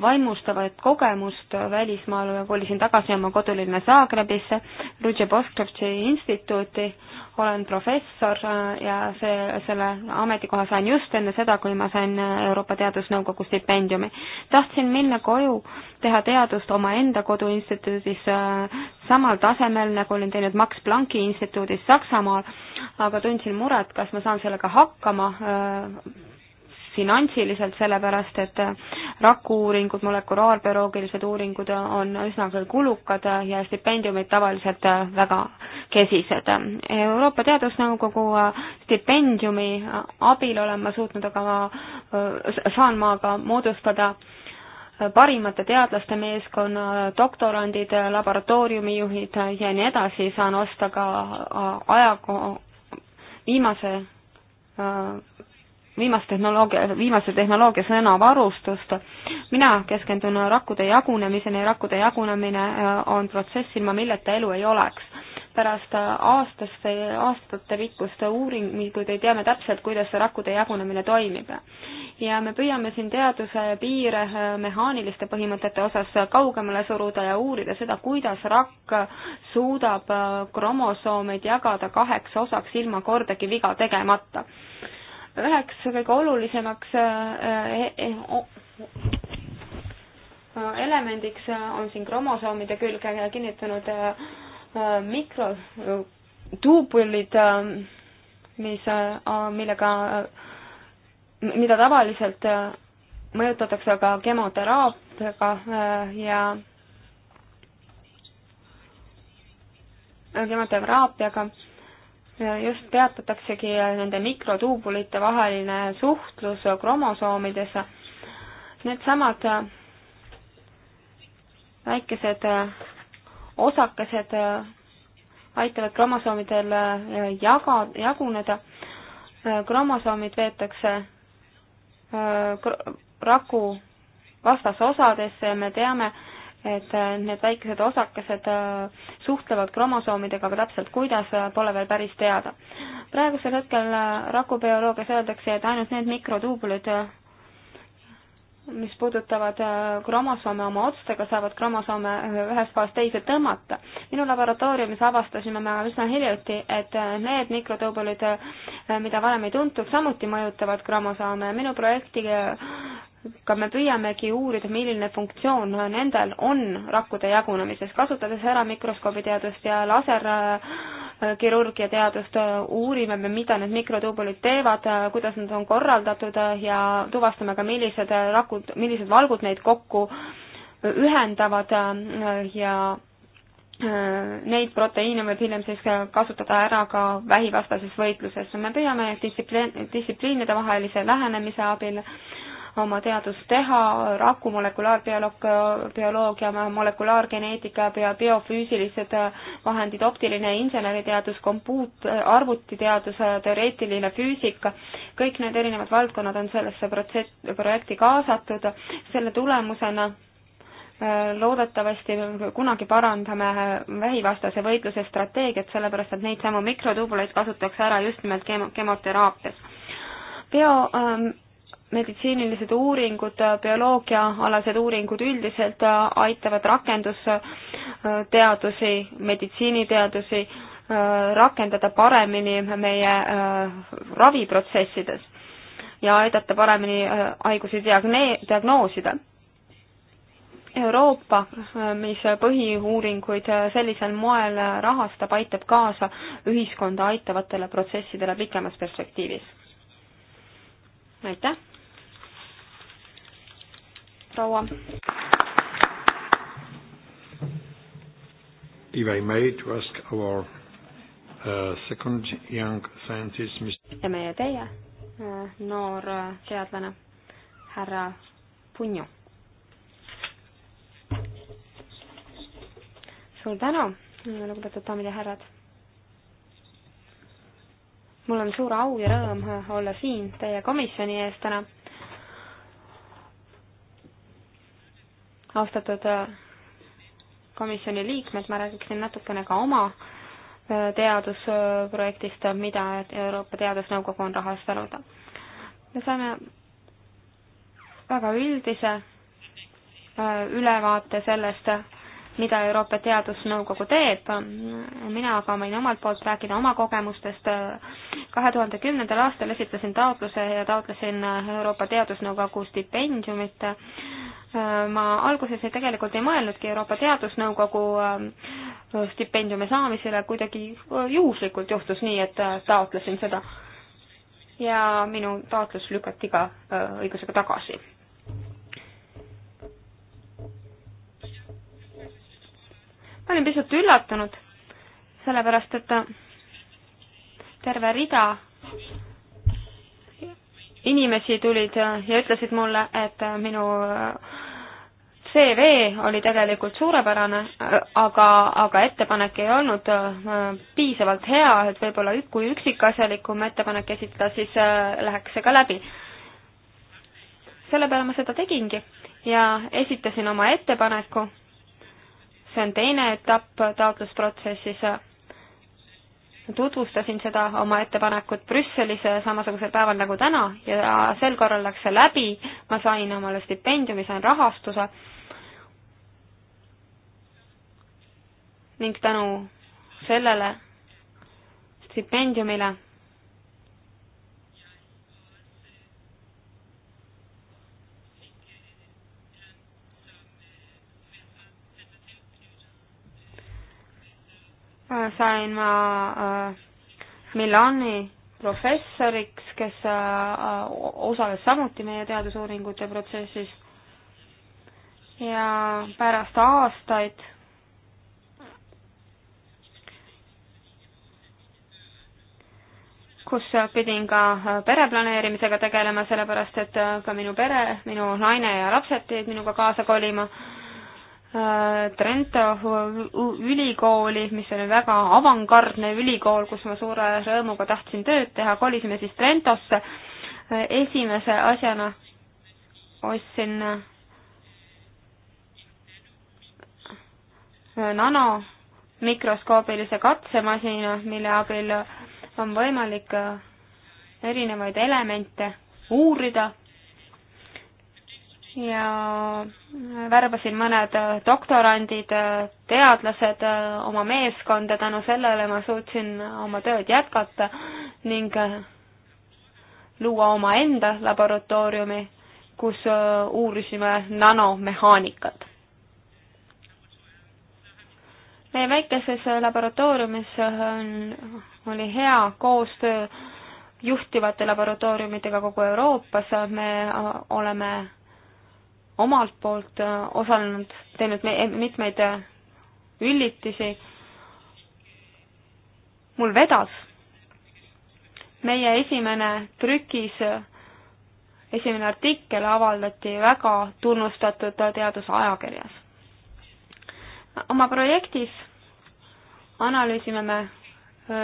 Speaker 3: vaimustavat kogemust välismaal, kolisin tagasi oma kodulinna Zagrebisse, Rudje Poskrovtši instituuti, olen professor äh, ja see, selle ametikoha sain just enne seda, kui ma sain äh, Euroopa Teadusnõukogu stipendiumi. tahtsin minna koju, teha teadust omaenda koduinstituudis äh, samal tasemel, nagu olin teinud Max Plancki instituudis Saksamaal, aga tundsin muret, kas ma saan sellega hakkama finantsiliselt, sellepärast et raku-uuringud, molekulaarbioloogilised uuringud on üsnagi kulukad ja stipendiumid tavaliselt väga kesised. Euroopa Teadusnõukogu stipendiumi abil olen ma suutnud aga, saan ma aga moodustada parimate teadlaste meeskonna, doktorandid, laboratooriumijuhid ja nii edasi, saan osta ka aja, viimase viimast tehnoloogia, viimase tehnoloogia sõna varustust. mina keskendun rakkude jagunemiseni ja rakkude jagunemine äh, on protsess, ilma milleta elu ei oleks. pärast äh, aastaste, aastate pikkuste uuringuid ei tea me täpselt, kuidas see rakkude jagunemine toimib. ja me püüame siin teaduse piire äh, mehaaniliste põhimõtete osas kaugemale suruda ja uurida seda, kuidas rakk suudab kromosoomeid jagada kaheks osaks ilma kordagi viga tegemata üheks kõige olulisemaks äh, äh, eh, elemendiks on siin kromosoomide külge kinnitanud äh, mikrotuubulid, mis, millega, mida tavaliselt mõjutatakse ka kemoteraapiaga ja kemoteraapiaga just peatataksegi nende mikrotuubulite vaheline suhtlus kromosoomides. Needsamad äh, väikesed äh, osakesed äh, aitavad kromosoomidel jaga, jaguneda. kromosoomid veetakse raku vastasosadesse ja me teame, et äh, need väikesed osakesed äh, suhtlevad kromosoomidega, aga täpselt kuidas, äh, pole veel päris teada. praegusel hetkel rakubioloogias öeldakse, et ainult need mikrotuubulid, mis puudutavad kromosoome oma otstega, saavad kromosoome ühest kohast teise tõmmata. minu laboratooriumis avastasime me üsna hiljuti, et need mikrotuubulid, mida varem ei tuntud, samuti mõjutavad kromosoome ja minu projekti ka me püüamegi uurida, milline funktsioon nendel on rakkude jagunemises, kasutades ära mikroskoobiteadust ja laserkirurgia teadust, uurime me, mida need mikrotuubulid teevad, kuidas nad on korraldatud ja tuvastame ka, millised rakud, millised valgud neid kokku ühendavad ja neid proteiine võib hiljem siis kasutada ära ka vähivastases võitluses. me püüame distsipliin, distsipliinide vahelise lähenemise abil äh, oma teadust teha, raku molekulaarbioloogia, molekulaargeneetika, biofüüsilised vahendid, optiline inseneriteadus, kompuut-, arvutiteadus, teoreetiline füüsika, kõik need erinevad valdkonnad on sellesse protsess, projekti kaasatud, selle tulemusena äh, loodetavasti kunagi parandame vähivastase võitluse strateegiat, sellepärast et neid samu mikrotubuleid kasutatakse ära just nimelt kemo-, kemoteraapias. bio ähm, meditsiinilised uuringud, bioloogiaalased uuringud üldiselt äh, aitavad rakendusteadusi, meditsiiniteadusi äh, rakendada paremini meie äh, raviprotsessides ja aidata paremini haigusi diagne-, diagnoosida. Euroopa, mis põhiuuringuid sellisel moel rahastab, aitab kaasa ühiskonda aitavatele protsessidele pikemas perspektiivis. aitäh! proua.
Speaker 1: If I may to ask our uh, second young scientist, Mr.
Speaker 3: ja meie teie uh, noor uh, teadlane, härra Punju. suur tänu, lugupeetud daamid ja härrad mul on suur au ja rõõm äh, olla siin teie komisjoni ees täna austatud äh, komisjoni liikmed, ma räägiksin natukene ka oma äh, teadusprojektist, äh, mida Euroopa Teadusnõukogu on rahastanud. me saime väga üldise ülevaate sellest, mida Euroopa Teadusnõukogu teeb. mina aga võin omalt poolt rääkida oma kogemustest. kahe tuhande kümnendal aastal esitasin taotluse ja taotlesin Euroopa Teadusnõukogu stipendiumit Äh, ma alguses ei, tegelikult ei mõelnudki Euroopa Teadusnõukogu äh, stipendiumi saamisele, kuidagi äh, juhuslikult juhtus nii, et taotlesin seda. ja minu taotlus lükati ka õigusega tagasi. ma olin pisut üllatunud, sellepärast et terve rida inimesi tulid ja ütlesid mulle, et minu CV oli tegelikult suurepärane, aga, aga ettepanek ei olnud äh, piisavalt hea, et võib-olla kui üksikasjalikum ettepanek esitada, siis äh, läheks see ka läbi. selle peale ma seda tegingi ja esitasin oma ettepaneku, see on teine etapp taotlusprotsessis tutvustasin seda oma ettepanekut Brüsselis samasugusel päeval nagu täna ja sel korral läks see läbi, ma sain omale stipendiumi, sain rahastuse ning tänu sellele stipendiumile sain ma äh, Milani professoriks, kes äh, äh, osales samuti meie teadusuuringute protsessis. ja pärast aastaid kus pidin ka pereplaneerimisega tegelema, sellepärast et ka minu pere, minu naine ja lapsed pidid minuga kaasa kolima Trento ülikooli, mis oli väga avangardne ülikool, kus ma suure rõõmuga tahtsin tööd teha, kolisime siis Trentosse. esimese asjana ostsin äh, nanomikroskoobilise katsemasina, mille abil on võimalik äh, erinevaid elemente uurida ja värbasin mõned doktorandid, teadlased äh, oma meeskonda, tänu sellele ma suutsin oma tööd jätkata ning äh, luua omaenda laboratooriumi, kus äh, uurisime nanomehaanikat. meie väikeses laboratooriumis on, oli hea koostöö juhtivate laboratooriumidega kogu Euroopas, me oleme omalt poolt äh, osalenud, teinud eh, mitmeid äh, üllitusi. mul vedas. meie esimene trükis, äh, esimene artikkel avaldati väga tunnustatud teadusajakirjas. oma projektis analüüsime me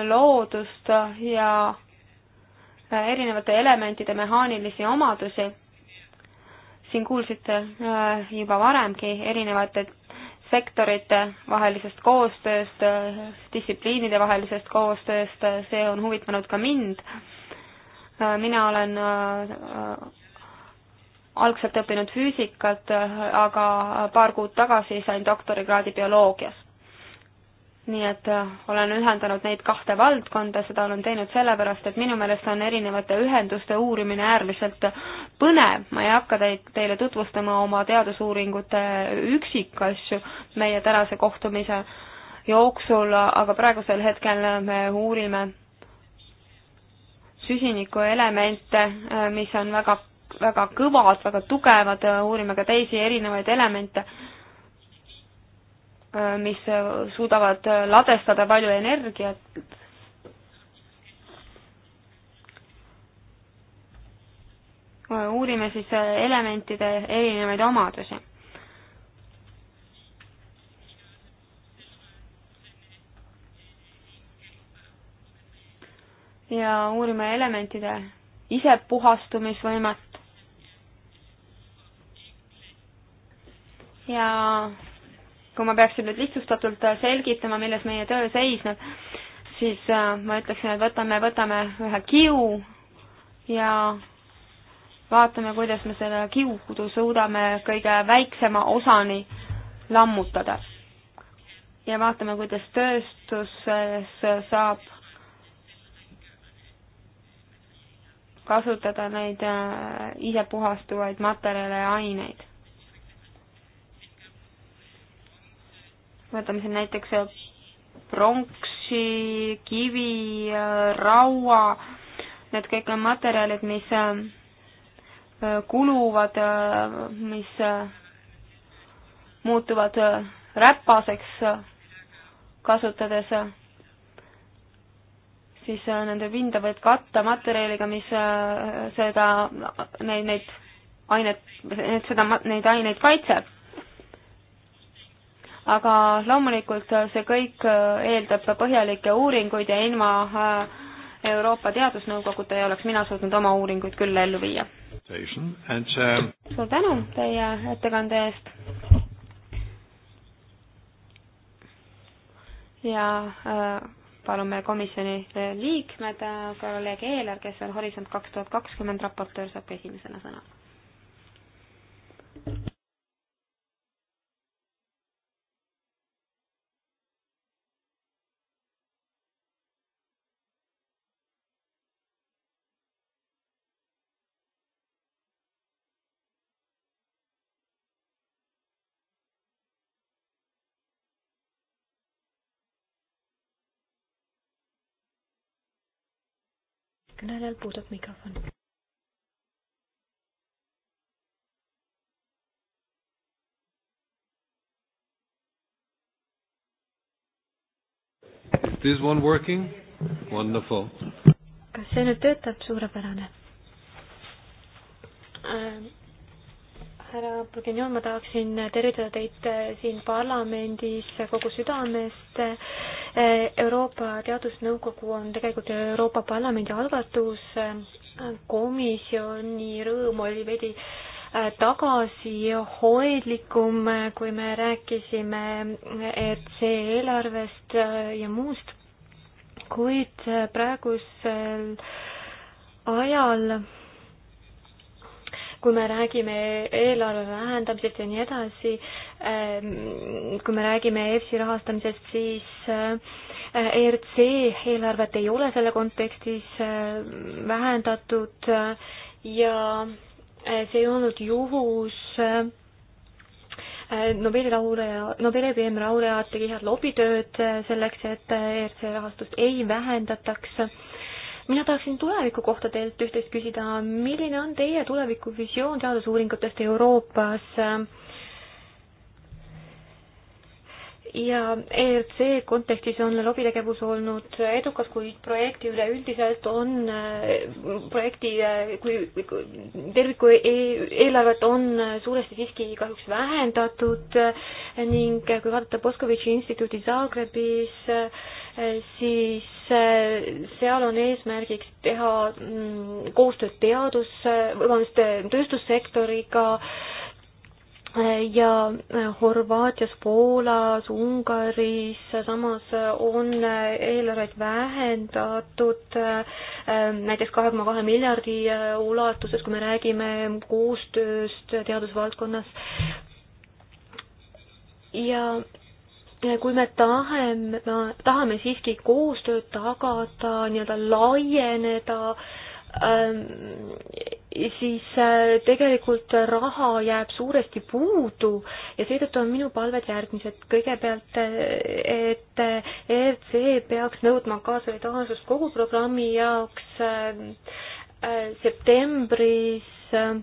Speaker 3: loodust ja erinevate elementide mehaanilisi omadusi siin kuulsite äh, juba varemgi erinevate sektorite vahelisest koostööst, äh, distsipliinide vahelisest koostööst, äh, see on huvitanud ka mind. mina olen algselt õppinud füüsikat, aga paar kuud tagasi sain doktorikraadi bioloogias nii et äh, olen ühendanud neid kahte valdkonda, seda olen teinud sellepärast, et minu meelest on erinevate ühenduste uurimine äärmiselt põnev, ma ei hakka teid, teile tutvustama oma teadusuuringute üksikasju meie tänase kohtumise jooksul, aga praegusel hetkel me uurime süsinikuelemente, äh, mis on väga, väga kõvad, väga tugevad, uurime ka teisi erinevaid elemente Äh, mis äh, suudavad äh, ladestada palju energiat. uurime siis elementide erinevaid omadusi ja uurime elementide isepuhastumisvõimet. ja kui ma peaksin nüüd lihtsustatult äh, selgitama, milles meie töö seisneb, siis äh, ma ütleksin, et võtame, võtame ühe kiu ja vaatame, kuidas me selle kiudu suudame kõige väiksema osani lammutada. ja vaatame, kuidas tööstuses saab kasutada neid äh, isepuhastuvaid materjale ja aineid võtame siin näiteks äh, pronksi, kivi, äh, raua, need kõik on materjalid, mis äh, kuluvad, mis muutuvad räpaseks kasutades, siis nende pinda võib katta materjaliga, mis seda, neid, neid ainet, seda, neid aineid kaitseb aga loomulikult see kõik äh, eeldab põhjalikke uuringuid ja ilma äh, Euroopa Teadusnõukoguta ei oleks mina suutnud oma uuringuid küll ellu viia. Um, suur tänu teie ettekande eest. ja äh, palume komisjoni liikmed, kolleeg Eeler, kes on Horisont kaks tuhat kakskümmend raportöör, saab esimesena sõna.
Speaker 1: kõnelejal puudub mikrofon. Is this one working? Wonderful.
Speaker 3: kas see nüüd töötab, suurepärane ähm,? härra Burgenjon, ma tahaksin tervitada teid äh, siin parlamendis kogu südamest. Äh, Euroopa Teadusnõukogu on tegelikult Euroopa Parlamendi algatus. komisjoni rõõm oli veidi äh, tagasihoidlikum, kui me rääkisime ERC eelarvest ja muust, kuid praegusel ajal kui me räägime eelarve vähendamisest ja nii edasi, ähm, kui me räägime EFSI rahastamisest, siis äh, ERC eelarvet ei ole selle kontekstis äh, vähendatud ja äh, see ei olnud juhus Nobeli laureaat, Nobeli preemia laureaat tegi head lobitööd selleks, et ERC rahastust ei vähendataks mina tahaksin tuleviku kohta teilt üht-teist küsida, milline on teie tulevikuvisioon teadusuuringutest Euroopas? ja ERC kontekstis on lobitegevus olnud edukas, kuid projekti üleüldiselt on projekti kui, kui terviku e, eelarvet on suuresti siiski kahjuks vähendatud ning kui vaadata Boskovitši instituudi Zagrebis äh, siis eh, seal on eesmärgiks teha mm, koostööd teadus, vabandust, tööstussektoriga eh, ja eh, Horvaatias, Poolas, Ungaris samas on eelarveid vähendatud näiteks kahe koma kahe miljardi ulatuses, kui me räägime koostööst teadusvaldkonnas ja kui me tahame, tahame siiski koostööd tagada, nii-öelda laieneda, ähm, siis äh, tegelikult raha jääb suuresti puudu ja seetõttu on minu palved järgmised. kõigepealt, et ERC peaks nõudma ka solidaarsust kogu programmi jaoks ähm, äh, septembris ähm,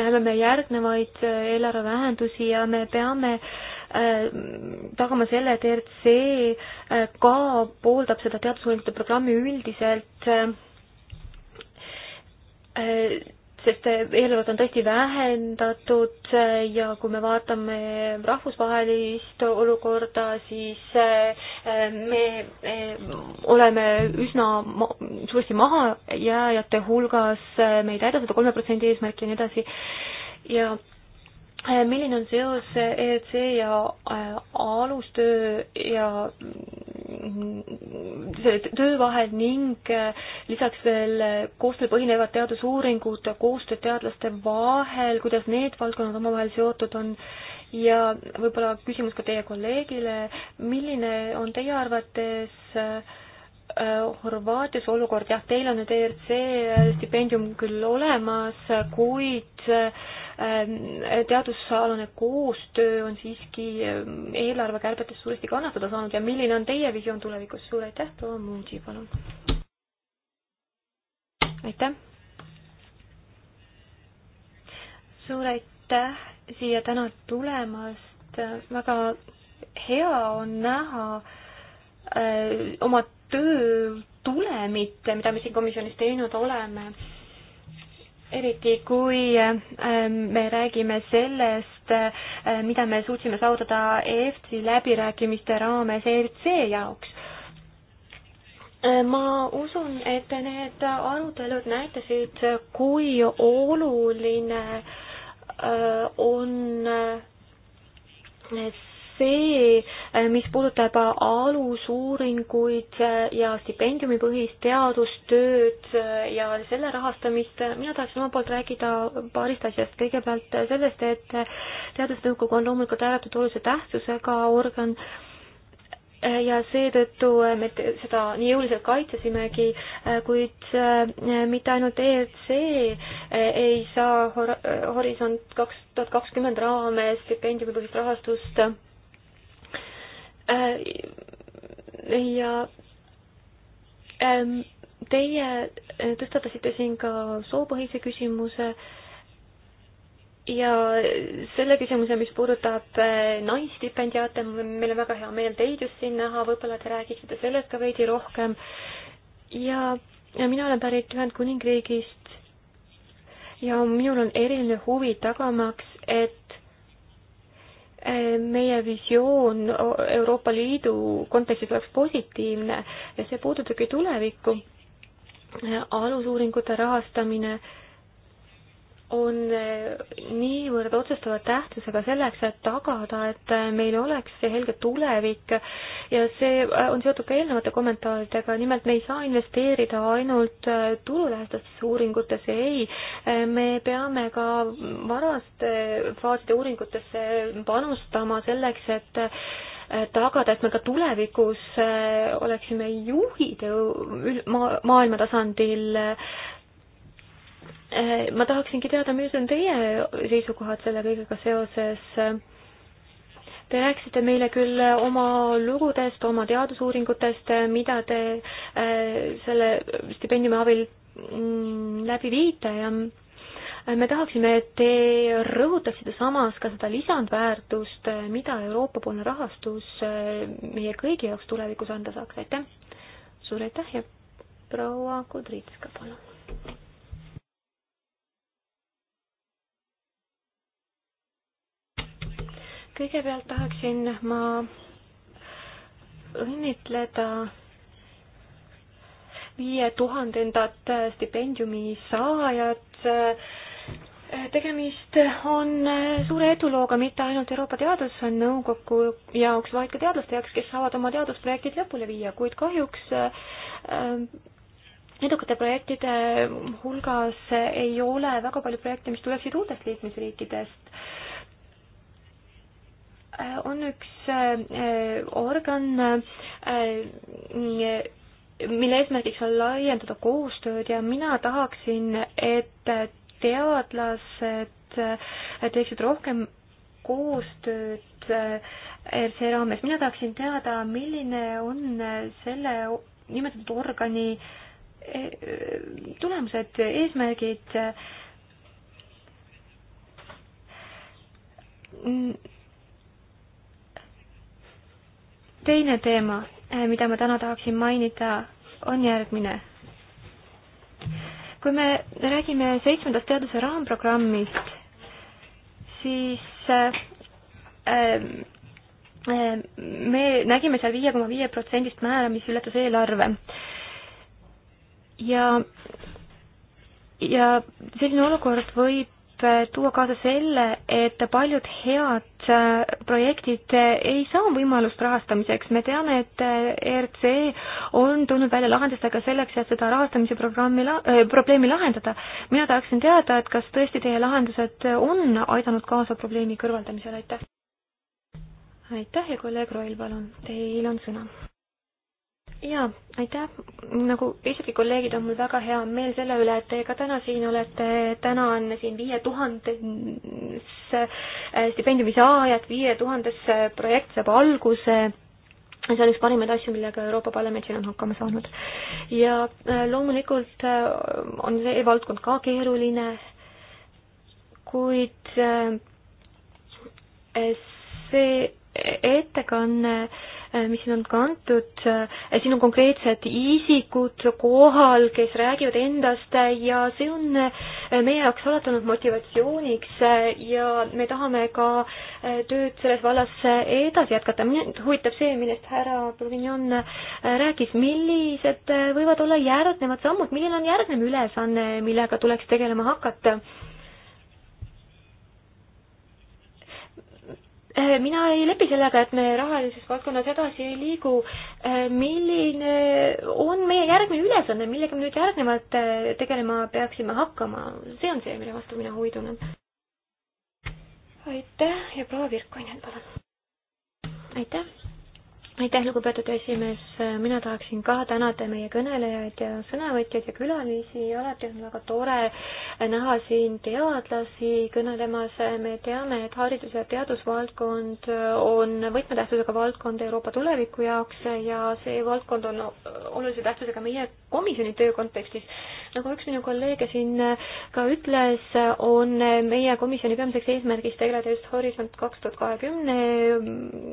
Speaker 3: näeme me järgnevaid äh, eelarvevähendusi ja me peame äh, tagama selle, et ERC äh, ka pooldab seda teadusuuringute programmi üldiselt sest eelarvet on tõesti vähendatud ja kui me vaatame rahvusvahelist olukorda, siis äh, me äh, oleme üsna suuresti mahajääjate hulgas, äh, me ei täida seda kolme protsendi eesmärki ja nii edasi ja Äh, milline on seos äh, EEC ja äh, alustöö ja mm, töö vahel ning lisaks veel koostööl põhinevad teadusuuringud, koostöö teadlaste vahel, kuidas need valdkonnad omavahel seotud on ja võib-olla küsimus ka teie kolleegile, milline on teie arvates äh, Horvaatias olukord, jah, teil on nüüd ERC stipendium küll olemas, kuid ähm, teadusalane koostöö on siiski ähm, eelarvekärbetest suuresti kannatada saanud ja milline on teie visioon tulevikus? suur aitäh, proua Moodi, palun. aitäh. suur aitäh siia täna tulemast, väga hea on näha öö, äh, oma töö tulemit, mida me siin komisjonis teinud oleme. eriti kui ähm, me räägime sellest, äh, mida me suutsime saavutada EFC läbirääkimiste raames ERC jaoks äh, ma usun, et need arutelud näitasid, kui oluline äh, on see, mis puudutab alusuuringuid ja stipendiumipõhist teadustööd ja selle rahastamist, mina tahaksin omalt poolt rääkida paarist asjast. kõigepealt sellest, et Teadusnõukogu on loomulikult ääretult olulise tähtsusega organ ja seetõttu me seda nii jõuliselt kaitsesimegi, kuid eh, mitte ainult ERC ei saa Horisont kaks tuhat kakskümmend raames stipendiumipõhist rahastust Äh, ja ähm, teie äh, tõstatasite siin ka soopõhise küsimuse ja selle küsimuse, mis puudutab äh, naisstipendiaate, meil on väga hea meel teid just siin näha, võib-olla te räägiksite sellest ka veidi rohkem. ja, ja mina olen pärit Ühendkuningriigist ja minul on eriline huvi tagamaks, et meie visioon Euroopa Liidu kontekstis oleks positiivne ja see puudutabki tulevikku. alusuuringute rahastamine äh, on eh, niivõrd otsustava tähtsusega selleks, et tagada, et eh, meil oleks see helge tulevik ja see eh, on seotud ka eelnevate kommentaaridega, nimelt me ei saa investeerida ainult tululäästastesse uuringutesse, ei, me peame ka varaste faaside uuringutesse panustama selleks, et tagada, et me ka tulevikus oleksime juhid ma maailma tasandil Äh, ma tahaksingi teada, millised on teie seisukohad selle kõigega seoses. Te rääkisite meile küll oma lugudest, oma teadusuuringutest, mida te äh, selle stipendiumi abil mm, läbi viite ja äh, me tahaksime, et te rõhutaksite samas ka seda lisandväärtust, mida Euroopa-poolne rahastus meie kõigi jaoks tulevikus anda saaks, aitäh! suur aitäh ja proua Kudritska, palun! kõigepealt tahaksin ma õnnitleda viie tuhandendat stipendiumi saajat. tegemist on suure edulooga mitte ainult Euroopa Teadusnõukogu jaoks, vaid ka teadlaste jaoks, kes saavad oma teadusprojektid lõpule viia, kuid kahjuks ähm, edukate projektide hulgas ei ole väga palju projekte, mis tuleksid uutest liikmesriikidest Äh, on üks äh, organ, äh, mille eesmärgiks on laiendada koostööd ja mina tahaksin, et teadlased teeksid rohkem koostööd RC raames. mina tahaksin teada, milline on selle nimetatud organi tulemused, eesmärgid teine teema, eh, mida ma täna tahaksin mainida, on järgmine. kui me räägime seitsmendast teaduse raamprogrammist, siis eh, eh, me nägime seal viie koma viie protsendist määra, mis ületas eelarve. ja, ja selline olukord võib võib äh, tuua kaasa selle, et paljud head äh, projektid äh, ei saa võimalust rahastamiseks. me teame, et ERC on tulnud välja lahendustega selleks, et seda rahastamise programmi la- äh,, probleemi lahendada. mina tahaksin teada, et kas tõesti teie lahendused on aidanud kaasa probleemi kõrvaldamisele, aitäh! aitäh ja kolleeg Roil, palun, teil on sõna jaa, aitäh, nagu teisedki kolleegid, on mul väga hea meel selle üle, et teie ka täna siin olete, täna on siin viie tuhandes äh, stipendiumi saajad, viie tuhandes äh, projekt saab alguse, see on üks parimaid asju, millega Euroopa Parlament siin on hakkama saanud. ja äh, loomulikult on see valdkond ka keeruline, kuid see ettekanne et Äh, mis siin on kantud, äh, siin on konkreetsed isikud kohal, kes räägivad endast äh, ja see on meie jaoks alati olnud motivatsiooniks ja me tahame ka tööd selles vallas edasi jätkata. mind huvitab see, millest härra Provignon rääkis, millised võivad olla järgnevad sammud, milline on järgnev ülesanne, millega tuleks tegelema hakata Äh, mina ei lepi sellega, et me rahalises valdkonnas edasi ei liigu. Äh, milline on meie järgmine ülesanne, millega me nüüd järgnevalt äh, tegelema peaksime hakkama, see on see, mille vastu mina huvi tunnen. aitäh ja proua Virkonen, palun. aitäh aitäh, lugupeetud esimees, mina tahaksin ka tänada meie kõnelejaid ja sõnavõtjaid ja külalisi, alati on väga tore näha siin teadlasi kõnelemas, me teame, et haridus- ja teadusvaldkond on võtmetähtsusega valdkond Euroopa tuleviku jaoks ja see valdkond on olulise tähtsusega meie komisjoni töö kontekstis. nagu üks minu kolleege siin ka ütles, on meie komisjoni peamiseks eesmärgiks tegeleda just Horisont kaks tuhat kahekümne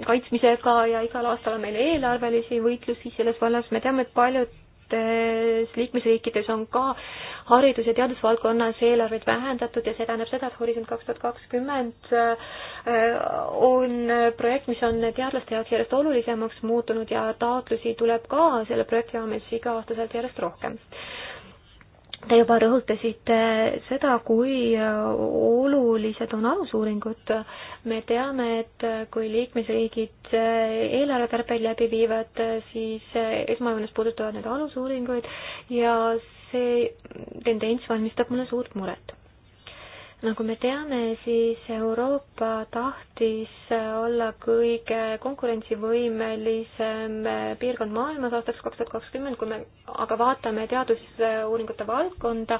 Speaker 3: kaitsmisega ja igal aastal on meil eelarvelisi võitlusi selles vallas, me teame, et paljudes liikmesriikides on ka haridus- ja teadusvaldkonnas eelarveid vähendatud ja see tähendab seda, et Horisont kaks tuhat kakskümmend äh, on projekt, mis on teadlaste jaoks järjest olulisemaks muutunud ja taotlusi tuleb ka selle projekti raames iga-aastaselt järjest rohkem Te juba rõhutasite seda, kui olulised on alusuuringud. me teame, et kui liikmesriigid eelarvekärbeid läbi viivad, siis esmajoones puudutavad need alusuuringuid ja see tendents valmistab mulle suurt muret nagu me teame, siis Euroopa tahtis olla kõige konkurentsivõimelisem piirkond maailmas aastaks kaks tuhat kakskümmend, kui me aga vaatame teadusuuringute valdkonda,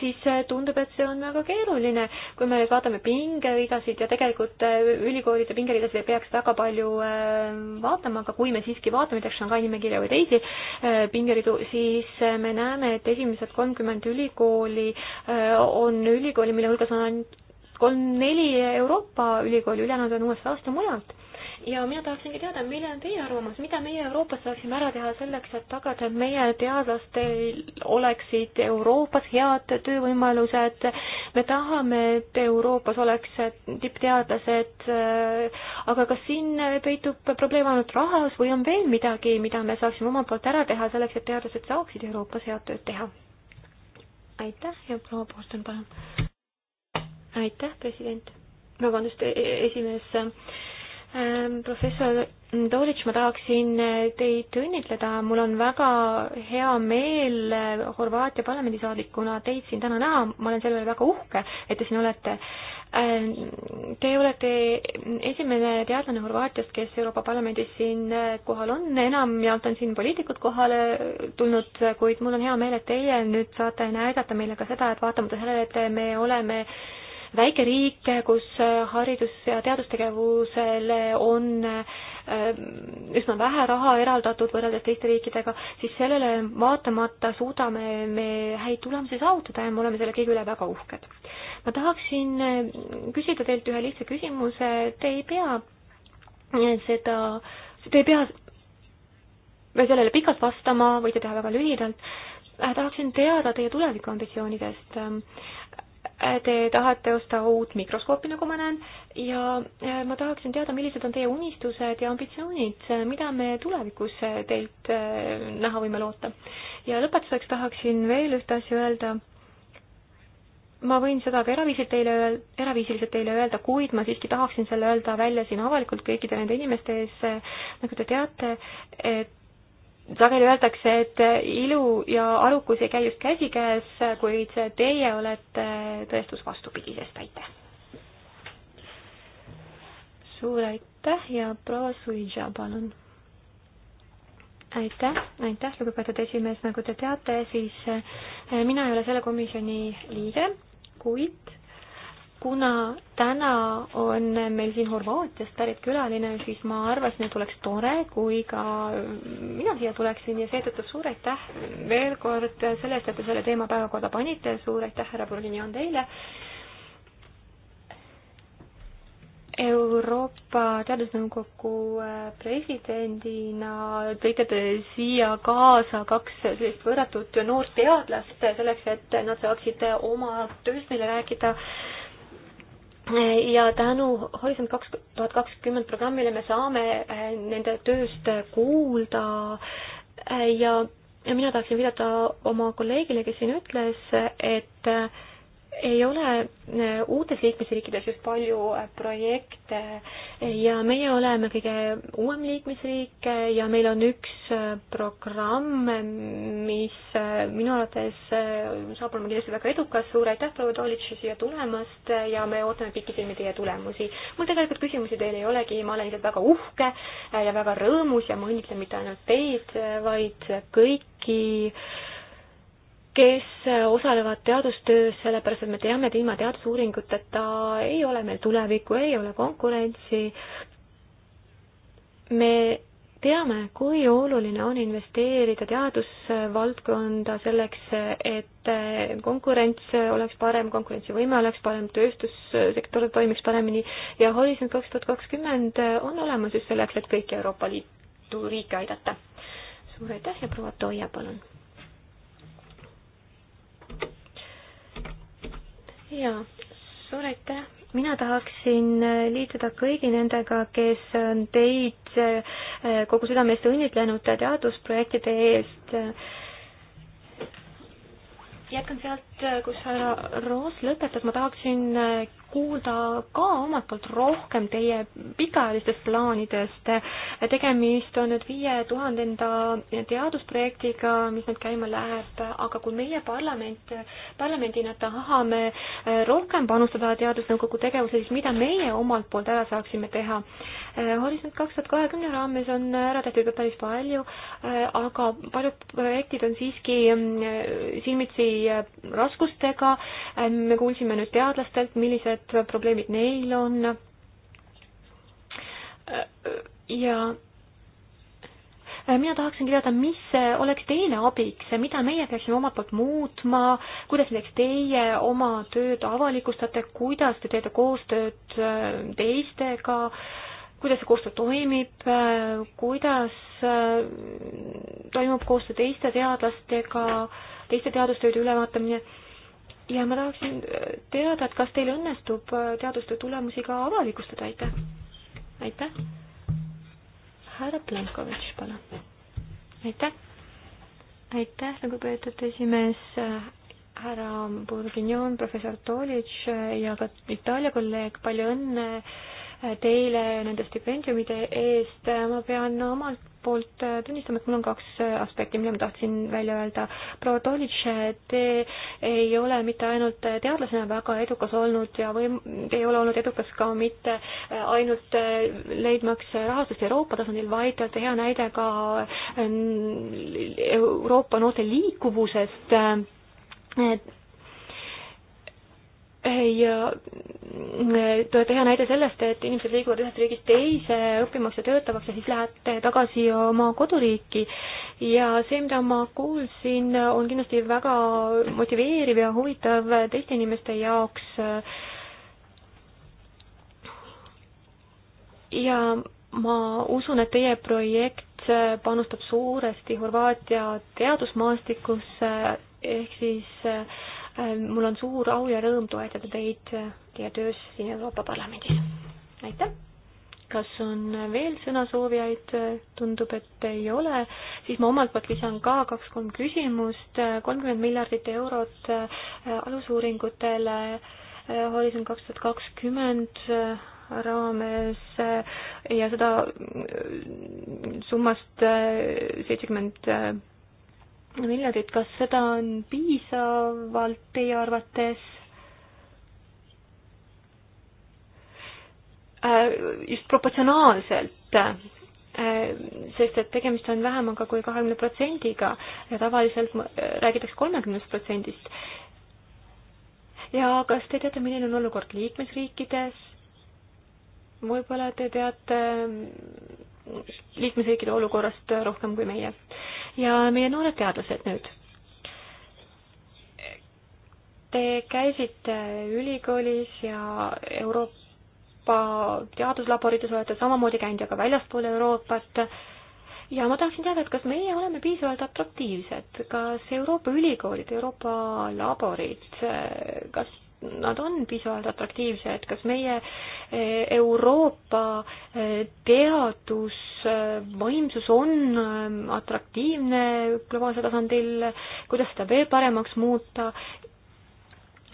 Speaker 3: siis tundub, et see on väga keeruline. kui me nüüd vaatame pingeridasid ja tegelikult ülikoolide pingeridasid ei peaks väga palju äh, vaatama, aga kui me siiski vaatame näiteks Shanghai nimekirja või teisi äh, pingeridu, siis me näeme, et esimesed kolmkümmend ülikooli äh, on ülikooli, mille hulgas on kolm-neli Euroopa ülikooli, ülejäänud on USA-st ja mujalt. ja mina tahaksingi teada, milline on teie arvamus, mida meie Euroopas saaksime ära teha selleks, et tagada, et meie teadlastel oleksid Euroopas head töövõimalused. me tahame, et Euroopas oleks tippteadlased, aga kas siin peitub probleem ainult rahas või on veel midagi, mida me saaksime omalt poolt ära teha selleks, et teadlased saaksid Euroopas head tööd teha? aitäh ja proua Postel, palun! aitäh, president, vabandust, e-, e-, esimees. Ähm, professor Dorich, ma tahaksin äh, teid õnnitleda, mul on väga hea meel äh, Horvaatia parlamendisaadikuna teid siin täna näha, ma olen selle üle väga uhke, et te siin olete. Ähm, te olete esimene teadlane Horvaatiast, kes Euroopa Parlamendis siin äh, kohal on, enamjaolt on siin poliitikud kohale tulnud, kuid mul on hea meel, et teie nüüd saate näidata meile ka seda, et vaatamata sellele, et me oleme äh, väike riik, kus haridus- ja teadustegevusele on ähm, üsna vähe raha eraldatud võrreldes teiste riikidega, siis sellele vaatamata suudame me häid tulemusi saavutada ja me oleme selle kõige üle väga uhked. ma tahaksin äh, küsida teilt ühe lihtsa küsimuse, te ei pea äh, seda, te ei pea sellele pikalt vastama, võite teha väga lühidalt äh, tahaksin teada teie tulevikuambitsioonidest. Ähm, Te tahate osta uut mikroskoopi, nagu ma näen, ja äh, ma tahaksin teada, millised on teie unistused ja ambitsioonid, mida me tulevikus teilt äh, näha võime loota. ja lõpetuseks tahaksin veel ühte asja öelda. ma võin seda ka eraviisilt teile öel-, eraviisiliselt teile öelda, kuid ma siiski tahaksin selle öelda välja siin avalikult kõikide nende inimeste ees, äh, nagu te teate, et sageli öeldakse, et ilu ja arukus ei käi just käsikäes, kuid teie olete tõestus vastupidisest, aitäh! suur aitäh ja proua Suija, palun! aitäh, aitäh, lugupeetud esimees, nagu te teate, siis eh, mina ei ole selle komisjoni liige, kuid kuna täna on meil siin Horvaatiast pärit külaline, siis ma arvasin, et oleks tore, kui ka mina siia tuleksin ja seetõttu suur aitäh veel kord selle eest, et te selle teema päevakorda panite, suur aitäh, härra Burginjon, teile. Euroopa Teadusnõukogu äh, presidendina tõite te siia kaasa kaks sellist võrratut noort teadlast selleks, et nad saaksid oma tööst meile rääkida ja tänu Horisont kaks tuhat kakskümmend programmile me saame eh, nende tööst kuulda ja eh, ja mina tahaksin viidata oma kolleegile, kes siin ütles, et eh, ei ole äh, uutes liikmesriikides just palju äh, projekte ja meie oleme kõige uuem liikmesriik ja meil on üks äh, programm, mis minu arvates saab olema kindlasti väga edukas. suur aitäh, proua Toolitš, siia tulemast ja me ootame pikisilmi teie tulemusi. mul tegelikult küsimusi teil ei olegi, ma olen lihtsalt väga uhke ja väga rõõmus ja ma õnnitlen mitte ainult teid, vaid kõiki kes äh, osalevad teadustöös, sellepärast et me teame, et ilma teadusuuringuteta ei ole meil tulevikku, ei ole konkurentsi. me teame, kui oluline on investeerida teadusvaldkonda selleks, et äh, konkurents oleks parem, konkurentsivõime oleks parem, tööstussektor toimiks paremini ja Horisont kaks tuhat kakskümmend on olemas just selleks, et kõiki Euroopa Liidu riike aidata. suur aitäh ja proua Toia, palun jaa, suur aitäh. mina tahaksin äh, liituda kõigi nendega, kes on teid äh, kogu südamest õnnitlenud teadusprojektide eest. jätkan sealt, Äh, kus härra Roos lõpetas, ma tahaksin äh, kuulda ka omalt poolt rohkem teie pikaajalistest plaanidest. tegemist on nüüd viie tuhandenda teadusprojektiga, mis nüüd käima läheb, aga kui meie parlament, parlamendina tahame äh, rohkem panustada teadusnõukogu tegevuse, siis mida meie omalt poolt ära saaksime teha? Horisont kaks tuhat kahekümne raames on ära tehtud ka päris palju, aga paljud projektid on siiski mm, silmitsi raskustega. me kuulsime nüüd teadlastelt, millised probleemid neil on. ja mina tahaksin teada, mis oleks teile abiks, mida meie peaksime omalt poolt muutma, kuidas näiteks teie oma tööd avalikustate, kuidas te teete koostööd äh, teistega, kuidas see koostöö toimib, äh, kuidas äh, toimub koostöö teiste teadlastega teiste teadustööde ülevaatamine ja ma tahaksin äh, teada, et kas teil õnnestub äh, teadustöö tulemusi ka avalikustada, aitäh. aitäh. härra Plenkovitš, palun. aitäh. aitäh, lugupeetud esimees, äh, härra Burginjon, professor Tolitš ja ka Itaalia kolleeg, palju õnne teile nende stipendiumide eest. ma pean omalt poolt tunnistama, et mul on kaks aspekti, mille ma tahtsin välja öelda. proua Tolitš, te ei ole mitte ainult teadlasena väga edukas olnud ja võim-, te ei ole olnud edukas ka mitte ainult leidmaks rahastust Euroopa tasandil, vaid te olete hea näide ka mm, Euroopa noorte liikuvusest ja te olete hea näide sellest, et inimesed liiguvad ühest riigist teise õppimaks ja töötamaks ja siis lähete tagasi oma koduriiki. ja see, mida ma kuulsin, on kindlasti väga motiveeriv ja huvitav teiste inimeste jaoks. ja ma usun, et teie projekt panustab suuresti Horvaatia teadusmaastikusse ehk siis äh, Äh, mul on suur au ja rõõm toetada teid äh, teie töös siin Euroopa Parlamendis. aitäh! kas on äh, veel sõnasoovijaid, tundub, et ei ole, siis ma omalt poolt lisan ka kaks-kolm küsimust, kolmkümmend miljardit eurot alusuuringutele Horisont kaks tuhat kakskümmend raames ja seda summast seitsekümmend 70 miljardit, kas seda on piisavalt teie arvates? Äh, just proportsionaalselt, äh, sest et tegemist on vähemaga kui kahekümne protsendiga ja tavaliselt äh, räägitakse kolmekümnest protsendist. ja kas te teate, milline on olukord liikmesriikides? võib-olla te teate mm, liikmesriikide olukorrast rohkem kui meie ja meie noored teadlased nüüd. Te käisite ülikoolis ja Euroopa teaduslaborites olete samamoodi käinud ja ka väljaspool Euroopat ja ma tahaksin teada, et kas meie oleme piisavalt atraktiivsed, kas Euroopa ülikoolid, Euroopa laborid, kas nad on piisavalt atraktiivsed, kas meie eh, Euroopa eh, teadusvaimsus eh, on atraktiivne globaalsel tasandil, kuidas seda veel paremaks muuta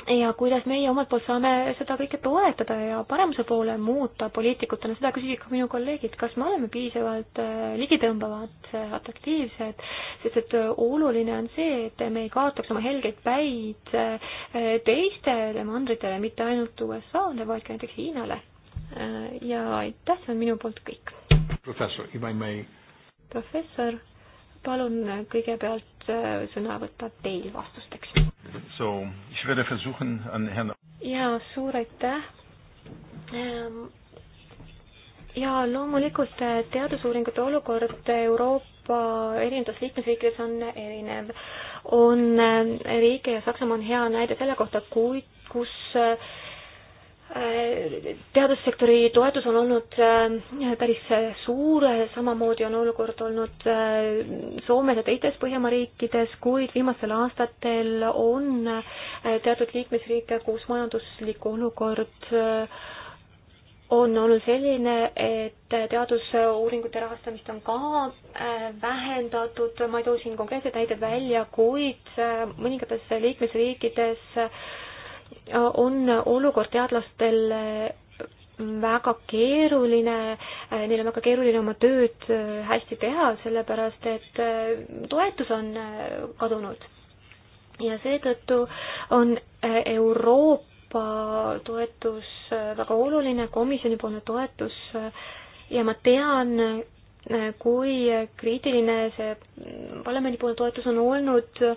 Speaker 3: ja kuidas meie omalt poolt saame seda kõike toetada ja paremuse poole muuta poliitikutena, seda küsisid ka minu kolleegid, kas me oleme piisavalt äh, ligitõmbavad, äh, atraktiivsed, sest et äh, oluline on see, et me ei kaotaks oma helgeid päid teistele mandritele, mitte ainult USA-le, vaid ka näiteks Hiinale. ja aitäh, see on minu poolt kõik.
Speaker 1: professor, if I may.
Speaker 3: professor palun kõigepealt äh, sõna võtta teil vastusteks. ja suur aitäh ähm, ja loomulikult äh, teadusuuringute olukord Euroopa erinevates liikmesriikides on erinev. on äh, riike ja Saksamaa on hea näide selle kohta, kui, kus teadussektori toetus on olnud äh, päris äh, suur, samamoodi on olukord olnud äh, Soomes ja teistes Põhjamaa riikides, kuid viimastel aastatel on teatud liikmesriike, kus majanduslik olukord on olnud selline, et teadusuuringute rahastamist on ka vähendatud, ma ei too siin konkreetseid näiteid välja, kuid mõningates liikmesriikides on olukord teadlastel väga keeruline, neil on väga keeruline oma tööd hästi teha, sellepärast et toetus on kadunud. ja seetõttu on Euroopa toetus väga oluline, komisjonipoolne toetus ja ma tean, kui kriitiline see parlamendipoolne toetus on olnud äh,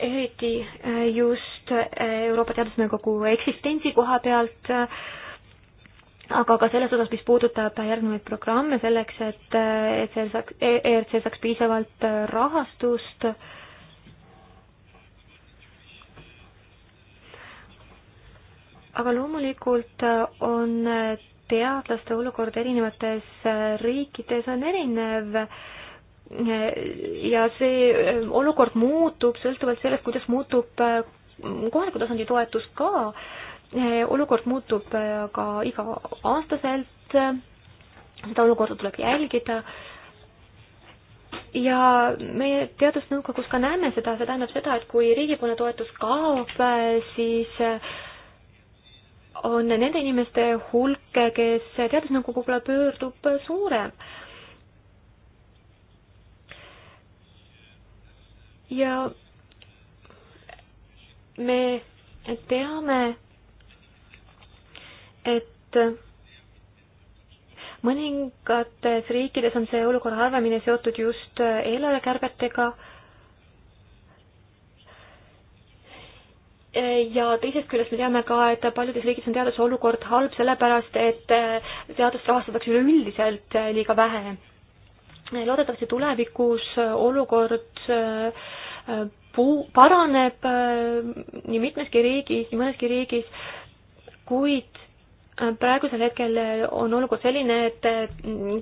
Speaker 3: eriti äh, just äh, Euroopa Teadusnõukogu eksistentsi koha pealt, aga ka selles osas, mis puudutab järgnevaid programme selleks, et, äh, et see saaks, ERC e saaks piisavalt rahastust. aga loomulikult on teadlaste olukord erinevates riikides on erinev ja see äh, olukord muutub sõltuvalt sellest, kuidas muutub äh, kohaliku tasandi toetus ka. Äh, olukord muutub ka iga-aastaselt, seda olukorda tuleb jälgida ja meie teadusnõukogus ka näeme seda, see tähendab seda, et kui riigipoolne toetus kaob, siis on nende inimeste hulk, kes teadusnõukogu poole pöördub, suurem ja me teame, et mõningates riikides on see olukord halvemini seotud just eelarvekärbetega ja teisest küljest me teame ka, et paljudes riikides on teaduse olukord halb sellepärast, et teadust rahastatakse üleüldiselt liiga vähe loodetavasti tulevikus olukord äh, puu-, paraneb äh, nii mitmeski riigis, nii mõneski riigis, kuid äh, praegusel hetkel on olukord selline, et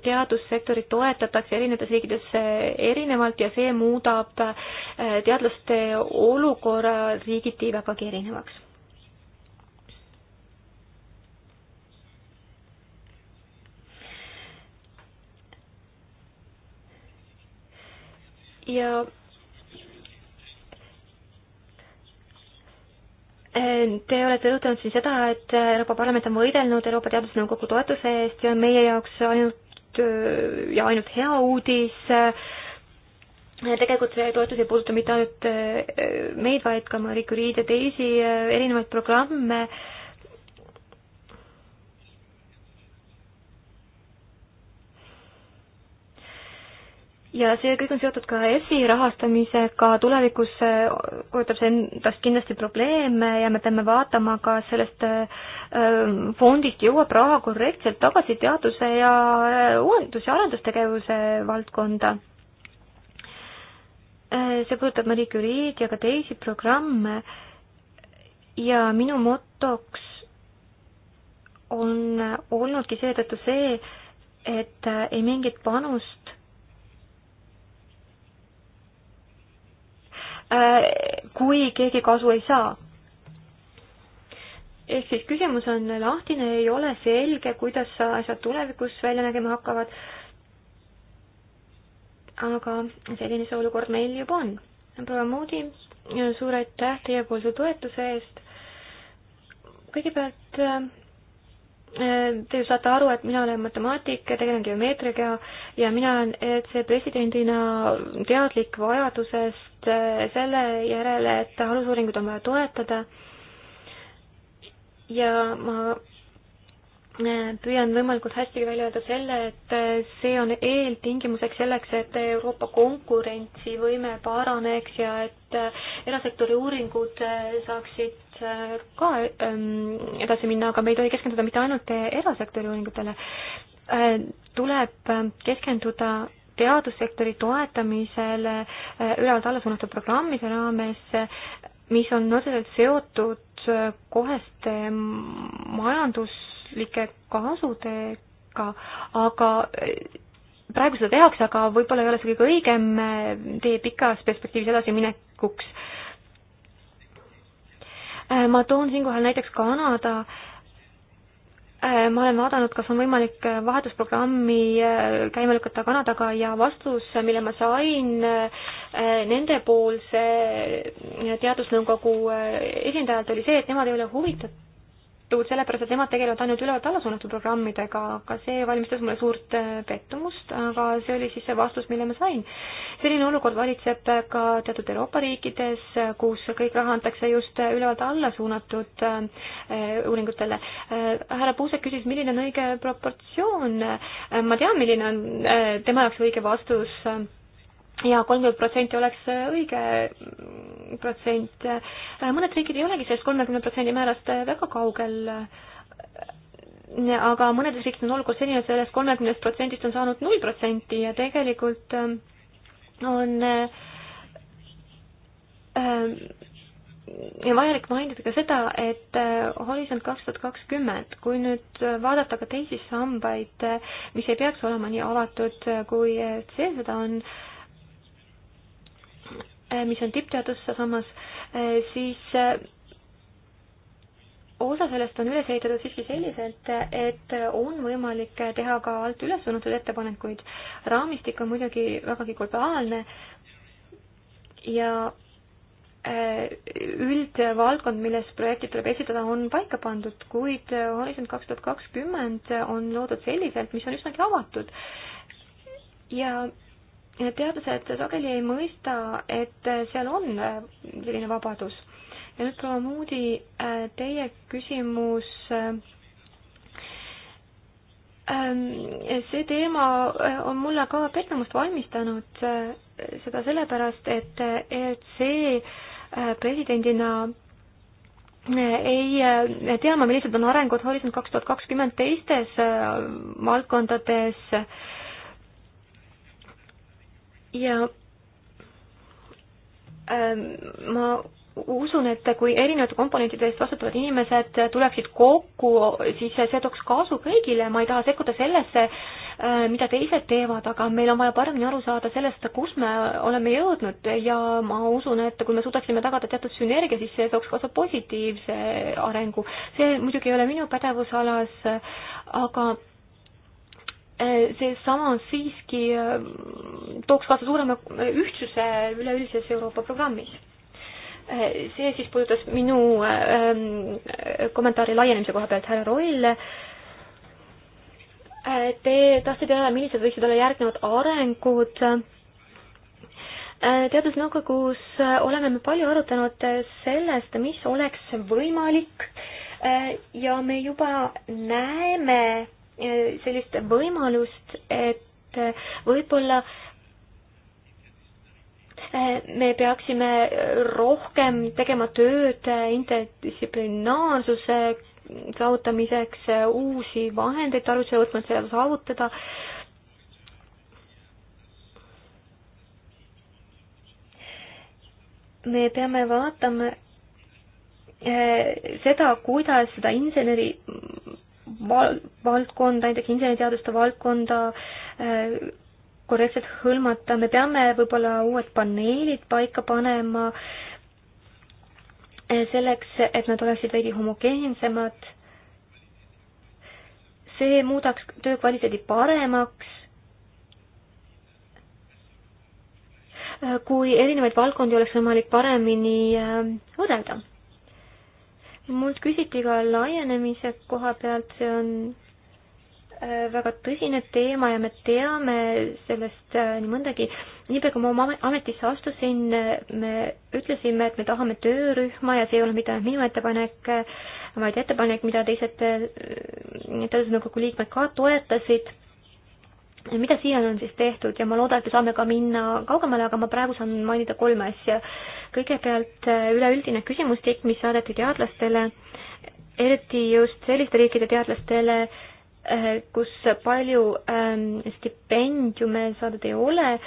Speaker 3: teadussektorit toetatakse erinevates riikides erinevalt ja see muudab teadlaste olukorra riigiti vägagi erinevaks. ja e, Te olete rõhutanud siin seda, et Euroopa Parlament on võidelnud Euroopa Teadusnõukogu toetuse eest ja meie jaoks ainult e, ja ainult hea uudis. E, tegelikult see toetus ei puuduta mitte ainult meid, vaid ka Marie Curie'd ja teisi erinevaid programme ja see kõik on seotud ka EFSI rahastamisega, tulevikus äh, kujutab see endast kindlasti probleeme ja me peame vaatama, kas sellest äh, fondist jõuab raha korrektselt tagasi teaduse ja äh, uuendus- ja arendustegevuse valdkonda. see puudutab Marie Curie'd ja ka teisi programme ja minu motoks on olnudki seetõttu see, et ei mingit panust Äh, kui keegi kasu ei saa ehk siis küsimus on lahtine, ei ole selge, kuidas asjad tulevikus välja nägema hakkavad. aga selline see olukord meil juba on. proua Moodi, suur aitäh teiepoolse toetuse eest. kõigepealt äh, Te ju saate aru, et mina olen matemaatik, tegelen geomeetriaga ja mina olen EC presidendina teadlik vajadusest äh, selle järele, et alusuuringuid on vaja toetada. ja ma äh, püüan võimalikult hästi välja öelda selle, et äh, see on eeltingimuseks selleks, et Euroopa konkurentsivõime paraneks ja et erasektori uuringud saaksid võivad äh, ka ähm, edasi minna, aga me ei tohi keskenduda mitte ainult erasektori uuringutele. Äh, tuleb äh, keskenduda teadussektori toetamisele ülevalt alla suunatud programmide raames, mis on otseselt seotud koheste majanduslike kasudega, aga praegu seda tehakse, aga võib-olla ei ole see kõige õigem tee pikas perspektiivis edasiminekuks Äh, ma toon siinkohal näiteks Kanada, äh, ma olen vaadanud, kas on võimalik äh, vahetusprogrammi käima lükata Kanadaga ja vastus, mille ma sain nendepoolse teadusnõukogu esindajalt, oli see, et nemad ei ole huvitatud võetud, sellepärast et nemad tegelevad ainult ülevalt-alla suunatud programmidega, aga see valmistas mulle suurt äh, pettumust, aga see oli siis see vastus, mille ma sain. selline olukord valitseb ka teatud Euroopa riikides, kus kõik raha antakse just ülevalt-alla suunatud äh, uuringutele. Äh, härra Puusek küsis, milline on õige proportsioon. ma tean, milline on tema jaoks õige vastus ja kolmkümmend protsenti oleks õige protsent. mõned riigid ei olegi sellest kolmekümne protsendi määrast väga kaugel, aga mõnedes riikides on olukord selline, et sellest kolmekümnest protsendist on saanud null protsenti ja tegelikult ähm, on ähm, ja vajalik mainida ka seda, et äh, Horisont kaks tuhat kakskümmend, kui nüüd vaadata ka teisi sambaid, mis ei peaks olema nii avatud, kui äh, see seda on, Äh, mis on tippteadusse samas, äh, siis äh, osa sellest on üles ehitatud siiski selliselt, et on võimalik teha ka alt üles suunatud ettepanekuid. raamistik on muidugi vägagi globaalne ja üldvaldkond, milles projektid tuleb esitada, on paika pandud, kuid Horisont kaks tuhat kakskümmend on loodud selliselt, mis on üsnagi avatud. ja teadlased sageli ei mõista, et seal on äh, selline vabadus. ja nüüd proua Moody, äh, teie küsimus ähm, see teema äh, on mulle ka pettumust valmistanud, seda sellepärast, et ERC presidendina ei tea ma, millised on arengud Horisont kaks tuhat kakskümmend teistes valdkondades äh, ja ähm, ma usun, et kui erinevate komponentide eest vastutavad inimesed tuleksid kokku, siis see tooks kasu kõigile, ma ei taha sekkuda sellesse, äh, mida teised teevad, aga meil on vaja paremini aru saada sellest, kus me oleme jõudnud ja ma usun, et kui me suudaksime tagada teatud sünergia, siis see tooks kaasa positiivse arengu. see muidugi ei ole minu pädevusalas, aga Eh, see samas siiski eh, tooks kaasa suurema eh, ühtsuse üleüldises Euroopa programmis. see siis puudutas minu ehm, kommentaari laienemise koha pealt härra Roile. Te tahtsite teada, millised võiksid olla järgnevad arengud teadusnõukogus oleme me palju arutanud sellest, mis oleks võimalik ja me juba näeme Eh, sellist võimalust, et võib-olla eh, me peaksime rohkem tegema tööd interdistsiplinaarsuse saavutamiseks, uusi vahendeid tarvitusele võtma, et seda saavutada. me peame vaatama eh, seda, kuidas seda inseneri val-, valdkonda, näiteks inseneriteaduste valdkonda äh, korrektselt hõlmata, me peame võib-olla uued paneelid paika panema äh, selleks, et nad oleksid veidi homogeensemad. see muudaks töö kvaliteedi paremaks. Äh, kui erinevaid valdkondi oleks võimalik paremini võrrelda mult küsiti ka laienemise koha pealt, see on äh, väga tõsine teema ja me teame sellest äh, nii mõndagi. niipea kui ma oma ametisse astusin, äh, me ütlesime, et me tahame töörühma ja see ei ole mitte ainult minu ettepanek, vaid ettepanek, mida teised Teadusnõukogu liikmed ka toetasid mida siiani on siis tehtud ja ma loodan, et me saame ka minna kaugemale, aga ma praegu saan mainida kolme asja. kõigepealt äh, üleüldine küsimustik, mis saadeti teadlastele, eriti just selliste riikide teadlastele, äh, kus palju ähm, stipendiume saadud ei ole,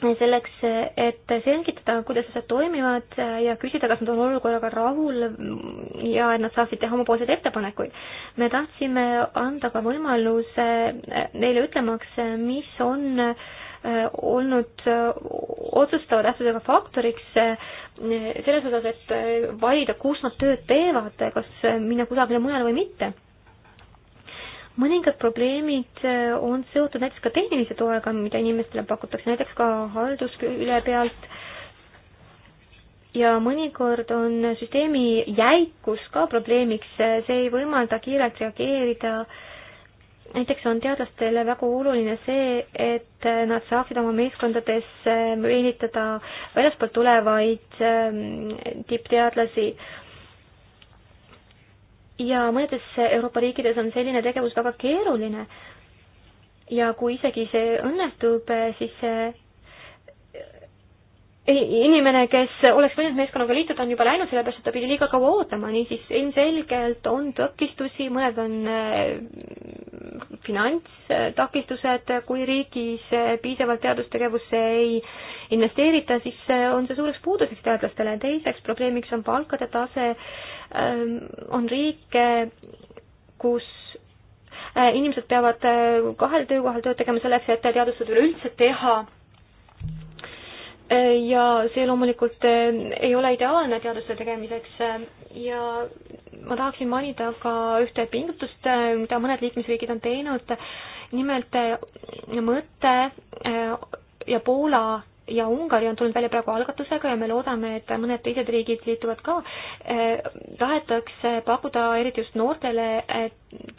Speaker 3: selleks, et selgitada, kuidas asjad toimivad ja küsida, kas nad on olukorraga rahul ja et nad saaksid teha omapoolseid ettepanekuid. me tahtsime anda ka võimaluse neile ütlemaks, mis on äh, olnud otsustava tähtsusega faktoriks äh, selles osas, et valida, kus nad tööd teevad, kas minna kusagile mujale või mitte mõningad probleemid äh, on seotud näiteks ka tehnilise toega, mida inimestele pakutakse, näiteks ka halduskülje pealt. ja mõnikord on süsteemi jäikus ka probleemiks, äh, see ei võimalda kiirelt reageerida. näiteks on teadlastele väga oluline see, et äh, nad saaksid oma meeskondades meelitada väljastpoolt tulevaid ähm, tippteadlasi äh, ja mõnedes Euroopa riikides on selline tegevus väga keeruline. ja kui isegi see õnnestub, eh, siis see eh, inimene, kes oleks võinud meeskonnaga liituda, on juba läinud, sellepärast et ta pidi liiga kaua ootama, niisiis ilmselgelt on takistusi, mõned on eh, finantstakistused, kui riigis piisavalt teadustegevusse ei investeerita, siis on see suureks puuduseks teadlastele. teiseks probleemiks on palkade tase Ehm, on riike, kus äh, inimesed peavad äh, kahel töökohal tööd tegema selleks, et teadustööd üleüldse teha. Äh, ja see loomulikult ei ole ideaalne teadustöö tegemiseks ja ma tahaksin mainida ka ühte pingutust, mida mõned liikmesriigid on teinud. nimelt mõte ja Poola ja Ungari on tulnud välja praegu algatusega ja me loodame, et mõned teised riigid liituvad ka, tahetakse pakkuda eriti just noortele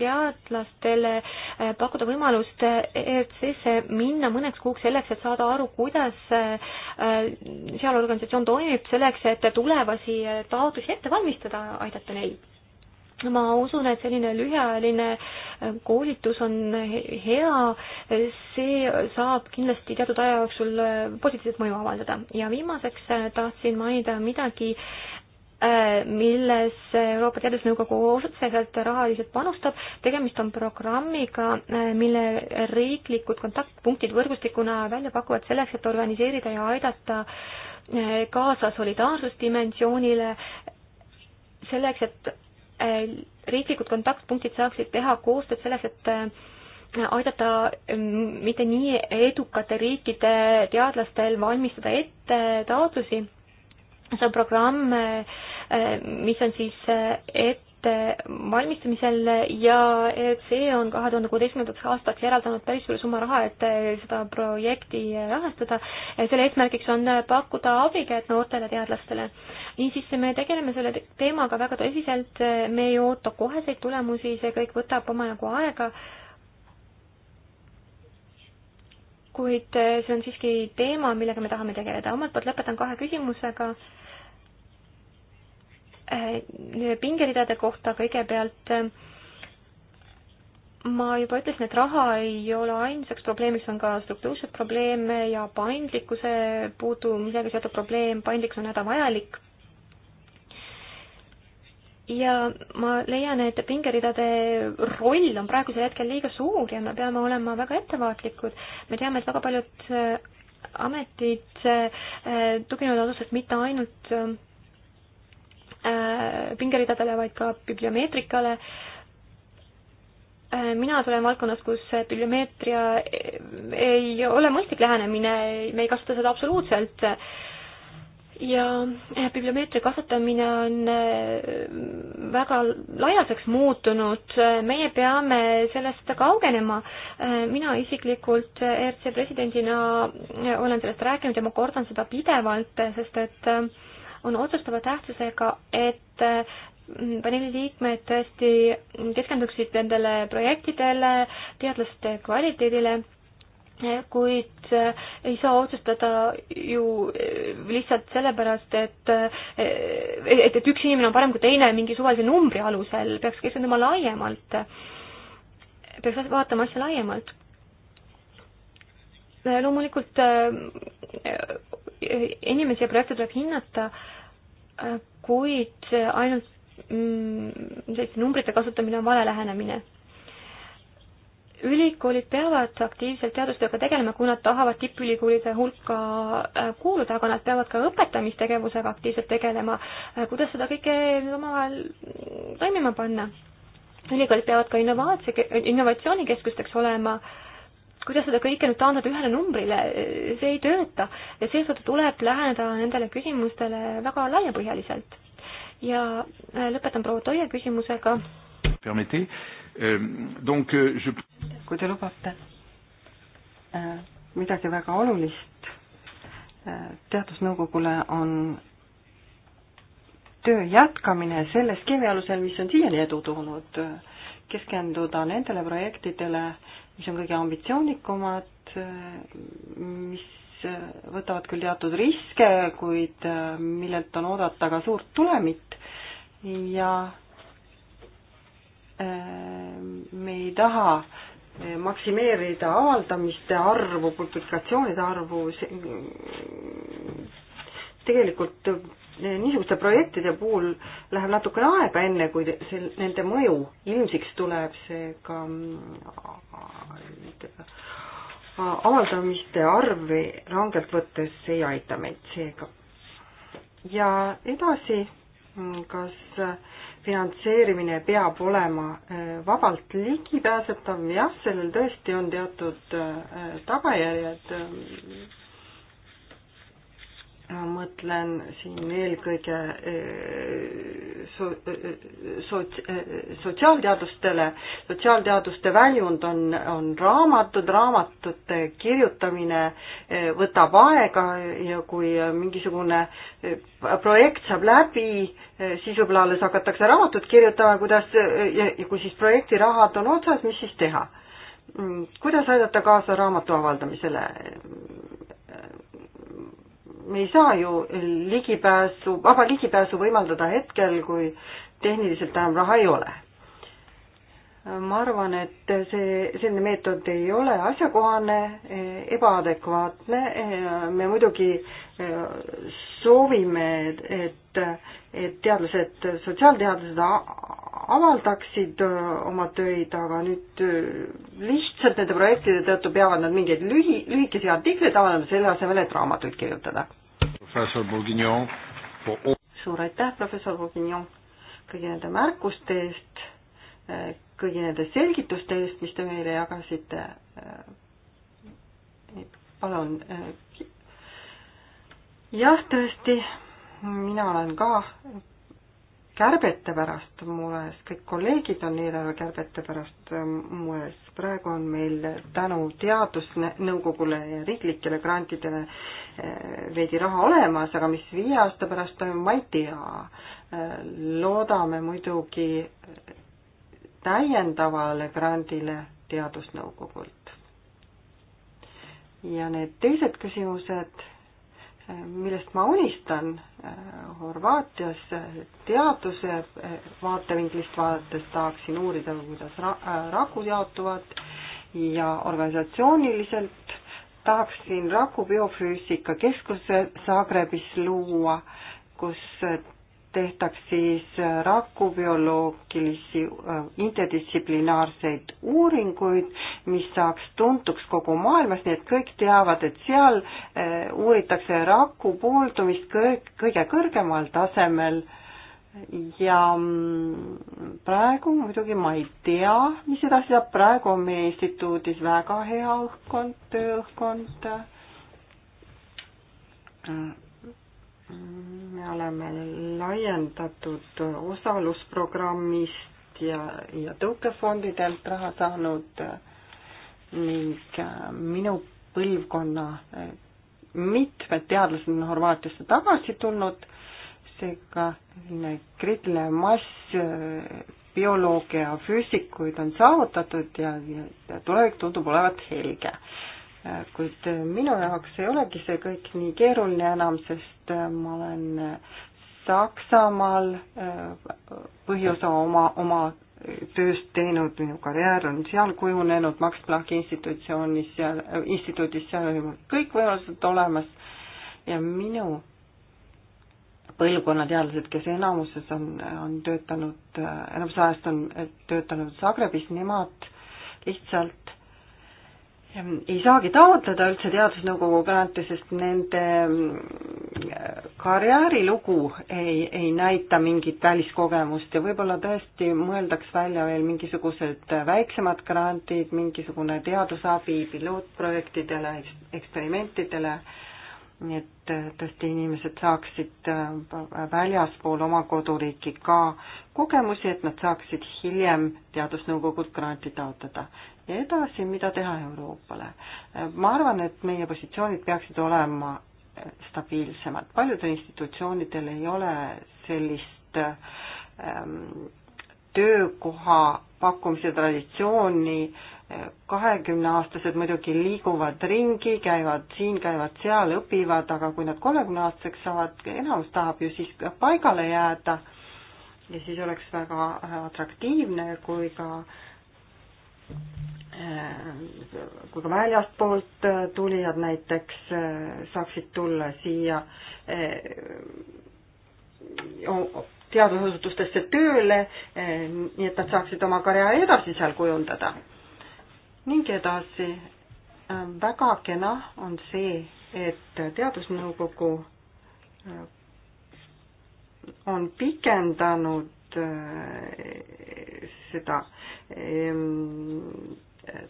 Speaker 3: teadlastele, eh, pakkuda võimalust ERC-sse minna mõneks kuuks selleks, et saada aru, kuidas eh, seal organisatsioon toimib, selleks, et tulevasi eh, taotlusi ette valmistada, aidata neil ma usun, et selline lühiajaline äh, koolitus on hea, see saab kindlasti teatud aja jooksul äh, positiivset mõju avaldada ja viimaseks äh, tahtsin mainida midagi, milles Euroopa Teadusnõukogu otseselt rahaliselt panustab. tegemist on programmiga, mille riiklikud kontaktpunktid võrgustikuna välja pakuvad selleks, et organiseerida ja aidata kaasa solidaarsusdimensioonile, selleks, et Äh, riiklikud kontaktpunktid saaksid teha koostööd selleks, et äh, aidata mm, mitte nii edukate riikide teadlastel valmistada ette taotlusi. see on programm, äh, mis on siis ette meetmete valmistumisel ja EFC on kahe tuhande kuueteistkümnendaks aastaks eraldanud päris suure summa raha, et eh, seda projekti rahastada. Eh, selle eesmärgiks on eh, pakkuda abikäed noortele teadlastele. niisiis, me tegeleme selle teemaga väga tõsiselt, me ei oota koheseid tulemusi, see kõik võtab omajagu aega kuid see on siiski teema, millega me tahame tegeleda. omalt poolt lõpetan kahe küsimusega. Äh, pingeridade kohta kõigepealt äh, ma juba ütlesin, et raha ei ole ainsaks probleemiks, on ka struktuurseid probleeme ja paindlikkuse puudumisega seotud probleem, paindlikkus on hädavajalik. ja ma leian, et pingeridade roll on praegusel hetkel liiga suur ja me peame olema väga ettevaatlikud. me teame, et väga paljud äh, ametid tuginevad otseselt mitte ainult Äh, pingeridadele, vaid ka bibliomeetrikale. Äh, mina tulen valdkonnast, kus bibliomeetria ei ole mõistlik lähenemine, me ei kasuta seda absoluutselt ja äh, bibliomeetria kasutamine on väga laialdaseks muutunud, meie peame sellest kaugenema. mina isiklikult ERC presidendina olen sellest rääkinud ja ma kordan seda pidevalt, sest et äh, on otsustava tähtsusega, et mm, paneeli liikmed tõesti keskenduksid nendele projektidele, teadlaste kvaliteedile, kuid eh, ei saa otsustada ju eh, lihtsalt sellepärast, et eh, et, et üks inimene on parem kui teine mingi suvalise numbri alusel, peaks keskenduma laiemalt, peaks vaatama asja laiemalt loomulikult inimesi ja projekte tuleb hinnata, äh, kuid ainult mm, selliste numbrite kasutamine on vale lähenemine. ülikoolid peavad aktiivselt teadustööga tegelema, kui nad tahavad tippülikoolide hulka äh, kuuluda, aga nad peavad ka õpetamistegevusega aktiivselt tegelema. Äh, kuidas seda kõike omavahel toimima panna? ülikoolid peavad ka innovaatse, innovatsioonikeskusteks olema äh, kuidas seda kõike nüüd taandada ühele numbrile, see ei tööta ja seetõttu tuleb läheneda nendele küsimustele väga laiapõhjaliselt. ja äh, lõpetan proua Toie küsimusega.
Speaker 2: Euh, euh, kui te lubate äh, midagi väga olulist äh, teadusnõukogule on töö jätkamine selle skeemi alusel, mis on siiani edu toonud, keskenduda nendele projektidele, mis on kõige ambitsioonikumad, mis võtavad küll teatud riske, kuid äh, millelt on oodata ka suurt tulemit ja äh, me ei taha äh, maksimeerida avaldamiste arvu, publikatsioonide arvu, tegelikult niisuguste projektide puhul läheb natukene aega, enne kui see, nende mõju ilmsiks tuleb, seega mm, äh, avaldamiste arvi rangelt võttes ei aita meid seega. ja edasi, mm, kas äh, finantseerimine peab olema äh, vabalt ligipääsetav, jah, sellel tõesti on teatud tagajärjed mm, mõtlen siin eelkõige eh, so-, eh, sots-, eh, sotsiaalteadustele, sotsiaalteaduste väljund on, on raamatud, raamatute kirjutamine võtab aega ja kui mingisugune projekt saab läbi, siis võib-olla alles hakatakse raamatut kirjutama, kuidas ja, ja kui siis projektirahad on otsas, mis siis teha? Mm, kuidas aidata kaasa raamatu avaldamisele, me ei saa ju ligipääsu, vaba ligipääsu võimaldada hetkel, kui tehniliselt enam raha ei ole. ma arvan, et see, selline meetod ei ole asjakohane, ebaadekvaatne, me muidugi eh, soovime, et, et teadlased, sotsiaalteadlased avaldaksid eh, oma töid, aga nüüd eh, lihtsalt nende projektide tõttu peavad nad mingeid lühi, lühikesi artikleid avaldama, selle asemel, et raamatuid kirjutada
Speaker 1: professor Bourguignon for all
Speaker 2: suur aitäh, professor Bourguignon, kõigi nende märkuste eest, kõigi nende selgituste eest, mis te meile jagasite. palun. Eh, jah, tõesti, mina olen ka kärbete pärast mures, kõik kolleegid on eelarvekärbete pärast ähm, mures. praegu on meil tänu teadusnõukogule ja riiklikele grantidele äh, veidi raha olemas, aga mis viie aasta pärast toimub, ma ei tea. Äh, loodame muidugi äh, täiendavale grandile teadusnõukogult. ja need teised küsimused millest ma unistan äh, Horvaatias äh, teaduse äh, vaatevinklist vaadates tahaksin uurida, kuidas rakud jaotuvad ja organisatsiooniliselt tahaksin Raku biofüüsika keskuse Zagrebis luua, kus tehtaks siis äh, rakubioloogilisi äh, interdistsiplinaarseid uuringuid, mis saaks tuntuks kogu maailmas, nii et kõik teavad, et seal äh, uuritakse raku pooldumist kõik, kõige kõrgemal tasemel ja mm, praegu muidugi ma ei tea, mis edasi saab, praegu on meie instituudis väga hea õhkkond, tööõhkkond me oleme laiendatud osalusprogrammist ja, ja tõukefondidelt raha saanud ning äh, minu põlvkonna äh, mitmed teadlased on Horvaatiasse tagasi tulnud, seega selline kriitiline mass äh, bioloogia ja füüsikuid on saavutatud ja, ja tulevik tundub olevat helge kuid minu jaoks ei olegi see kõik nii keeruline enam, sest ma olen Saksamaal äh, põhiosa oma, oma tööst teinud, minu karjäär on seal kujunenud, Max Plachi institutsioonis ja äh, instituudis, seal olid mul kõik võimalused olemas ja minu põlvkonnateadlased, kes enamuses on, on töötanud, äh, enamus ajast on töötanud Zagrebis, nemad lihtsalt ei saagi taotleda üldse teadusnõukogu granti, sest nende karjäärilugu ei, ei näita mingit väliskogemust ja võib-olla tõesti mõeldaks välja veel mingisugused väiksemad grantid, mingisugune teadusabi pilootprojektidele, eksperimentidele, nii et eh, tõesti inimesed saaksid eh, väljaspool oma koduriiki ka kogemusi, et nad saaksid hiljem teadusnõukogult granti taotleda ja edasi, mida teha Euroopale. ma arvan, et meie positsioonid peaksid olema stabiilsemad, paljudel institutsioonidel ei ole sellist ähm, töökoha pakkumise traditsiooni, kahekümneaastased muidugi liiguvad ringi, käivad siin, käivad seal, õpivad, aga kui nad kolmekümneaastaseks saavad, enamus tahab ju siis paigale jääda ja siis oleks väga atraktiivne, kui ka Äh, kui ka väljastpoolt äh, tulijad näiteks äh, saaksid tulla siia teadusasutustesse tööle, nii et nad saaksid oma karjääri edasi seal kujundada. ning edasi, väga kena on see, et teadusnõukogu on pikendanud seda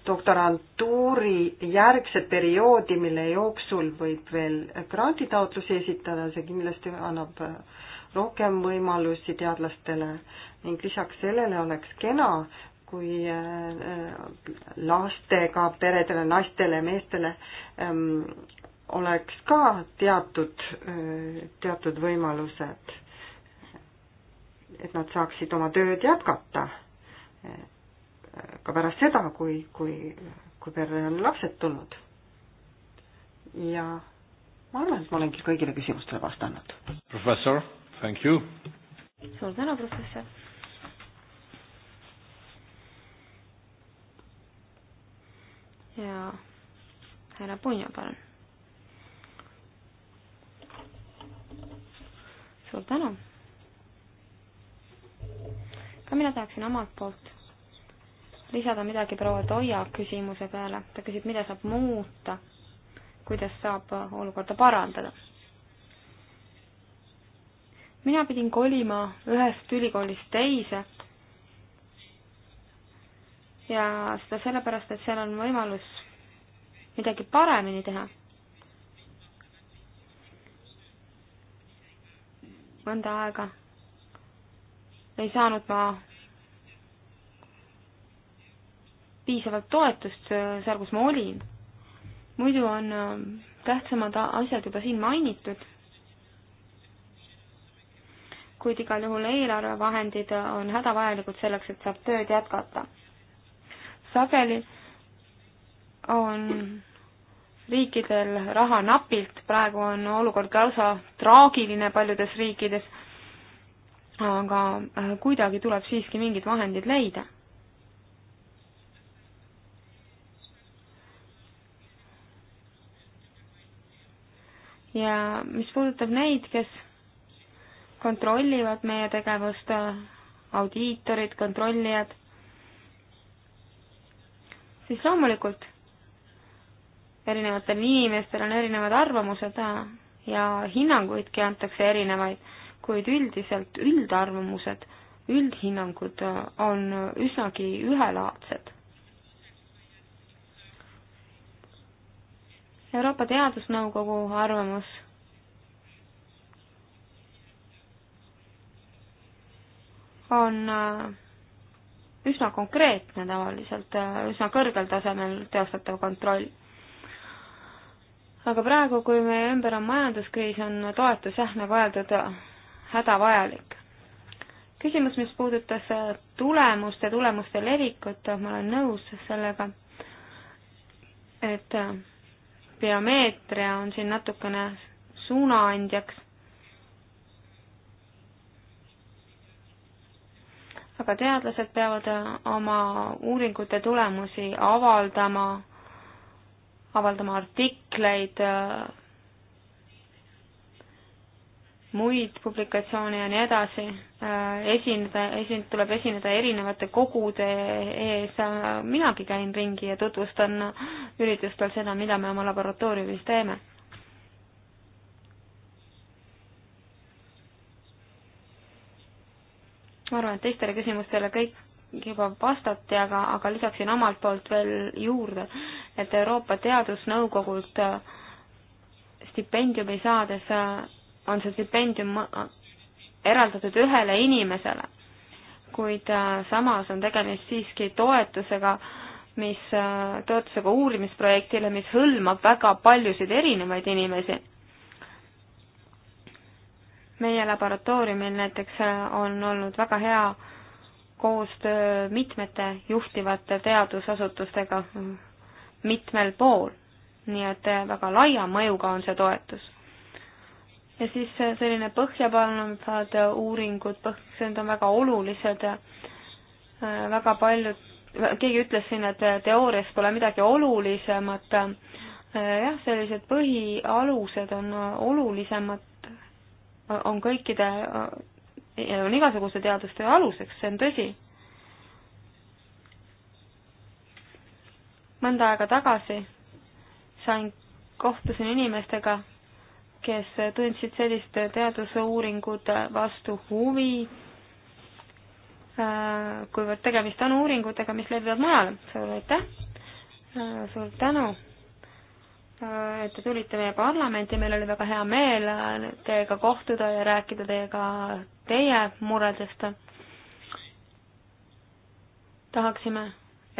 Speaker 2: doktorantuuri järgset perioodi, mille jooksul võib veel granditaotlusi esitada, see kindlasti annab rohkem võimalusi teadlastele ning lisaks sellele oleks kena, kui äh, lastega peredele, naistele, meestele ähm, oleks ka teatud, äh, teatud võimalused, et nad saaksid oma tööd jätkata ka pärast seda, kui, kui, kui perre on lapsed tulnud. ja ma arvan, et ma olen kõigile küsimustele vastanud.
Speaker 1: professor, thank you.
Speaker 2: suur tänu, professor.
Speaker 3: ja härra Punja, palun. suur tänu. ka mina tahaksin omalt poolt lisada midagi proua Toia küsimuse peale. ta küsib, mida saab muuta, kuidas saab olukorda parandada. mina pidin kolima ühest ülikoolist teise ja seda sellepärast, et seal on võimalus midagi paremini teha. mõnda aega ei saanud ma piisavalt toetust seal, kus ma olin. muidu on ähm, tähtsamad asjad juba siin mainitud. kuid igal juhul eelarvevahendid äh, on hädavajalikud selleks, et saab tööd jätkata. sageli on riikidel raha napilt, praegu on olukord lausa traagiline paljudes riikides, aga äh, kuidagi tuleb siiski mingid vahendid leida ja mis puudutab neid, kes kontrollivad meie tegevust, audiitorid, kontrollijad, siis loomulikult erinevatel inimestel on erinevad arvamused äh, ja hinnanguidki antakse erinevaid, kuid üldiselt üldarvamused, üldhinnangud äh, on üsnagi ühelaadsed Euroopa Teadusnõukogu arvamus on äh, üsna konkreetne tavaliselt, äh, üsna kõrgel tasemel teostatav kontroll. aga praegu, kui meie ümber on majanduskriis, on toetus jah, nagu öeldud, hädavajalik. küsimus, mis puudutas äh, tulemust ja tulemuste levikut, ma olen nõus sellega, et biomeetria on siin natukene suunaandjaks. aga teadlased peavad oma uuringute tulemusi avaldama, avaldama artikleid muid publikatsioone ja nii edasi, äh, esineda, esin-, tuleb esineda erinevate kogude ees, äh, minagi käin ringi ja tutvustan üritustel seda, mida me oma laboratooriumis teeme. ma arvan, et teistele küsimustele kõik juba vastati, aga, aga lisaksin omalt poolt veel juurde, et Euroopa Teadusnõukogult äh, stipendiumi saades on see stipendium eraldatud ühele inimesele, kuid äh, samas on tegemist siiski toetusega, mis, äh, toetusega uurimisprojektile, mis hõlmab väga paljusid erinevaid inimesi. meie laboratooriumil näiteks äh, on olnud väga hea koostöö mitmete juhtivate teadusasutustega mm, mitmel pool, nii et väga laia mõjuga on see toetus ja siis äh, selline põhjapanevad äh, uuringud, need on väga olulised, äh, väga paljud, keegi ütles siin, et teoorias pole midagi olulisemat, jah, sellised põhialused on olulisemad, on kõikide, on igasuguse teadustöö aluseks, see on tõsi. mõnda aega tagasi sain, kohtusin inimestega, kes tundsid selliste teadusuuringute vastu huvi, äh, kuivõrd tegemist on uuringutega, mis levivad mujal. suur aitäh, äh, suur tänu, äh, et te tulite meie parlamenti, meil oli väga hea meel teiega kohtuda ja rääkida teiega teie muredest. tahaksime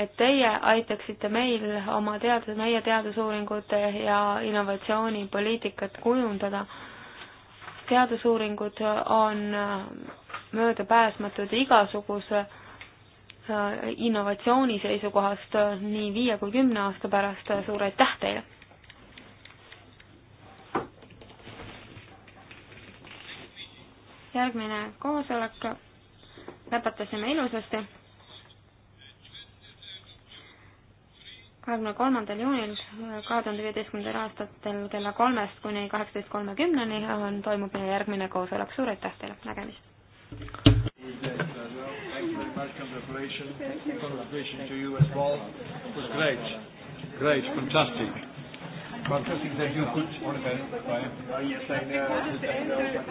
Speaker 3: et teie aitaksite meil oma teadus, meie teadusuuringute ja innovatsioonipoliitikat kujundada. teadusuuringud on möödapääsmatud igasuguse äh, innovatsiooni seisukohast nii viie kui kümne aasta pärast, suur aitäh teile! järgmine koosolek lõpetasime ilusasti kahekümne kolmandal juunil kahe tuhande viieteistkümnendal aastatel kella kolmest kuni kaheksateist kolmekümneni on, toimub meie järgmine koosolek, suur aitäh teile, nägemist!
Speaker 1: Congratulations to you as well. It was great, great, fantastic. Fantastic that you could. Uh, yes, I know.